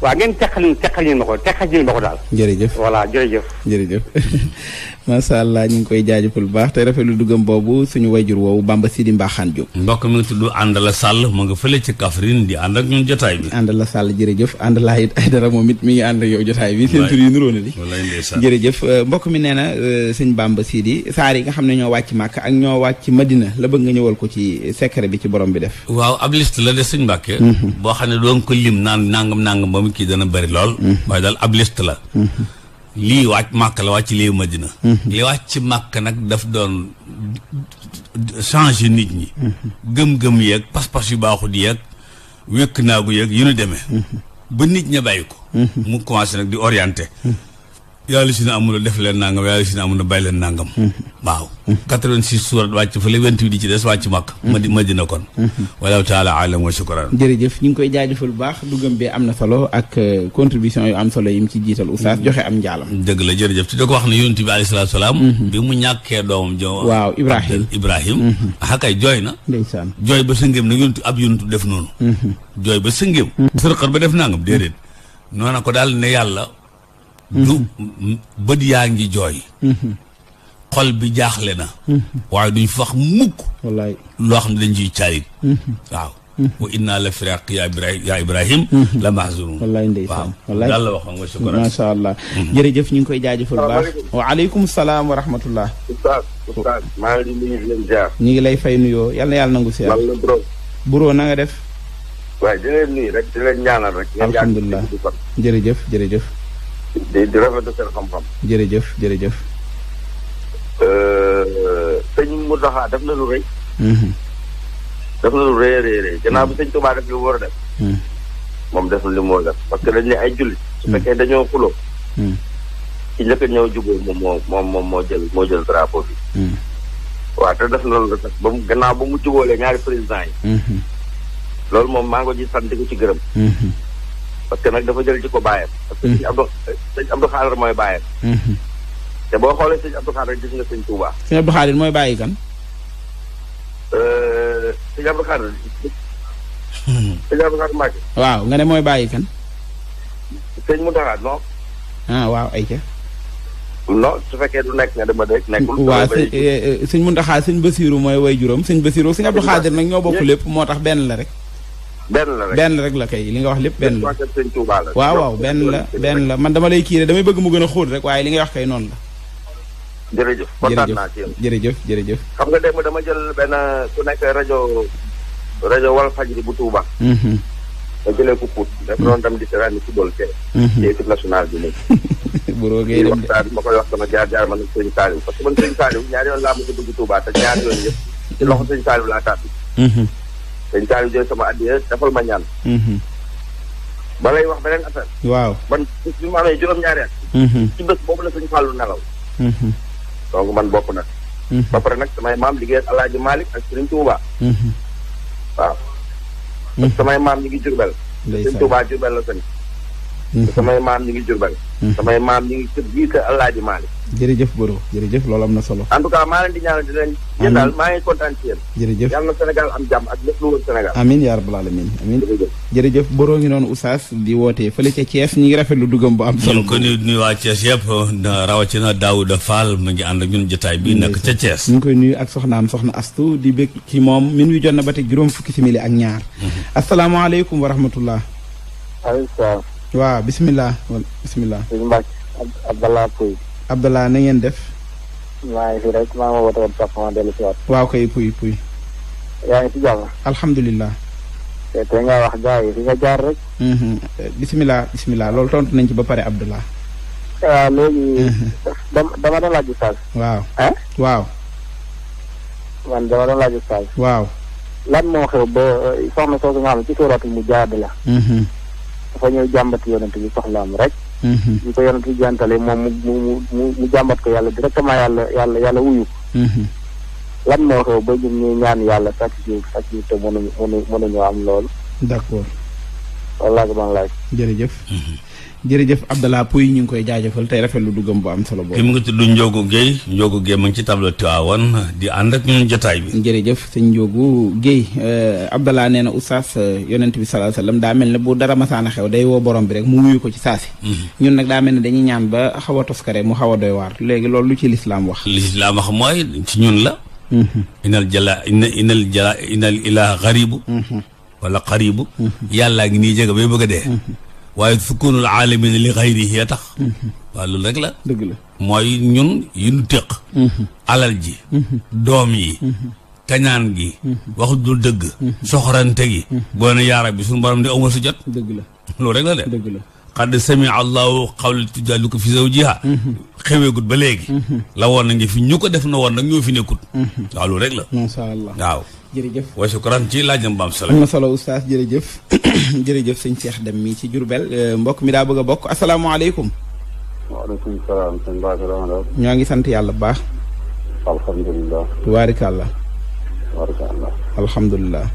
waaw ngeen teqal teqal ñu ma ko teqal ñu ma ko daal. jërëjëf voilà jërëjëf. jërëjëf. macha allah ñu ngi koy jaajëfal bu baax te rafetlu duggam boobu suñu wayjur woowu Bamba Sidi Mbaxaan Diop mbokk mi nga tudd Andala Sall mu nga fële ci Kaffrine di ànd ñun jotaay bi Andala Sall jërëjëf Andala it ay dara moom it mi ngi ànd ak yow jotaay bi seen yi nuróo na li jërëjëf euh, mbokk mi nee na euh, sëñ Bamba saar yi nga xam ne ñoo wàcc màkk ak ñoo wàcc Madina la bëgg nga ñëwal ko ci secret bi ci borom bi def waaw ab liste la de sëñ Mbàkke mhm. boo xam ne doon ko lim naan nangam nangam ba mu kii dana bari lool mhm. waaye la mhm. lii wàcc màkk la ci wàcc lii madina hmm. li wàcc ci màkk nag daf doon changé nit ñi hmm. gëm-gëm yeeg pas-pas yu baaxut yeeg wékk naa naagu yeeg yu nu demee hmm. ba nit ña bàyyi ko mu commencé nag di orienté yàlla si na amul def leen nangam yàlla si na amul bàyyi leen nangam. Mm-hmm. waaw. 86 surat wàcc fële 28 di ci des wàcc màkk. Mm-hmm. ma di ma dina kon. Mm-hmm. wallaahu taala alam wa shukran. jërëjëf ñu ngi koy jaajëfal bu baax duggam bi am na solo ak euh, contribution yu am solo yi mu ci jiital oustaz joxe am njaalam. dëgg la jërëjëf te da ko wax ne yonent bi alayhi salaatu salaam. bi mu ñàkkee doomam jo. waaw Ibrahim Ibrahim. xakay jooy na. ndeysaan jooy ba sëngéem na yonent ab yonent def noonu. jooy ba sëngéem. sërqar ba def nangam déedéet. noona ko daal ne yàlla bët yaa ngi jooy xol bi jaaxle na waaye duñ fax mukk loo xam ne dañ ciy caalit mm-hmm. waaw wa inna la firaq ya ibrahim mm-hmm. la mahzunun wallaay ndeysaan wallaay yàlla waxoon allah mm-hmm. jërëjëf ñu ngi koy jaajëfal baax salaam wa rahmatullah ustaas ustaas maa ngi ñu ngi lay fay nuyoo yal na yàlla nangu si yàlla buroo na nga def waaye jërëjëf jërëjëf di di rafetlu seen xam-xam. jërëjëf jërëjëf. mu euh, Mountakha def na lu rëy. Mhm. def na lu rëy a rëy gannaaw bi mhm. sëñ Touba def li war a def. Mhm. moom def na li mu def parce que dañ ne ay jullit. su nekkee dañoo xuloo. ci njëkk a ñëw jubóo moom moo moom moo jël moo jël drapeau bi. waaw te def na loolu sax ba mu gannaaw ba mu jubóolee ñaari président yi. loolu moom maa ngi ko ci sant ko ci gërëm. parce que nag dafa jël jikko bàyyam. parce que mhm. sëñ Abdou sëñ Abdou mooy bàyyam. Mhm. boo xoolee sëñ Abdou Khadre gis nga mooy bàyyi kan. Euh, sëñ Abdou waaw nga ne mooy bàyyi kan. sëñ Mountakha non. ah waaw ayca. non su fekkee du nekk nga dama dégg nekkul. waaw eh, eh, sëñ Mountakha sëñ Basirou mooy way juróom sëñ Basirou sëñ Abdou Khadre nag ñoo bokk lépp moo tax benn la rek. benn la rek benn rek la kay li nga wax lépp benn la waaw waaw benn la benn la man dama lay kiire damay bëgg mu gën a xóot rek waaye li nga wax kay noonu la jërëjëf kontaan naa jërëjëf jërëjëf xam nga démb dama jël benn ku nekk rajo rajo Walfadjri bu tuuba da mhm. jëlee ko Pout dafa mhm. doon dem di seetaani football ke mhm. ci équipe bi nii bu roogee dem de waxtaan ma koy wax sama jaar jaar man sëñ Saliou parce que man sëñ Saliou ñaari yoon laa ma ko dugg laa tàbbi dañ taal jooy sama addiya defal ma ñaan. Mhm. ba lay wax beneen affaire. waaw man bi ma amee juróom-ñaari at. Mhm. ci bés boobu na suñu fàllu nelaw. Mhm. donc man bokk na ba pare nag samay mam liggéeyal El Hadj Malick ak Serigne Touba. waaw. parce que samay maam ñu ngi Jurbel. Serigne Touba Jurbel la sëñ. Mhm. samay maam ñi ngi Jurbel mhm. samay maam ñi ngi kër gii jërëjëf Bodo jërëjëf loolu am na solo en tout cas maa leen di ñaanal maa ngi kontaan ci yéen jërëjëf yàlla na Sénégal am jàmm ak jërëjëf Bodo ngi noonu Oustaz di wootee fële ca Thiès ñi ngi rafetlu dugam bu am solo ñu ko nuyu nuyu waa Thiès yëpp rawatina Daouda Fall mu ngi ànd ak ñun jotaay bi nekk ca Thiès ñu ngi koy nuyu ak soxnaam soxna Astu di bég ci moom min wi jot na ba teg juróom fukki simili ak ñaar mhm. asalaamaaleykum wa rahmatullah waaw bisimilah bisimilah. sëñ Mbacke Abdallah Pouy. Abdallah ngeen def. maa ngi fi rek maa ma woote woon sax waaw kay Pouy Pouy. yaa ngi ci jàmm. alhamdulilah. te eh, te nga mm-hmm. eh, loolu tontu nañ ci ba pare Abdallah. waaw ah, léegi. Mm-hmm. dama dama doon laaj waaw ah. waaw. man dama doon laaj ustaas. waaw. lan moo xew ba soxna nga xam ne ci sóoratu mu jaad la. Mm-hmm. dafa ñëw jàmbat yonent bi soxlaam rek. ñu mhm. ko yonent bi jàntalee moom mu mu mu mu jàmbat ko yàlla directement yàlla yàlla yàlla wuyu ko. Mhm. lan moo xew ba ñun ñuy ñaan yàlla chaque jour chaque jour te mënuñu mënuñu am loolu. d' accord. wallaahi man laaj. jërëjëf. Mhm. jërëjëf Abdallah Pouy ñu ngi koy jaajëfal tey rafetlu duggam bu am solo boobu. ki mu ngi tudd Ndiogu Guèye Ndiogu Guèye mu ngi ci tableau Tivaouane di ànd ak ñun jotaay bi. jërëjëf sëñ Ndiogu Guèye euh, Abdallah nee na oustaz euh, yonent bi sallallahu alayhi wasallam daa mel ne bu dara masaana xew day woo borom bi rek mu wuyu ko ci saasi. Mhm. ñun nag daa mel ne dañuy ñaan ba xaw a toskare mu xaw a doy waar léegi loolu lu ci lislaam wax. lislaam wax mooy ci ñun la. Mhm. inal jala inal jala inal ilaa xaribu. Mhm. wala xaribu. yàllaa ngi nii jege bay bëgg a dee. waaye sukkunul aalamin li xayrihi ya tax waaw loolu rek la dëgg la mooy ñun yi nu tëq mhm. alal ji mhm. doom yi mhm. kañaan gi wax du dëgg soxorante gi boo ne yaara bi suñu borom di awma si jot dëgg la loolu rek la de dëgg la xad samia allahu xawla tujaadiluka fi zawjiha xeweegut ba léegi la woon na ngi fi ñu ko def na woon nag ñoo fi nekkut waaw loolu rek la macha allah waaw jërëjëf wa shukran ci laaj na mbaam solo am na solo oustaz jërëjëf jërëjëf sëñ Cheikh Dem mi ci Diourbel euh, mbokk mi daa bëgg a bokk asalaamaaleykum waaleykum salaam ñoo ngi sant yàlla bu baax alhamdulilah tubaarikàlla tubaarikàlla alhamdulilah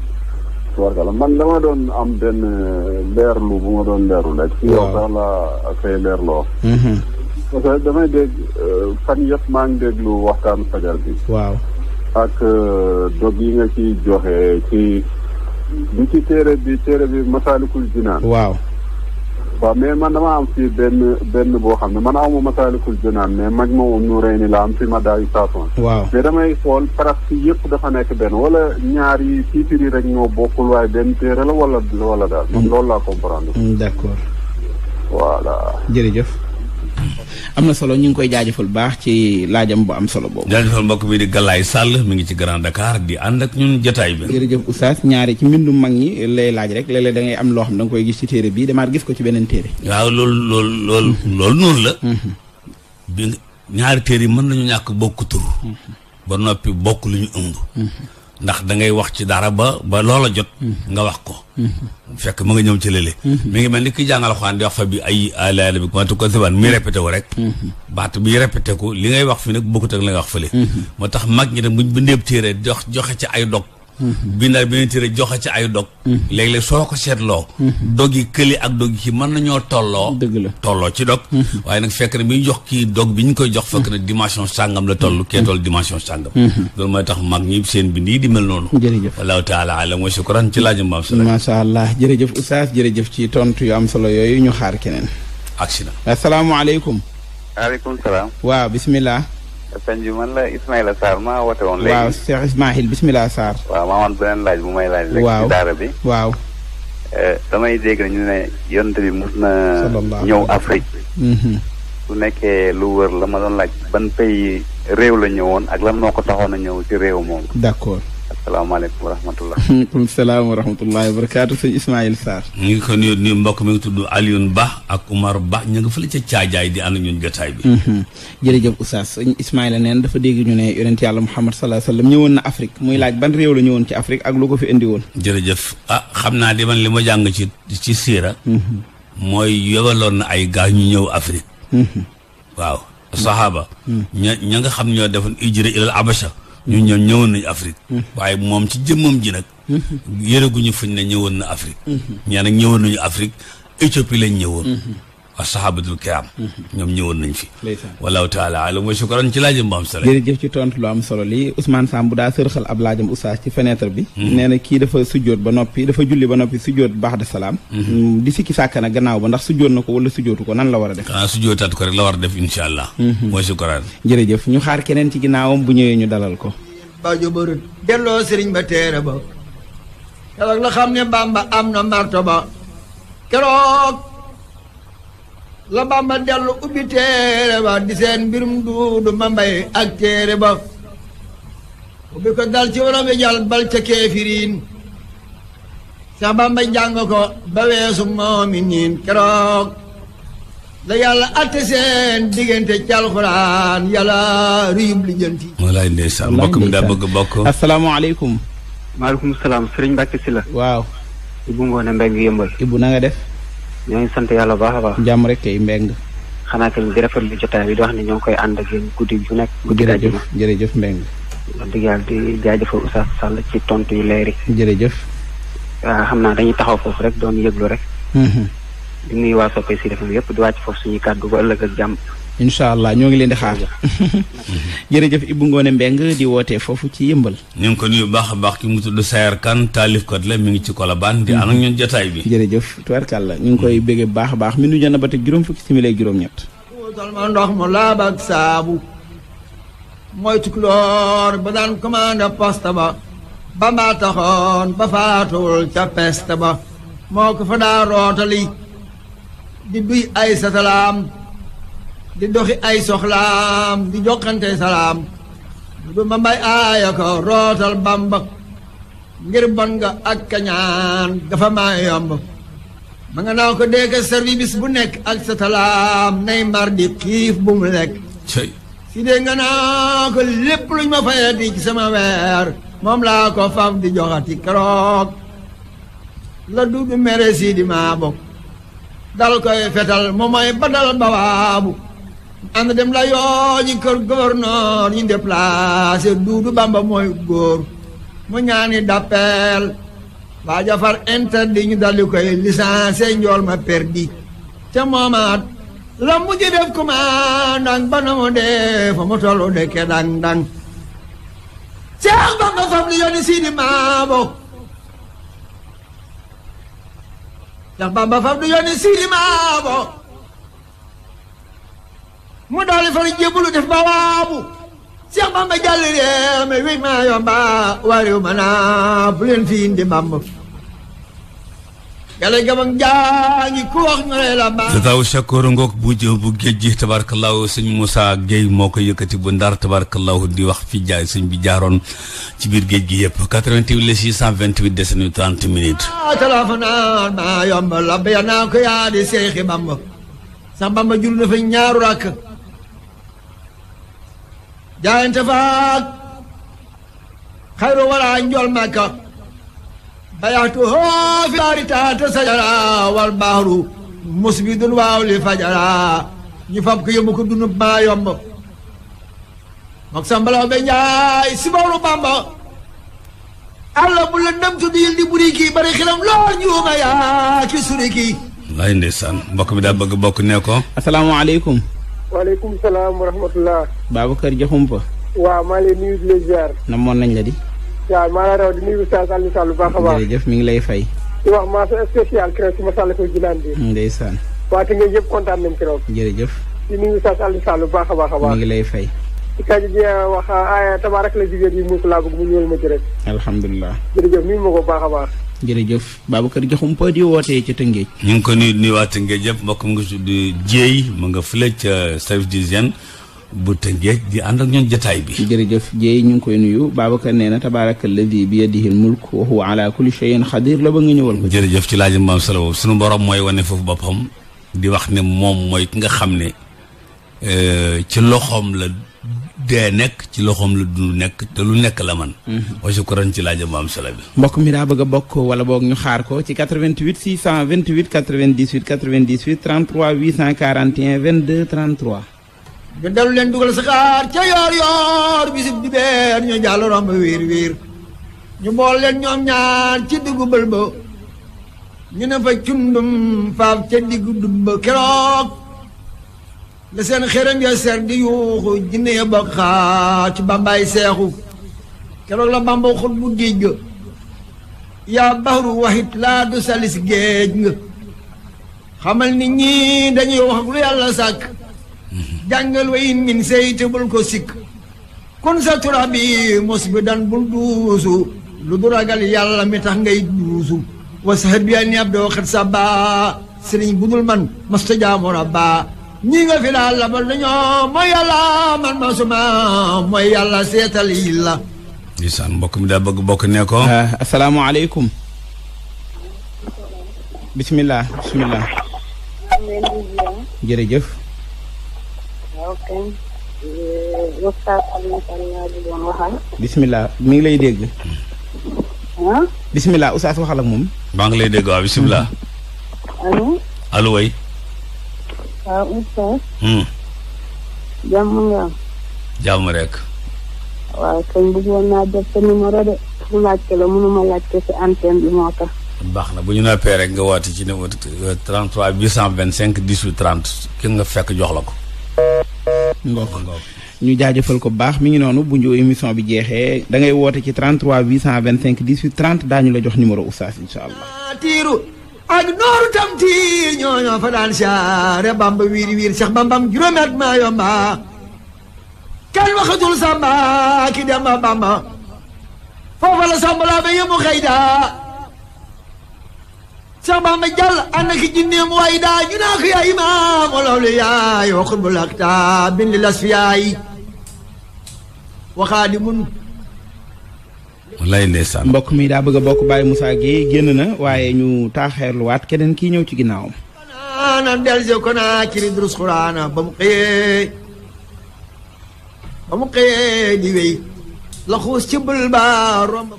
tubaarikàlla man lama doon am benn euh, leerlu bu ma doon leerlu rek ci yow sax la leerloo mhm. parce que euh, waxtaan fajar bi waaw ak euh, dog yi nga ci joxe ci bi ci téere bi téere bi masaalikul jinaan waaw waaw mais man dama am fii benn benn boo xam ne man awma masaalikul jinaan mais mag ma um nu rey ni la am fi ma daayu saason waaw mais damay xool presque yëpp dafa nekk benn wala ñaari yi tiitir rek ñoo bokkul waaye benn téere la wala wala daal man mm. loolu laa comprendre mm, d'accord voilà jërëjëf am na solo ñu ngi koy jaajëfal baax ci laajam bu am solo boobu. jaajëfal mbokk mi di Galaye sàll mu ngi ci Grand Dakar di ànd ak ñun jotaay bi. jërëjëf Oustaz ñaari ci mbindum mag ñi lay laaj rek léeg-léeg da am loo xam da nga koy gis ci téere bii demaat gis ko ci beneen téere. waaw loolu loolu lool loolu noonu la. Mhm. ñaari téer yi mën nañu ñàkk bokk tur. Mhm. ba noppi bokk lu ñu ëmb. Mhm. ndax da ngay wax ci dara ba ba loola jot nga wax ko fekk ma nga ñëw ci lële mi ngi mel ni ki jàngal xawaan di wax fa bi ay ala bi ma tu ko siban mi répété wu rek baat bi répété ko li ngay wax fi nag bokkut ak la nga wax fa fële mm-hmm. moo tax mag ñi tam buñ bu ndéeb téere jox joxe ci ay dog bindaal beneen téere joxe ci ay dog mm-hmm. léeg-léeg soo ko seetloo mm-hmm. dog yi këli ak dog yi mën nañoo tolloo dëgg la tolloo ci dog mm-hmm. waaye nag fekk na bi ñu jox kii dog bi ñu koy jox fekk na dimension sàngam la toll kee toll dimension sàngam loolu mooy tax mag ñi seen bind yi di mel noonu jërëjëf wallahu taala alam wa shukran ci laajam maam sala macha allah jërëjëf oustaz jërëjëf ci tontu yu am solo yooyu ñu xaar keneen aksi na asalaamaaleykum aleykum waa waaw sëñ bi man la Ismaïla Sarr maa woote woon. léegi waaw Cheikh Ismaïl bisimilah Sarr. waaw maa woon beneen laaj bu may laaj. waaw ci daara bi. waaw. Eh, damay dégg ñu ne yonent bi mus na. ñëw Afrique. Mm-hmm. su nekkee lu wër la ma doon laaj ban pays réew la ñëwoon ak lan noo ko taxoon a ñëw ci réew moom. d'accord. salaamaaleykum wa rahmatulah. waaleykum salaam wa rahmatulah barakaatu sëñ Ismaïl Sarr. mu ngi ko nuyu nuyu mbokk mi ngi tudd Alioune Ba ak Umar Ba ñu nga fële ca caajaay di ànd ñun jotaay bi. Mhm. jërëjëf Oustaz sëñ Ismaïla neen dafa dégg ñu ne yonent yàlla Muhammad salaa sallam ñëwoon na Afrique muy laaj ban réew la ñëwoon ci Afrique ak lu ko fi indi woon. jërëjëf ah xam naa di man li ma jàng ci ci siira. Mhm. mooy yobaloon na ay gaa ñu ñëw Afrique. Mhm. waaw saxaaba. ña ña nga xam ñoo defoon ijra ilal Abasha. ñu ñëw ñëwoon nañu Afrique. Mm-hmm. waaye moom ci jëmmam ji nag. Mm-hmm. yëreguñu fuñ ne ñëwoon na Afrique. Mm-hmm. ñaa nag ñëwoon nañu Afrique Éthiopie lañ ñëwoon. ashabatul kiram ñoom ñëwoon nañ fi wallahu taala alam wa shukran ci laajam bu am solo jërëjëf ci tontu lu am solo lii Ousmane Samb daa sërxal ab laajam oustaz ci fenêtre bi hmm. nee kii dafa sujjóot ba noppi dafa julli ba noppi sujjóot baax de salaam hmm. Hmm, di sikki sàkk na gannaaw ba ndax sujjóot na ko wala sujjóotu ko nan la war a def ah sujjóotaat ko rek la war a def insha allah wa shukran jërëjëf ñu xaar keneen ci ginnaawam bu ñëwee ñu dalal ko bajo ba teere ba te la bamba dellu ubbi téere ba di seen mbirum duudu ma ak téere ba ubbi ko dal ci waram yi jàll bal sa bamba jàng ko ba weesu moomi keroog la yàlla atte seen diggante ci alxuraan yàlla ruyub lijjanti walaay ndeysaan mbokk mi bokk asalaamaaleykum maaleykum waaw Ibu Ngoone Mbeng yëmbal Ibu def ñoo ngi sant yàlla baax a baax. jàmm rek kay mbeng. xanaa kay di rafetlu jotaay bi di wax ne ñoo ngi koy ànd ak yéen guddi bu nekk. guddi àjjuma jërëjëf jërëjëf mbeng. wax dëgg yàlla di jaajëfal Oustaz Sall ci tontu yu leer yi. jërëjëf. waaw ah, xam naa dañuy taxaw foofu rek doon yëglu rek. Mhm. di nuyu waa soppe si defam yëpp di wàcc foofu suñuy kàddu ba ëllëg ak incha allah ñoo ngi leen di xaar jërëjëf Ibou Ngone Mbeng di wootee foofu ci yëmbal ñu ngi ko nuyu baax baax ki mu tudd Sayar Kan taalifkat la mi ngi ci Kolobaan di ànd ak ñun jotaay bi jërëjëf tubarkàlla ñu ngi koy béggee baax a baax mi nu jënd ba teg juróom fukki simili juróom-ñett wutal ma ndox mu laab ak saabu mooy tukloor ba daan commandé poste ba ba maa taxoon ba faatuwul ca peste ba moo ko fa daa rootali di duy ay satalaam di doxi ay soxlaam di jokkante salaam du ma mbay aaya ko rootal bamba ngir bon nga ak kañaan dafa maa yomb ma nga naa ko deeka servi bis bu nekk ak sa talaam nay mar di xiif bu mu lekk si dee nga naa ko lépp luñ ma fayati ci sama weer moom laa ko faf di joxati keroog la du du mere di maa bokk dal koy fetal mu mooy badal bawaabu ànd dem la yoo ji kër gouverneur ñu déplacé duudu bamba mooy góor mu ñaani d'appel waa jafar interdit ñu daldi koy licencié njool ma perdi ca moomaat la mujj def commandant ba na mu dee mu tollu dekke dang dang Seex Bamba fab li yónni Sidi Maabo Seex Bamba fab li yónni Sidi Maabo mu dolli far jébbalu def ba waabu Seex Bamba jàll réew mi wéy yomba waa réew ma naa bu leen fi indi Bamba gale gamam jaangi ku wax ñu ne la bu jë bu géej gi tabarkallahu sëñ Moussa Guèye moo ko yëkkati bu ndar tabarkallahu di wax fi jaay sëñ bi jaaroon ci biir géej gi yëpp 88 la 628 des na 30 minutes ah, talafanaan ko yaa seexi Bamba sax Bamba jur na fa ñaaru rakk jaayante faak xayru wala njool makka bayaxtu hoofi baari taata sajara wal baaru musbidun waaw li fajara ñu fab ko yóbbu ko dunub maa yomb mook sambalaw be njaay si bawlu bamba allah bu la ndamtu di yil di buri kii bari xilam lool ñuuma yaa ki suri kii wallaay ndeysaan mbokk mi daa bëgg bokk ne ko asalaamaaleykum waaleykum salaam wa rahmatulah. Babacar Diakhoumpa. waaw maa ngi lay nuyu di la na namoon nañ la di. waaw maa ngi raw di nuyu Oustaz Alioune Sall bu baax a baax. jërëjëf mi ngi lay fay. wax wax mention spéciale keroog si Massalikul Jinaan bi. Mm, ndeysaan. waa te ngeen yëpp kontaan nañ keroog. jërëjëf. di nuyu Oustaz Alioune Sall bu baax a baax a baax. mi ngi lay fay. ci kàddu gi eh, wax eh, aaya tabaaraka la jigéen yi mu laa bëgg mu ñëwal ma ci rek. alhamdulilah. jërëjëf nuyu ma ko bu baax a baax. jërëjëf joxum Babacar Diakhoumpa di wootee ca Tëngéej. ñu ngi ko nuyu nuyu waa Tëngéej yëpp mbokk mu ngi tudd Dieye mu nga fële ca service d'hygiène bu Tëngéej di ànd ak ñoom jotaay bi. jërëjëf Dieye ñu ngi koy nuyu Babacar nee na tabaaraka alladi bi yadihi almulk wa huwa ala kulli shay'in xadir la ba nga ñëwal ko. jërëjëf ci laaj maam solo boobu suñu borom mooy wane foofu boppam di wax ne moom mooy ki nga xam ne eh, ci loxoom la. dee nekk ci loxoom la dund nekk te lu nekk la man mhm. wa ci laajam bu am mbokk mi daa bëgg a bokk wala boog ñu xaar ko ci 88 628 98 98 33 841 22 33 ñu dellu leen dugal saxaar ca yoor yoor bisib di beer ñu jàll romb wiir wiir ñu bool leen ñoom ñaar ci diggu bël ba ñu ne fa cundum faaf ca diggu dum ba keroog la seen xërëm ya ser di yuuxu jinne ya ba bambaay seexu keroog la bamba xut bu géej ga yaa waxit laa du salis géej nga xamal nit ñi dañuy wax ak lu yàlla sàkk jàngal wayin min sey bul ko sikk kun sa tura bi mos bul duusu lu du ragal yàlla mi tax ngay duusu wa saxat bi yaa ni ab doo xet sa baa bu dul man masta jaamoon ñi nga fi daal labal nañoo mooy yàlla man ma suma mooy yàlla seetal yi la. ndeysaan mbokk mi daa bëgg bokk ne eh, bisimilah bisimilah. Eh, waxal. bisimilah mi ngi lay dégg. ah. bisimilah ak moom. maa ngi lay dégg waaw waaw Oustaz. Hmm. jàmm nga. jàmm rek. waaw kañ bëggoon naa def sa numéro de mu laajte la mënuma laajte si antenne bi moo tax. baax na bu ñu noppee rek nga woote ci numéro 33 825 18 30 ki nga fekk jox la ko. ngoog ñu jaajëfal ko bu baax mi ngi noonu bu ñu émission bi jeexee da ngay woote ci cinq 825 18 30 daañu la jox numéro Oustaz incha allah. ak nooru tamti ñooñoo fa daan saare bamba wiir wiir sax bambam juróomi at maa yomba kenn waxatul samba ki dem ma bamba foofa la samba laa ba yemu xayda sax bamba jàll ànd ak jinneem waay daa ñu naa ko yaay imaam loolu yaay waxul bu lakta bindi las fi yaay waxaadi mun wallaay mbokk mi daa bëgg a bokk Baye Moussa Guèye génn na waaye ñu taaxeerluwaat keneen kii ñëw ci ginnaawam nan del si ko naa ci durus ba mu xëyee ba mu xëyee di wéy la xuus ci bul ba romb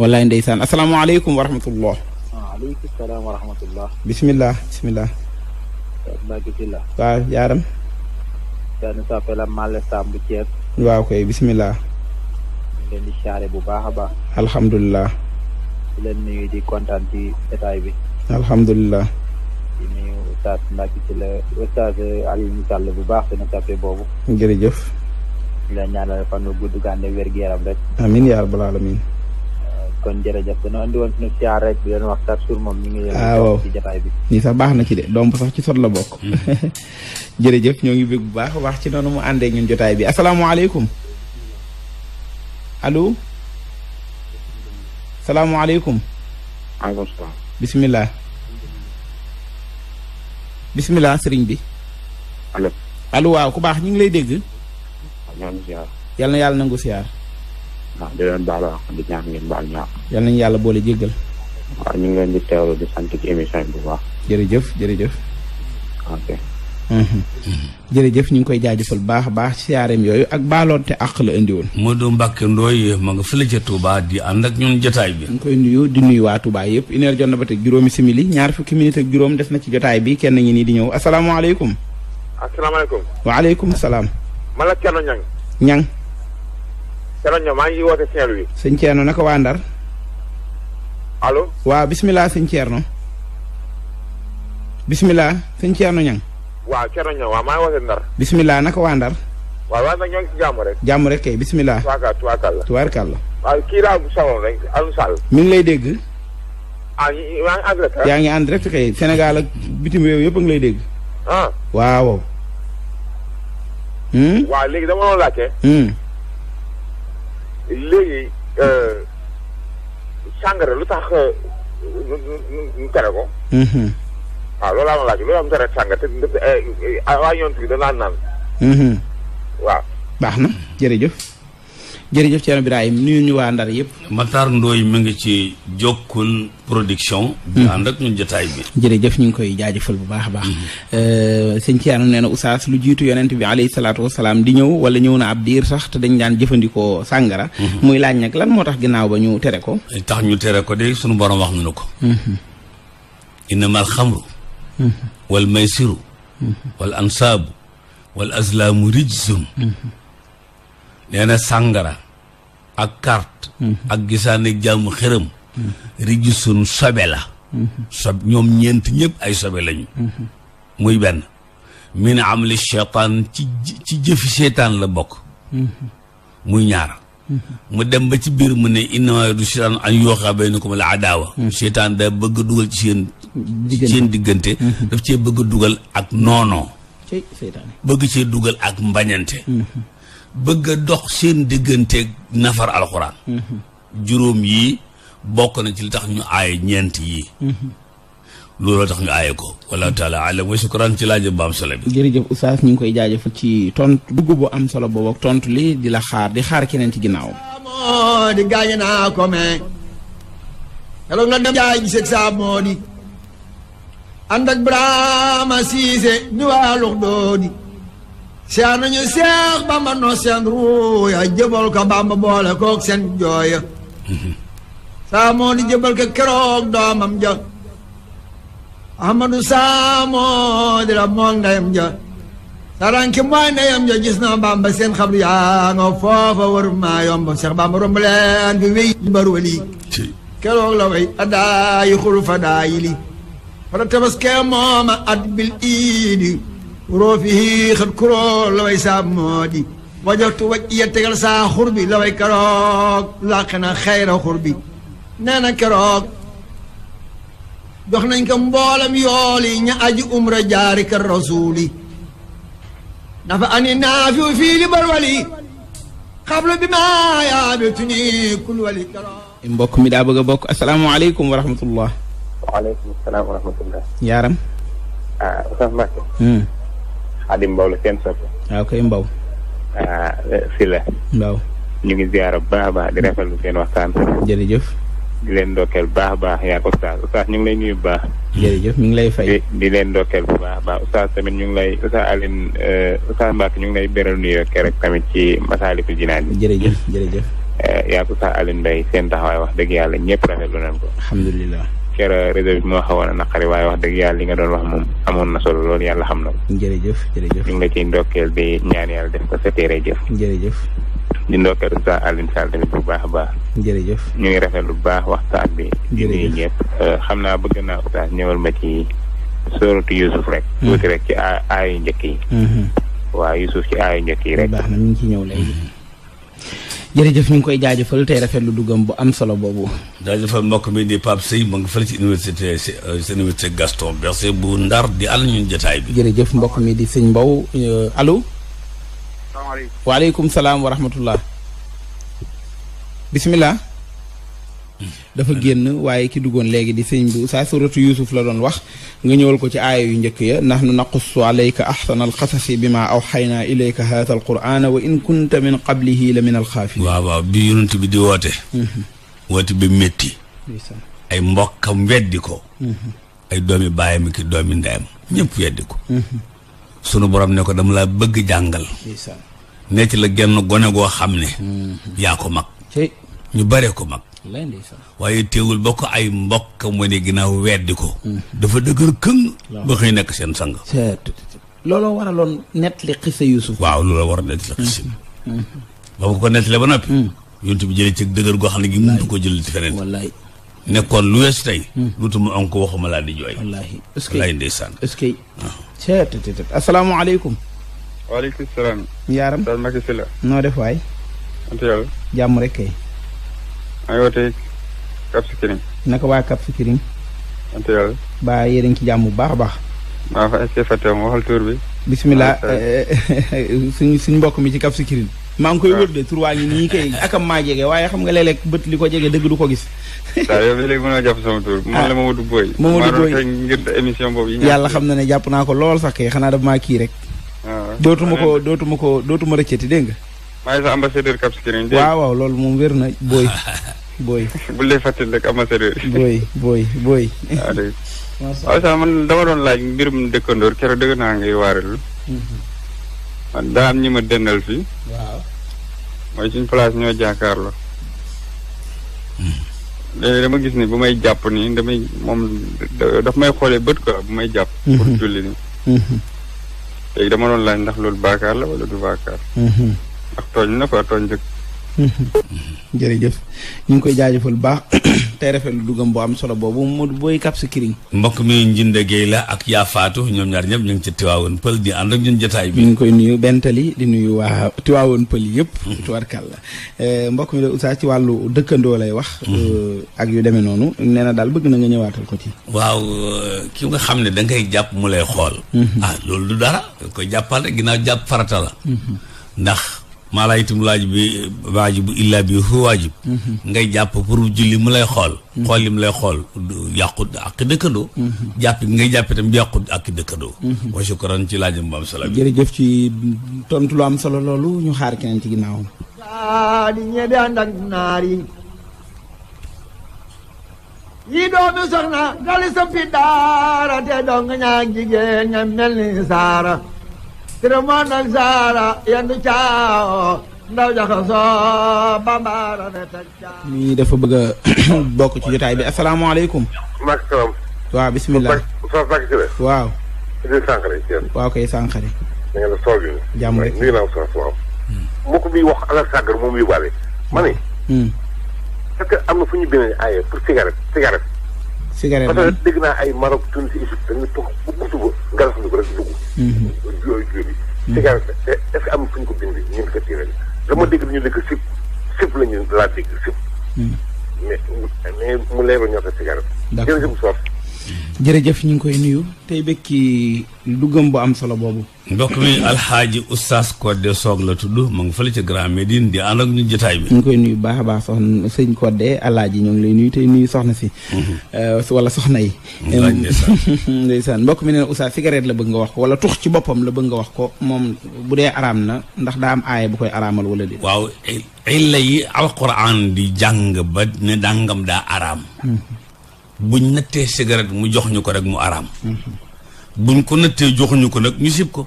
wallaay ndeysaan asalaamaaleykum bismillah bismillah waaw yaaram daani sappela bismillah leen di bu baax a baax. alhamdulilah. di leen nuyu di kontaan ci état bi. alhamdulilah. di nuyu Oustaz Mbacke ci la Oustaz Alioune Sall bu baax dina sàppe boobu. jërëjëf. di la ñaanal fan wu gudd gànde wér gu yaram rek. amiin yaa rabbal alamin euh, kon jërëjëf dana andi woon suñu siyaar rek di leen wax sax ñu ngi leen ah, ci bi nii sax baax na ci de doom sax ci sot la bokk mm. jërëjëf ñoo ngi bég bu baax wax ci noonu mu àndee ñun jotaay bi asalaamaaleykum allo salaamualeykum. maaleykum salaam. bisimilah. bisimilah sëriñ bi. allo. allo waaw ku baax ñu ngi lay dégg. yal na yàlla nangu siyaar. waaw di leen baal ñaan ngeen baal ñaax. yal nañu yàlla boole jéggal. waaw ñu ngi leen di teewlu di sant ci émission bi bu baax. jërëjëf jërëjëf. ok. Mm-hmm. jërëjëf ñu ngi koy jaajëfal baax a baax ci yaareem yooyu ak baaloonte àq la indi woon. Modou Mbacke Ndoye ma nga fële ca Touba di ànd ak ñun jotaay bi. ñu ngi koy nuyu di nuyu waa Touba yëpp une jot na ba teg juróomi simili ñaar fukki minute ak juróom des na ci jotaay bi kenn ñi nii di ñëw asalaamaaleykum. asalaamaaleykum. waaleykum salaam. man la Thierno Niang. Niang. Thierno maa ngi woote Saint-Louis. sëñ Thierno naka waa Ndar. allo. waaw bisimilah sëñ Thierno. bisimilah sëñ waaw Thierno bisimilah naka waa Ndar. waaw waaw nag ñoo ngi rek. kay bisimilah. tubaarkàlla tubaarkàlla. tubaarkàlla. waaw kii lay dégg. Ah, ñu ngi ah. yaa ngi en direct bitim réew yëpp lay dégg. ah waaw. Hmm? waaw léegi dama doon laajte. Hmm. léegi euh, sàngara lu tax euh, waaw loolu laa ma laaj loolu am dara sànga eh, eh, ah, naan. Mhm. waaw. baax na jërëjëf jërëjëf Thierno Birahim nuyu ñu Ndar yëpp. Matar Ndoye mi ngi ci jokkul production. bi mhm. ànd ak ñun jotaay bi. jërëjëf ñu ngi koy jaajëfal bu baax a baax. Mhm. Euh, sëñ Thierno nee na Oustaz lu jiitu yonent bi alayhi salaatu wa salaam di ñëw wala ñëw na ab diir sax te dañ daan jëfandikoo sàngara. muy laaj nag lan moo tax ginnaaw ba ñu tere ko. tax ñu tere ko de sunu borom wax nañu ko. innamal xamru wal maysiru wal ansaabu wal azlaamu rijsum nee sàngara ak carte ak gisaaneeg jàmm xërëm rijsum sobe la sob ñoom ñeent ñëpp ay sobe lañu muy benn min amali cheytaan ci ci jëfi cheytaan la bokk muy ñaar mu dem ba ci biir mu ne innamaa du cheytaan an yooxaa baynakum al adaawa cheytaan da bëgg dugal ci seen seen diggante mm-hmm. daf cee bëgg dugal ak noonoo bëgg cee dugal ak mbañente mm-hmm. bëgg dox seen diggante nafar alxuraan mm-hmm. juróom yii bokk na ci li tax ñu aaye ñeent yi looloo tax ñu aaye ko wala taala alam wa shukran ci laaj ba am solo bi jërëjëf oustaz ñu ngi koy jaajëfal ci tontu dugg am solo boobu ak tontu li di la xaar di xaar keneen ci ginnaaw di gaañ naa ko mais alors dem jaay gi seeg moo di ànd ak Birama Siise mi waa lux dooni seex nañu seex Bamba no seen ruuya jëbal ko Bamba boole kook seen jooya saamoo di ko keroog doomam ja Ahmadu saamoo di la moog ndeyam ja saranki mooy ndeyam ja gis na Bamba seen xabru yaa nga foofa waru maa yomb seex Bamba romb leen fi wéy baru wali keroog la way adaayi xulu fa daayili fara tabaskee mooma at bil iidi roofihi xat kuroo la way saa moo waj iya tegal saa xur bi la way keroog làq na xayra xur bi nee na keroog jox nañ ko mboolem umra jaari ka rasuuli dafa ani naafiu fii li barwali xablu bi maa yaabi tuni wali keroog mbokk mi daa bëgg a bokk asalaamaaleykum wa rahmatullah waaleykum salaam wa rahmatullah. yaaram. ah Oustaz Mbacke. Hmm. Xaadim Mbaw la seen sopp. Ah, ah, eh, ñu ngi ziara bu baax a baax di lu seen waxtaan. jërëjëf. di leen ndokkeel bu baax a baax yaa Oustaz Oustaz ñu ngi lay nuyu bu baax. jërëjëf ñu ngi lay fay. di leen ndokkeel bu baax a baax Oustaz tamit ñu ngi lay Oustaz Alioune eh, Oustaz ñu ngi lay beral nuyoo keroog tamit ci Masaalikul Jinaan bi. jërëjëf jërëjëf. Eh, yaa Oustaz Alioune Mbaye seen taxawaay wax dëgg yàlla ñëpp rafetlu nañ ko. alhamdulilah. kera réseau bi moo xawoon a naqari waaye wax dëgg yàlla li nga doon wax moom amoon na solo lool yàlla xam na ko jërëjëf jërëjëf ñu ngi la ciy ndokkeel di ñaan yàlla def ko sa téere jëf jërëjëf di ndokkeel sa Alioune Sall tamit bu baax a baax jërëjëf ñu ngi rafet lu baax waxtaan bi di nuyu ñëpp euh, xam naa bëgg naa ñëwal ma ci sooratu Yusuf rek hmm. tuuti rek ci aayu njëkk yi hmm. waaw Yusuf ci aayu njëkk yi rek baax na ñu ngi ci ñëw léegi hmm. jërëjëf ñu ngi koy jaajëfal tey rafetlu duggam bu am solo boobu. jaajëfal mbokk mi di Pape Seye ma nga fële ci université université Gaston Berger bu Ndar di al ñun jotaay bi. jërëjëf mbokk mi di sëñ Mbow euh, alo salaamaaleykum waaleykum salaam wa rahmatullah bisimilah. dafa génn waaye ki duggoon léegi di sëñ bi saa suratu Yuusuf la doon wax nga ñëwal ko ci aaya yu njëkk ya nahnu na alayka ahsana alqasasi bima awxaynaa ilayka haada alqur'ana wa in kunta min qablihi la min alxaafilin waaw waaw bi yonent bi di woote mhm. woote bi métti ay mbokkam weddi ko mhm. ay doomi baayam ki doomi ndeyam ñëpp weddi ko mhm. sunu borom ne ko dama laa bëgg jàngal ne la genn gone goo xam ne yaa ko mag ñu bare ko mag waaye teewul ba ko ay mbokk mu ne ginnaaw weddi ko. dafa dëgër këng. ba xëy nekk seen sang. looloo waraloon nettali xisa Yuusuf. waaw looloo war a nettali xisa. Mm-hmm. Mm-hmm. ba mu ko nettalee ba noppi. Mm. yonent bi jëlee ci dëgër goo xam ne gi mënut ko jël ci feneen. wallaay nekkoon lu wees tey. luutu mm. mu am ko waxuma laa di jooy. wallaahi est-ce que wallaahi ndeysaan. est-ce ah. salaam. yaaram. noo def jàmm rek maa ngi wootee Cap Skirring. naka waa Cap Skirring. sant yàlla. ba yéen a ngi ci jàmm bu baax a baax. maa fa est fàtte ma waxal tur bi. bisimilah suñ suñ mbokk mi ci Cap Skirring. maa ngi koy wër de tur ngi nii kay akam maa jege waaye xam nga léeg-léeg bët li ko jege dëgg du ko gis. waaw yow léegi mën naa jàpp ah. émission boobu yàlla xam na ne jàpp naa ko lool sax kay xanaa daf maa kii rek. Ah. dootuma ko dootuma ko dootuma rëccati dégg nga maay sa ambassadeur Cap Skirring. waaw waaw loolu moom wér na booy. booy bu lay fàttali rek ambassadeur. booy booy booy. waaw sax man dama doon laaj mbirum dëkkandoor keroog dëgg naa ngi waarelu mhm. man daa am ñi ma dendal fii. waaw. mooy suñ place ñoo jàkkaarloo. Mhm. léegi dama gis ni bu may jàpp nii damay moom daf may xoolee bët quoi bu may jàpp. Mhm. pour julli nii. léegi dama doon laaj ndax loolu baakaar la wala du baakaar. ak tooñ na ko tooñ jëkk jërëjëf ñu koy jaajëfal bu baax rafet rafetlu dugam bu am solo boobu Modou Boy Cap kiriñ mbokk mi Njinde Guèye la ak yaa faatu ñoom ñaar ñëpp ñu ngi ci Tiwaawoon Pël di ànd ak ñun jotaay bi ñu ngi koy nuyu bentali di nuyu waa Tiwaawoon Pël yëpp tuwarkal la eh, mbokk mi de ci wàllu dëkkandoo lay wax hmm. eh, ak yu demee noonu nee na daal bëgg na nga ñëwaatal ko ci waaw eh, ki nga xam ne da ngay jàpp mu lay xool hmm. ah loolu du dara koy jàppal rek ginnaaw jàpp la hmm. ndax maa la itam laaj bi waajibu illa bi hu waajib mm-hmm. ngay jàpp pour julli mu lay xool mm-hmm. xool li mu lay xool yàqut ak dëkkandoo mm-hmm. jàpp gi ngay jàpp itam yàqut ak dëkkandoo wa shukran ci laajam bu am solo jërëjëf ci tontu lu am solo loolu ñu xaar keneen ci ginnaawam aa di ñebe ànd ak naar sa fi daara te dong ñaa jigéen ña mel ni saara Kërëmoon ak Zahra yendu caawo ndaw jaxasoo bambara ne teg nii dafa bëgg a bokk ci jotaay bi asalaamaaleykum. maaleykum salaam. waaw bisimilah. Fatou waaw. waaw kay Sankharé. da yi. jàmm rek nii la am soxna waaw. mu hmm. ko moom yóbbaale. ma ne. Hmm. Hmm. parce que am na fu ñu bindee aaye pour cigarette cigarette. Figare parce que dégg naa ay Maroc Tunisie Égypte dañuy toog bu suba nga rafetlu ko rek dugg. Mhm. yooyu yooyu. Figare mhm. est-ce que am na fu ñu ko bindee ñu ngi ko tiiree dama dégg ñu ne que sip sip la ñu laa dégg sip. Mhm. mais mais mu leeral ñoo ko Figare. d' accord jërëjëf jërëjëf ñu ngi koy nuyu tey bekki gëm bu am solo boobu mbokk mi alxaaji oustaz Codé Soog la tudd mu ngi fële ca Grand Médine di ànd ak jotaay bi ñu ngi koy nuyu baax baax soxna sëñ Codé alaaji ñu ngi lay nuyu tey nuyu soxna si mm-hmm. eh, wala soxna yi mm-hmm. ndeysaan mbokk mi nee na oustaz cigarette la bëgg nga wax ko wala tux ci boppam la bëgg nga wax ko moom bu dee araam na ndax daa am aaya bu koy araamal wala déet waaw illa yi alquran di jàng ba ne dàngam daa araam mm-hmm. buñ nattee cigarette mu jox ñu ko rek mu araam buñ ko nattee joxuñu ko nag ñu sib ko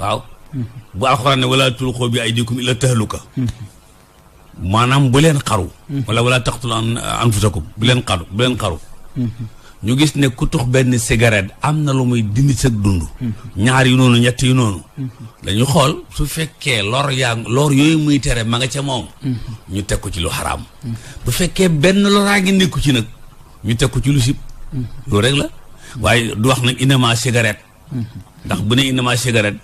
waaw bu alxuraan ne wala tulqoo bi aydikum ila tahluka maanaam bu leen xaru wala wala taqtul anfusakum bu leen xaru bu leen xaru ñu gis ne ku tux benn cigarette am na lu muy dindi sa dund ñaar yu noonu ñett yu noonu dañu xool su fekkee lor yaa lor yooyu muy tere ma nga ca moom ñu teg ko ci lu xaraam bu fekkee benn loraa ngi nekku ci nag ñu teg ko ci lu sib loolu rek la waaye du wax nag inama cigarette ndax bu ne inama cigarette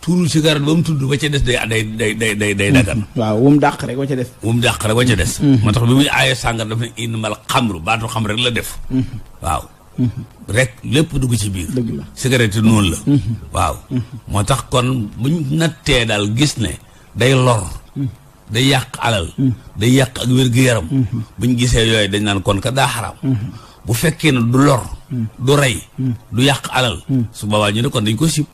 tuurul cigarette ba mu tudd ba ca des day day day day day dagan mm-hmm. waaw wum dàq rek wa ca des wum dàq rek wa ca des mm-hmm. moo tax bi muy aaye sàngar daf ne inamal xamru baatu xam rek la def mm-hmm. waaw rek lépp dugg ci biir dëgg la cigarette la waaw moo tax kon bu buñ nattee daal gis ne day lor day yàq alal day yàq ak wér-gu-yaram ñu gisee yooyu dañ naan kon ka daa xaraam bu fekkee ne du lor du rey du yàq alal su boobaa ñu ne kon dañ ko sib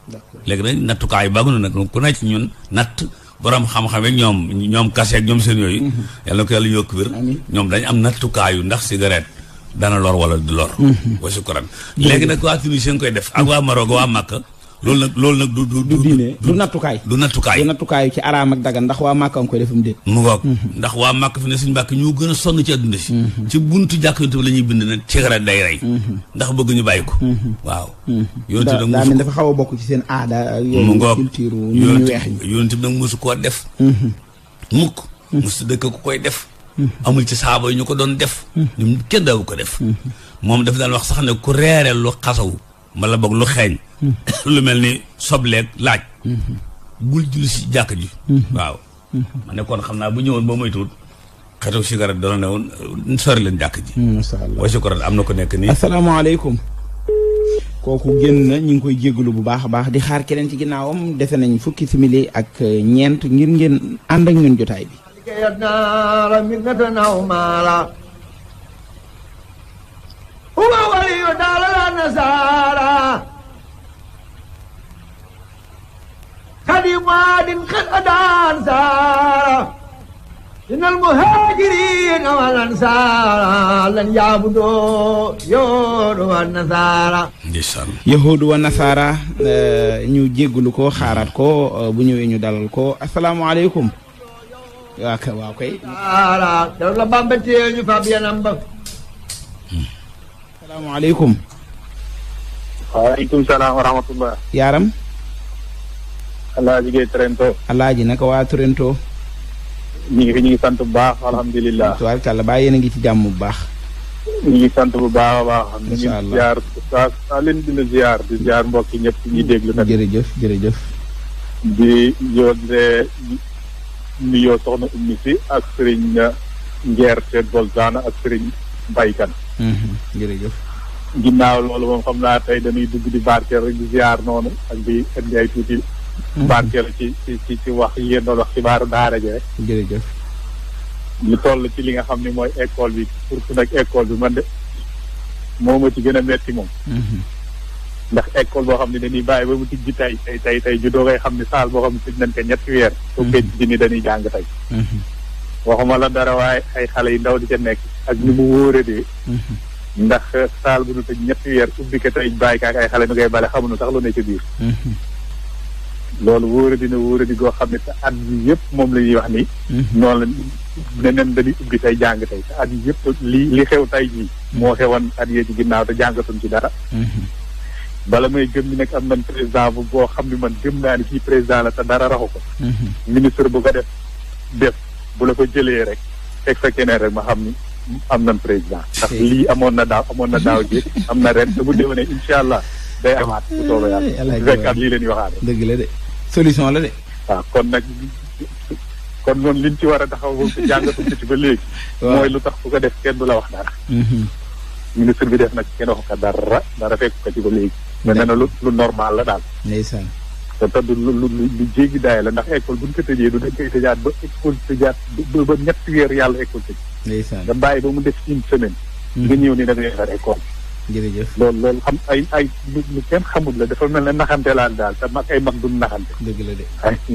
léegi nattukaay yi bàggu na nag ku nekk ñun natt borom xam-xam ñoom ñoom kase ak ñoom seen yooyu mhm. yàlla na ko yàlla yokk wér ñoom dañ am nattukaayu ndax cigarette dana lor wala du lor mhm. wa sukuran léegi nag waa Tunisie ak waa Maroc waa Makka loolu nag loolu nag du du du diine du nattukaay du nattukaay du nattukaay ci araam ak dagan ndax waa màkk a nga koy defam déet mu ngoog mhm. ndax waa màkk fi ne suñu bàkk ñoo gën a sonn ci àdduna si mhm. ci buntu jàkk yonte bi ñuy bind ne cigaret day rey mhm. ndax bëgg bàyyi ko waaw yonte bi nag dafa xaw a bokk ci seen aada mu ngoog culture ñu ñu weex ñi yonte bi mosu koo def mukk dëkk ku koy def amul ci saaba yi ñu ko doon def ñum kenn daawu ko def moom daf daan wax sax ne ku reere lu xasawu mbala boog lu xeeñ hmm. lu mel ni sobleeg laaj gul hmm. julli si jàkk ji hmm. waaw ma ne xam naa bu ñëwoon boo moytuwul xetu cigarette dana ne woon euh, sori leen jàkk ji masha Allah way sukkurat am na ko nekk nii asalaamaaleykum kooku génn na ñu ngi koy jégalu bu baax a baax di xaar keneen ci ginnaawam defe nañ fukki simili ak euh, ñeent ngir ngeen ànd ak ñun jotaay bi هو ولي دار النصارى خديم واد قد أدان سارة إن المهاجرين والأنصار لن يعبدوا يهود والنصارى yahuud wa nasaara eh, ñu jéggulu ko xaaraat ko eh, bu ñëwee ñu dalal ko asalaamaaleykum waa waaw kay. waaw la bambatee ñu fab yanam ba salaamaaleykum. waaleykum salaam wa rahmatullah. Yaaram. Alaaji Gueye Trento. Alaaji naka waa Trento. ñu ngi fi ngi sant bu baax alhamdulilah. tubaarkàlla baa yéen a ngi ci jàmm bu baax. ñu ngi sant bu baax a baax. incha allah ngi ziar saa saa leen di la ñëpp ñuy déglu nag. jërëjëf jërëjëf. di yónnee nuyoo soxna Oumy si ak Serigne Nguer Seydou Bolzana ak Serigne Mbaye Mm-hmm. jërëjëf. ginnaaw loolu moom xam naa tey dañuy dugg di barkeel rek di ziar noonu ak di indi ay tuuti. Mm-hmm. barkeel ci ci ci wax yéen doon wax xibaaru daara ji rek. jërëjëf. ñu toll ci li nga xam ne mooy école bi pour surtout nag école bi man de moo ma ci gën a metti moom. Mm-hmm. ndax école boo xam ne dañuy bàyyi ba mu tijji tey tey tey tey ju doogay xam ne saal boo xam ne tëj nañ ko ñetti weer. su fekkee ni dañuy jàng tey. waxuma la dara waaye ay xale yu ndaw di ca nekk ak ni mu wóoradee mhm. ndax saal bu nu te ñetti weer ubbi ko tey bàyyi kaak ay xale nu koy bale xamuñu sax lu ne ca biir mhm. loolu wóoradi na wóoradi goo xam ne te at yi moom la ñuy wax ni mhm. la neneen dañuy ubbi tey jàng tey te at yi yëpp li li xew tey jii moo xewoon at yee ci ginnaaw te jàngatuñ ci dara bala mooy gëm ni nag am nañ président bu boo xam ni man gëm naa ni kii président la te dara raxu ko ministre bu ko def def bu la ko jëlee rek teg fa keneen rek ma xam ni am na président ndax lii amoon na daaw amoon na daaw ji am na ren te bu déwénee incha allah day amaat bu soobee am fekkaat lii leen waxaale dëgg la de solution la de waaw kon nag kon noonu liñ ci war a taxaw ba jàngatu ci ba léegi mooy lu tax ku ko def kenn du la wax dara mm-hmm. ministre bi def nag kenn waxu ko dara dara fekk ko ci ba léegi mais nee na lu lu normal la daal ndeysaan te tëdd lu lu lu jéggi daay la ndax école bu ñu ko tëjee du dañ koy tëjaat ba école tëjaat ba ñetti weer yàlla école tëj. nga bàyyi ba mu def une hmm. nga ñëw ni da ngay defar école. jërëjëf loolu loolu xam ay ay lu kenn xamul la dafa mel ne naxante laal daal te mag ay mag duñ naxante.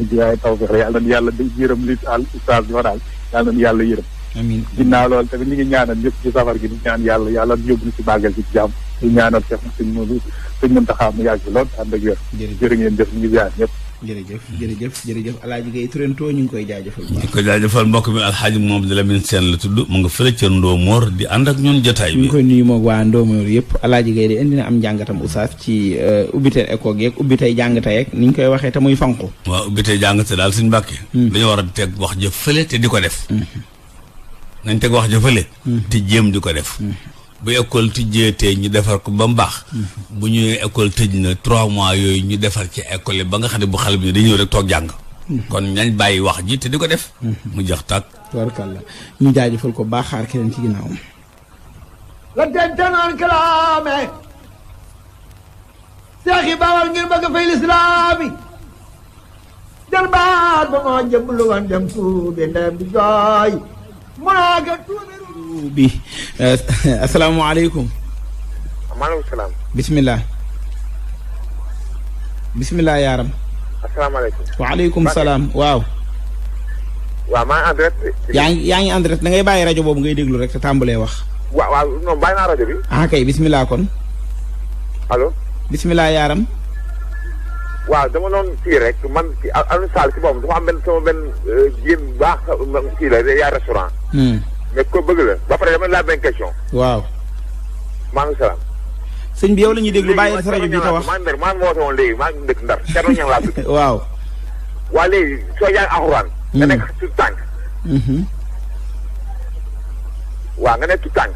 yàlla na yàlla di yërëm li al oustaz waral yàlla na yàlla yërëm. amiin ginnaaw lool tamit ñu ngi ñaanal ñëpp ci safar gi di ñaan yàlla yàlla yóbbu ci màggal gi jàmm ñu ñaanal Cheikh sëñ Modou sëñ Mountakha mu yàgg lool jërë ngeen jëf ñu ziar jërëjëf jërëjëf jërëjëf Alaaji Gaye Turentoo ñu ngi koy jaajëfal. ñu ngi koy jaajëfal mbokk mi Alxaaji Moom di Lamin Seen la tudd mu nga fële ca Ndoomoor di ànd ak ñun jotaay bi. ñu ngi koy nuyu moog waa Ndoomoor yëpp Alaaji Gaye di indi na am jàngatam Oustaz ci uh, ubbiteel école yeeg ubbitey jàngate yeeg ni ñu koy waxee te muy fanqu. waaw ubbitey jàngate daal suñu mbàkke. Hmm. dañoo war a teg wax jëf fële te di ko def. Hmm. nañ teg wax jëf fële. Hmm. te jéem di ko def. bu école tijjeetee ñu defar ko ba mu baax. bu ñuy école tëj na trois mois yooyu ñu defar ci école ba nga xam ne bu xale bi dañuy ñëw rek toog jàng. kon nañ bàyyi wax ji te di ko def. mu jox tàkk. tubarkàlla ñu jaajëfal ko baax xaar keneen ci ginnaawam. la dentanaan kalaame. seex yi baawal ngir bëgg fay lislaam yi. jarbaat ba moo jëblu woon dem tuubi ndem di jooy. mu naa ko tuubi bi eh, asalaamaaleykum. maaleykum salaam. bisimilah. bisimilah yaaram. asalaamaaleykum. waaleykum salaam waaw. waaw maa ngi en yaa ngi en direct da bàyyi rajo boobu ngay déglu rek te tàmbalee wax. waaw waaw naa rajo bi. ah kay bisimilah kon. allo. bisimilah yaaram. waaw dama doon kii rek man ci Alioune Sall ci boppam dafa am benn sama benn eh, jigéen bu baax kii la yaa restaurant. Hmm. mais ko bëgg la ba pare dama laaj benn question. waaw. maaleykum salaam. sëñ bi yow la ñuy déglu bàyyi sa rajo bi te wax maa ngi dëkk Ndar Thierno Niang laa tudd. waaw. waa léegi soo jàng alxuraan. nga hmm. nekk tout tànk. Mm-hmm. waaw nga nekk tout tànk.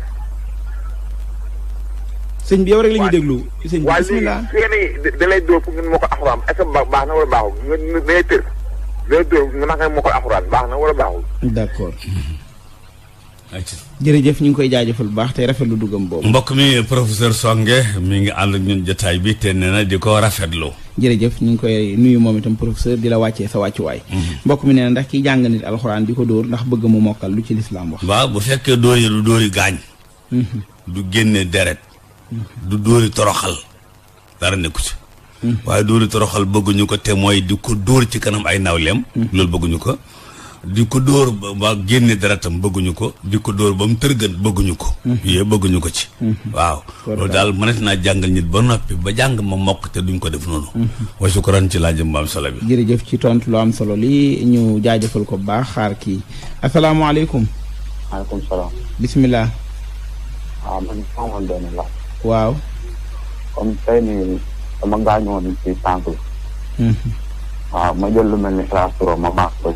rek la déglu. sëñ bi si waaw léegi su ngeen da dóor pour ngeen mokkal alxuraan est-ce baax na wala baaxul nga nga ngay tër da dóor nga naka mokkal alxuraan baax na wala baaxul. d'accord. jërëjëf ñu ngi koy jaajëfal bu baax tey rafetlu dugam boobu. mbokk mi professeur Songe mi ngi ànd ak ñun jotaay bi te nee na di ko rafetlu. jërëjëf ñu ngi koy nuyu moom itam professeur di la wàccee sa wàccuwaay. Mhm. mbokk mi nee na ndax ki jàng nit alxuraan di ko dóor ndax bëgg mu mokkal lu ci lislaam wax. waaw bu fekkee dóor yi du dóori gaañ. Mhm. du génne deret. Mhm. du dóori toroxal. dara nekku ci. waaye dóori toroxal bëgguñu ko te mooy di ko dóor ci kanam ay nawleem. loolu bëgguñu ko. di ko dóor ba génne deretam bëgguñu ko di ko dóor ba mu tërgën bëgguñu ko mm-hmm. yooyu bëgguñu ko ci mm-hmm. waaw loolu daal mënati naa jàngal nit ba noppi ba jàng ma mokk te duñ ko def noonu mm-hmm. wa ci laajëm bu solo bi jërëjëf ci tontu lu am solo li ñu jaajëfal ko bu baax xaar kii asalaamaaleykum maaleykum salaam bisimilah ah, waaw man ah, ma jël lu mel ni classe ma maas ko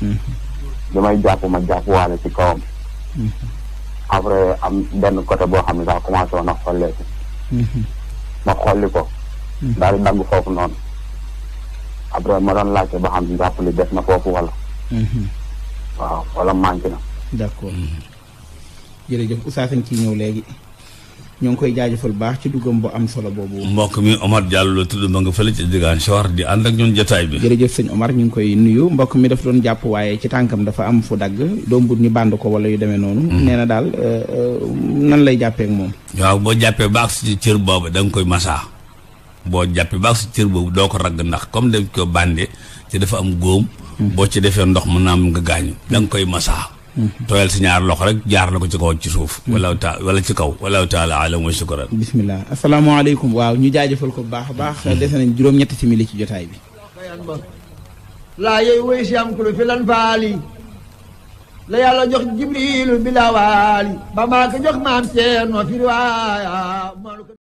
bi may jàpp ma jàpp waale ci kawam. après am benn côté boo xam ne sax commencé woon na xolleeku. ma xolli ko. daal di dagg foofu noonu. après ma doon laajte ba xam ne li des na foofu wala. waaw wala manqué na. d' accord jërëjëf Oustaz ci ñëw léegi. ñoo ngi koy jaajëfal baax ci duggam bu am solo boobu. mbokk mi Omar Diallo la tudd ma nga fële ci Ziguinchor di ànd ak ñun jotaay bi. jërëjëf sëñ Omar ñu ngi koy nuyu mbokk mi dafa doon jàpp waaye ci tànkam dafa am fu dagg doombut ñu bànd ko wala yu demee noonu. Mm. nee na daal euh, euh, nan lay jàppee moom. waaw boo jàppee baax si cër boobu da nga koy masaa boo jàppee baax si cër boobu doo ko ragg ndax comme dañ ko bànde ci dafa am góom. Mm. boo ci defee ndox mën naa am nga gaañu. Mm. da nga koy masaa. tooyal si ñaar loxo rek jaar la ko ci kaw ci suuf. Mm-hmm. wala ta wala ci kaw wala taala alam wa shukran. bisimilah asalaamaaleykum waaw ñu jaajëfal ko bu baax a baax. Mm-hmm. dese nañ juróom-ñetti simili ci jotaay bi. laa yey woy si am kulu fi lan faali la yàlla jox jibrilu bilaawaali ba maa ko jox maam seen noo firiwaaya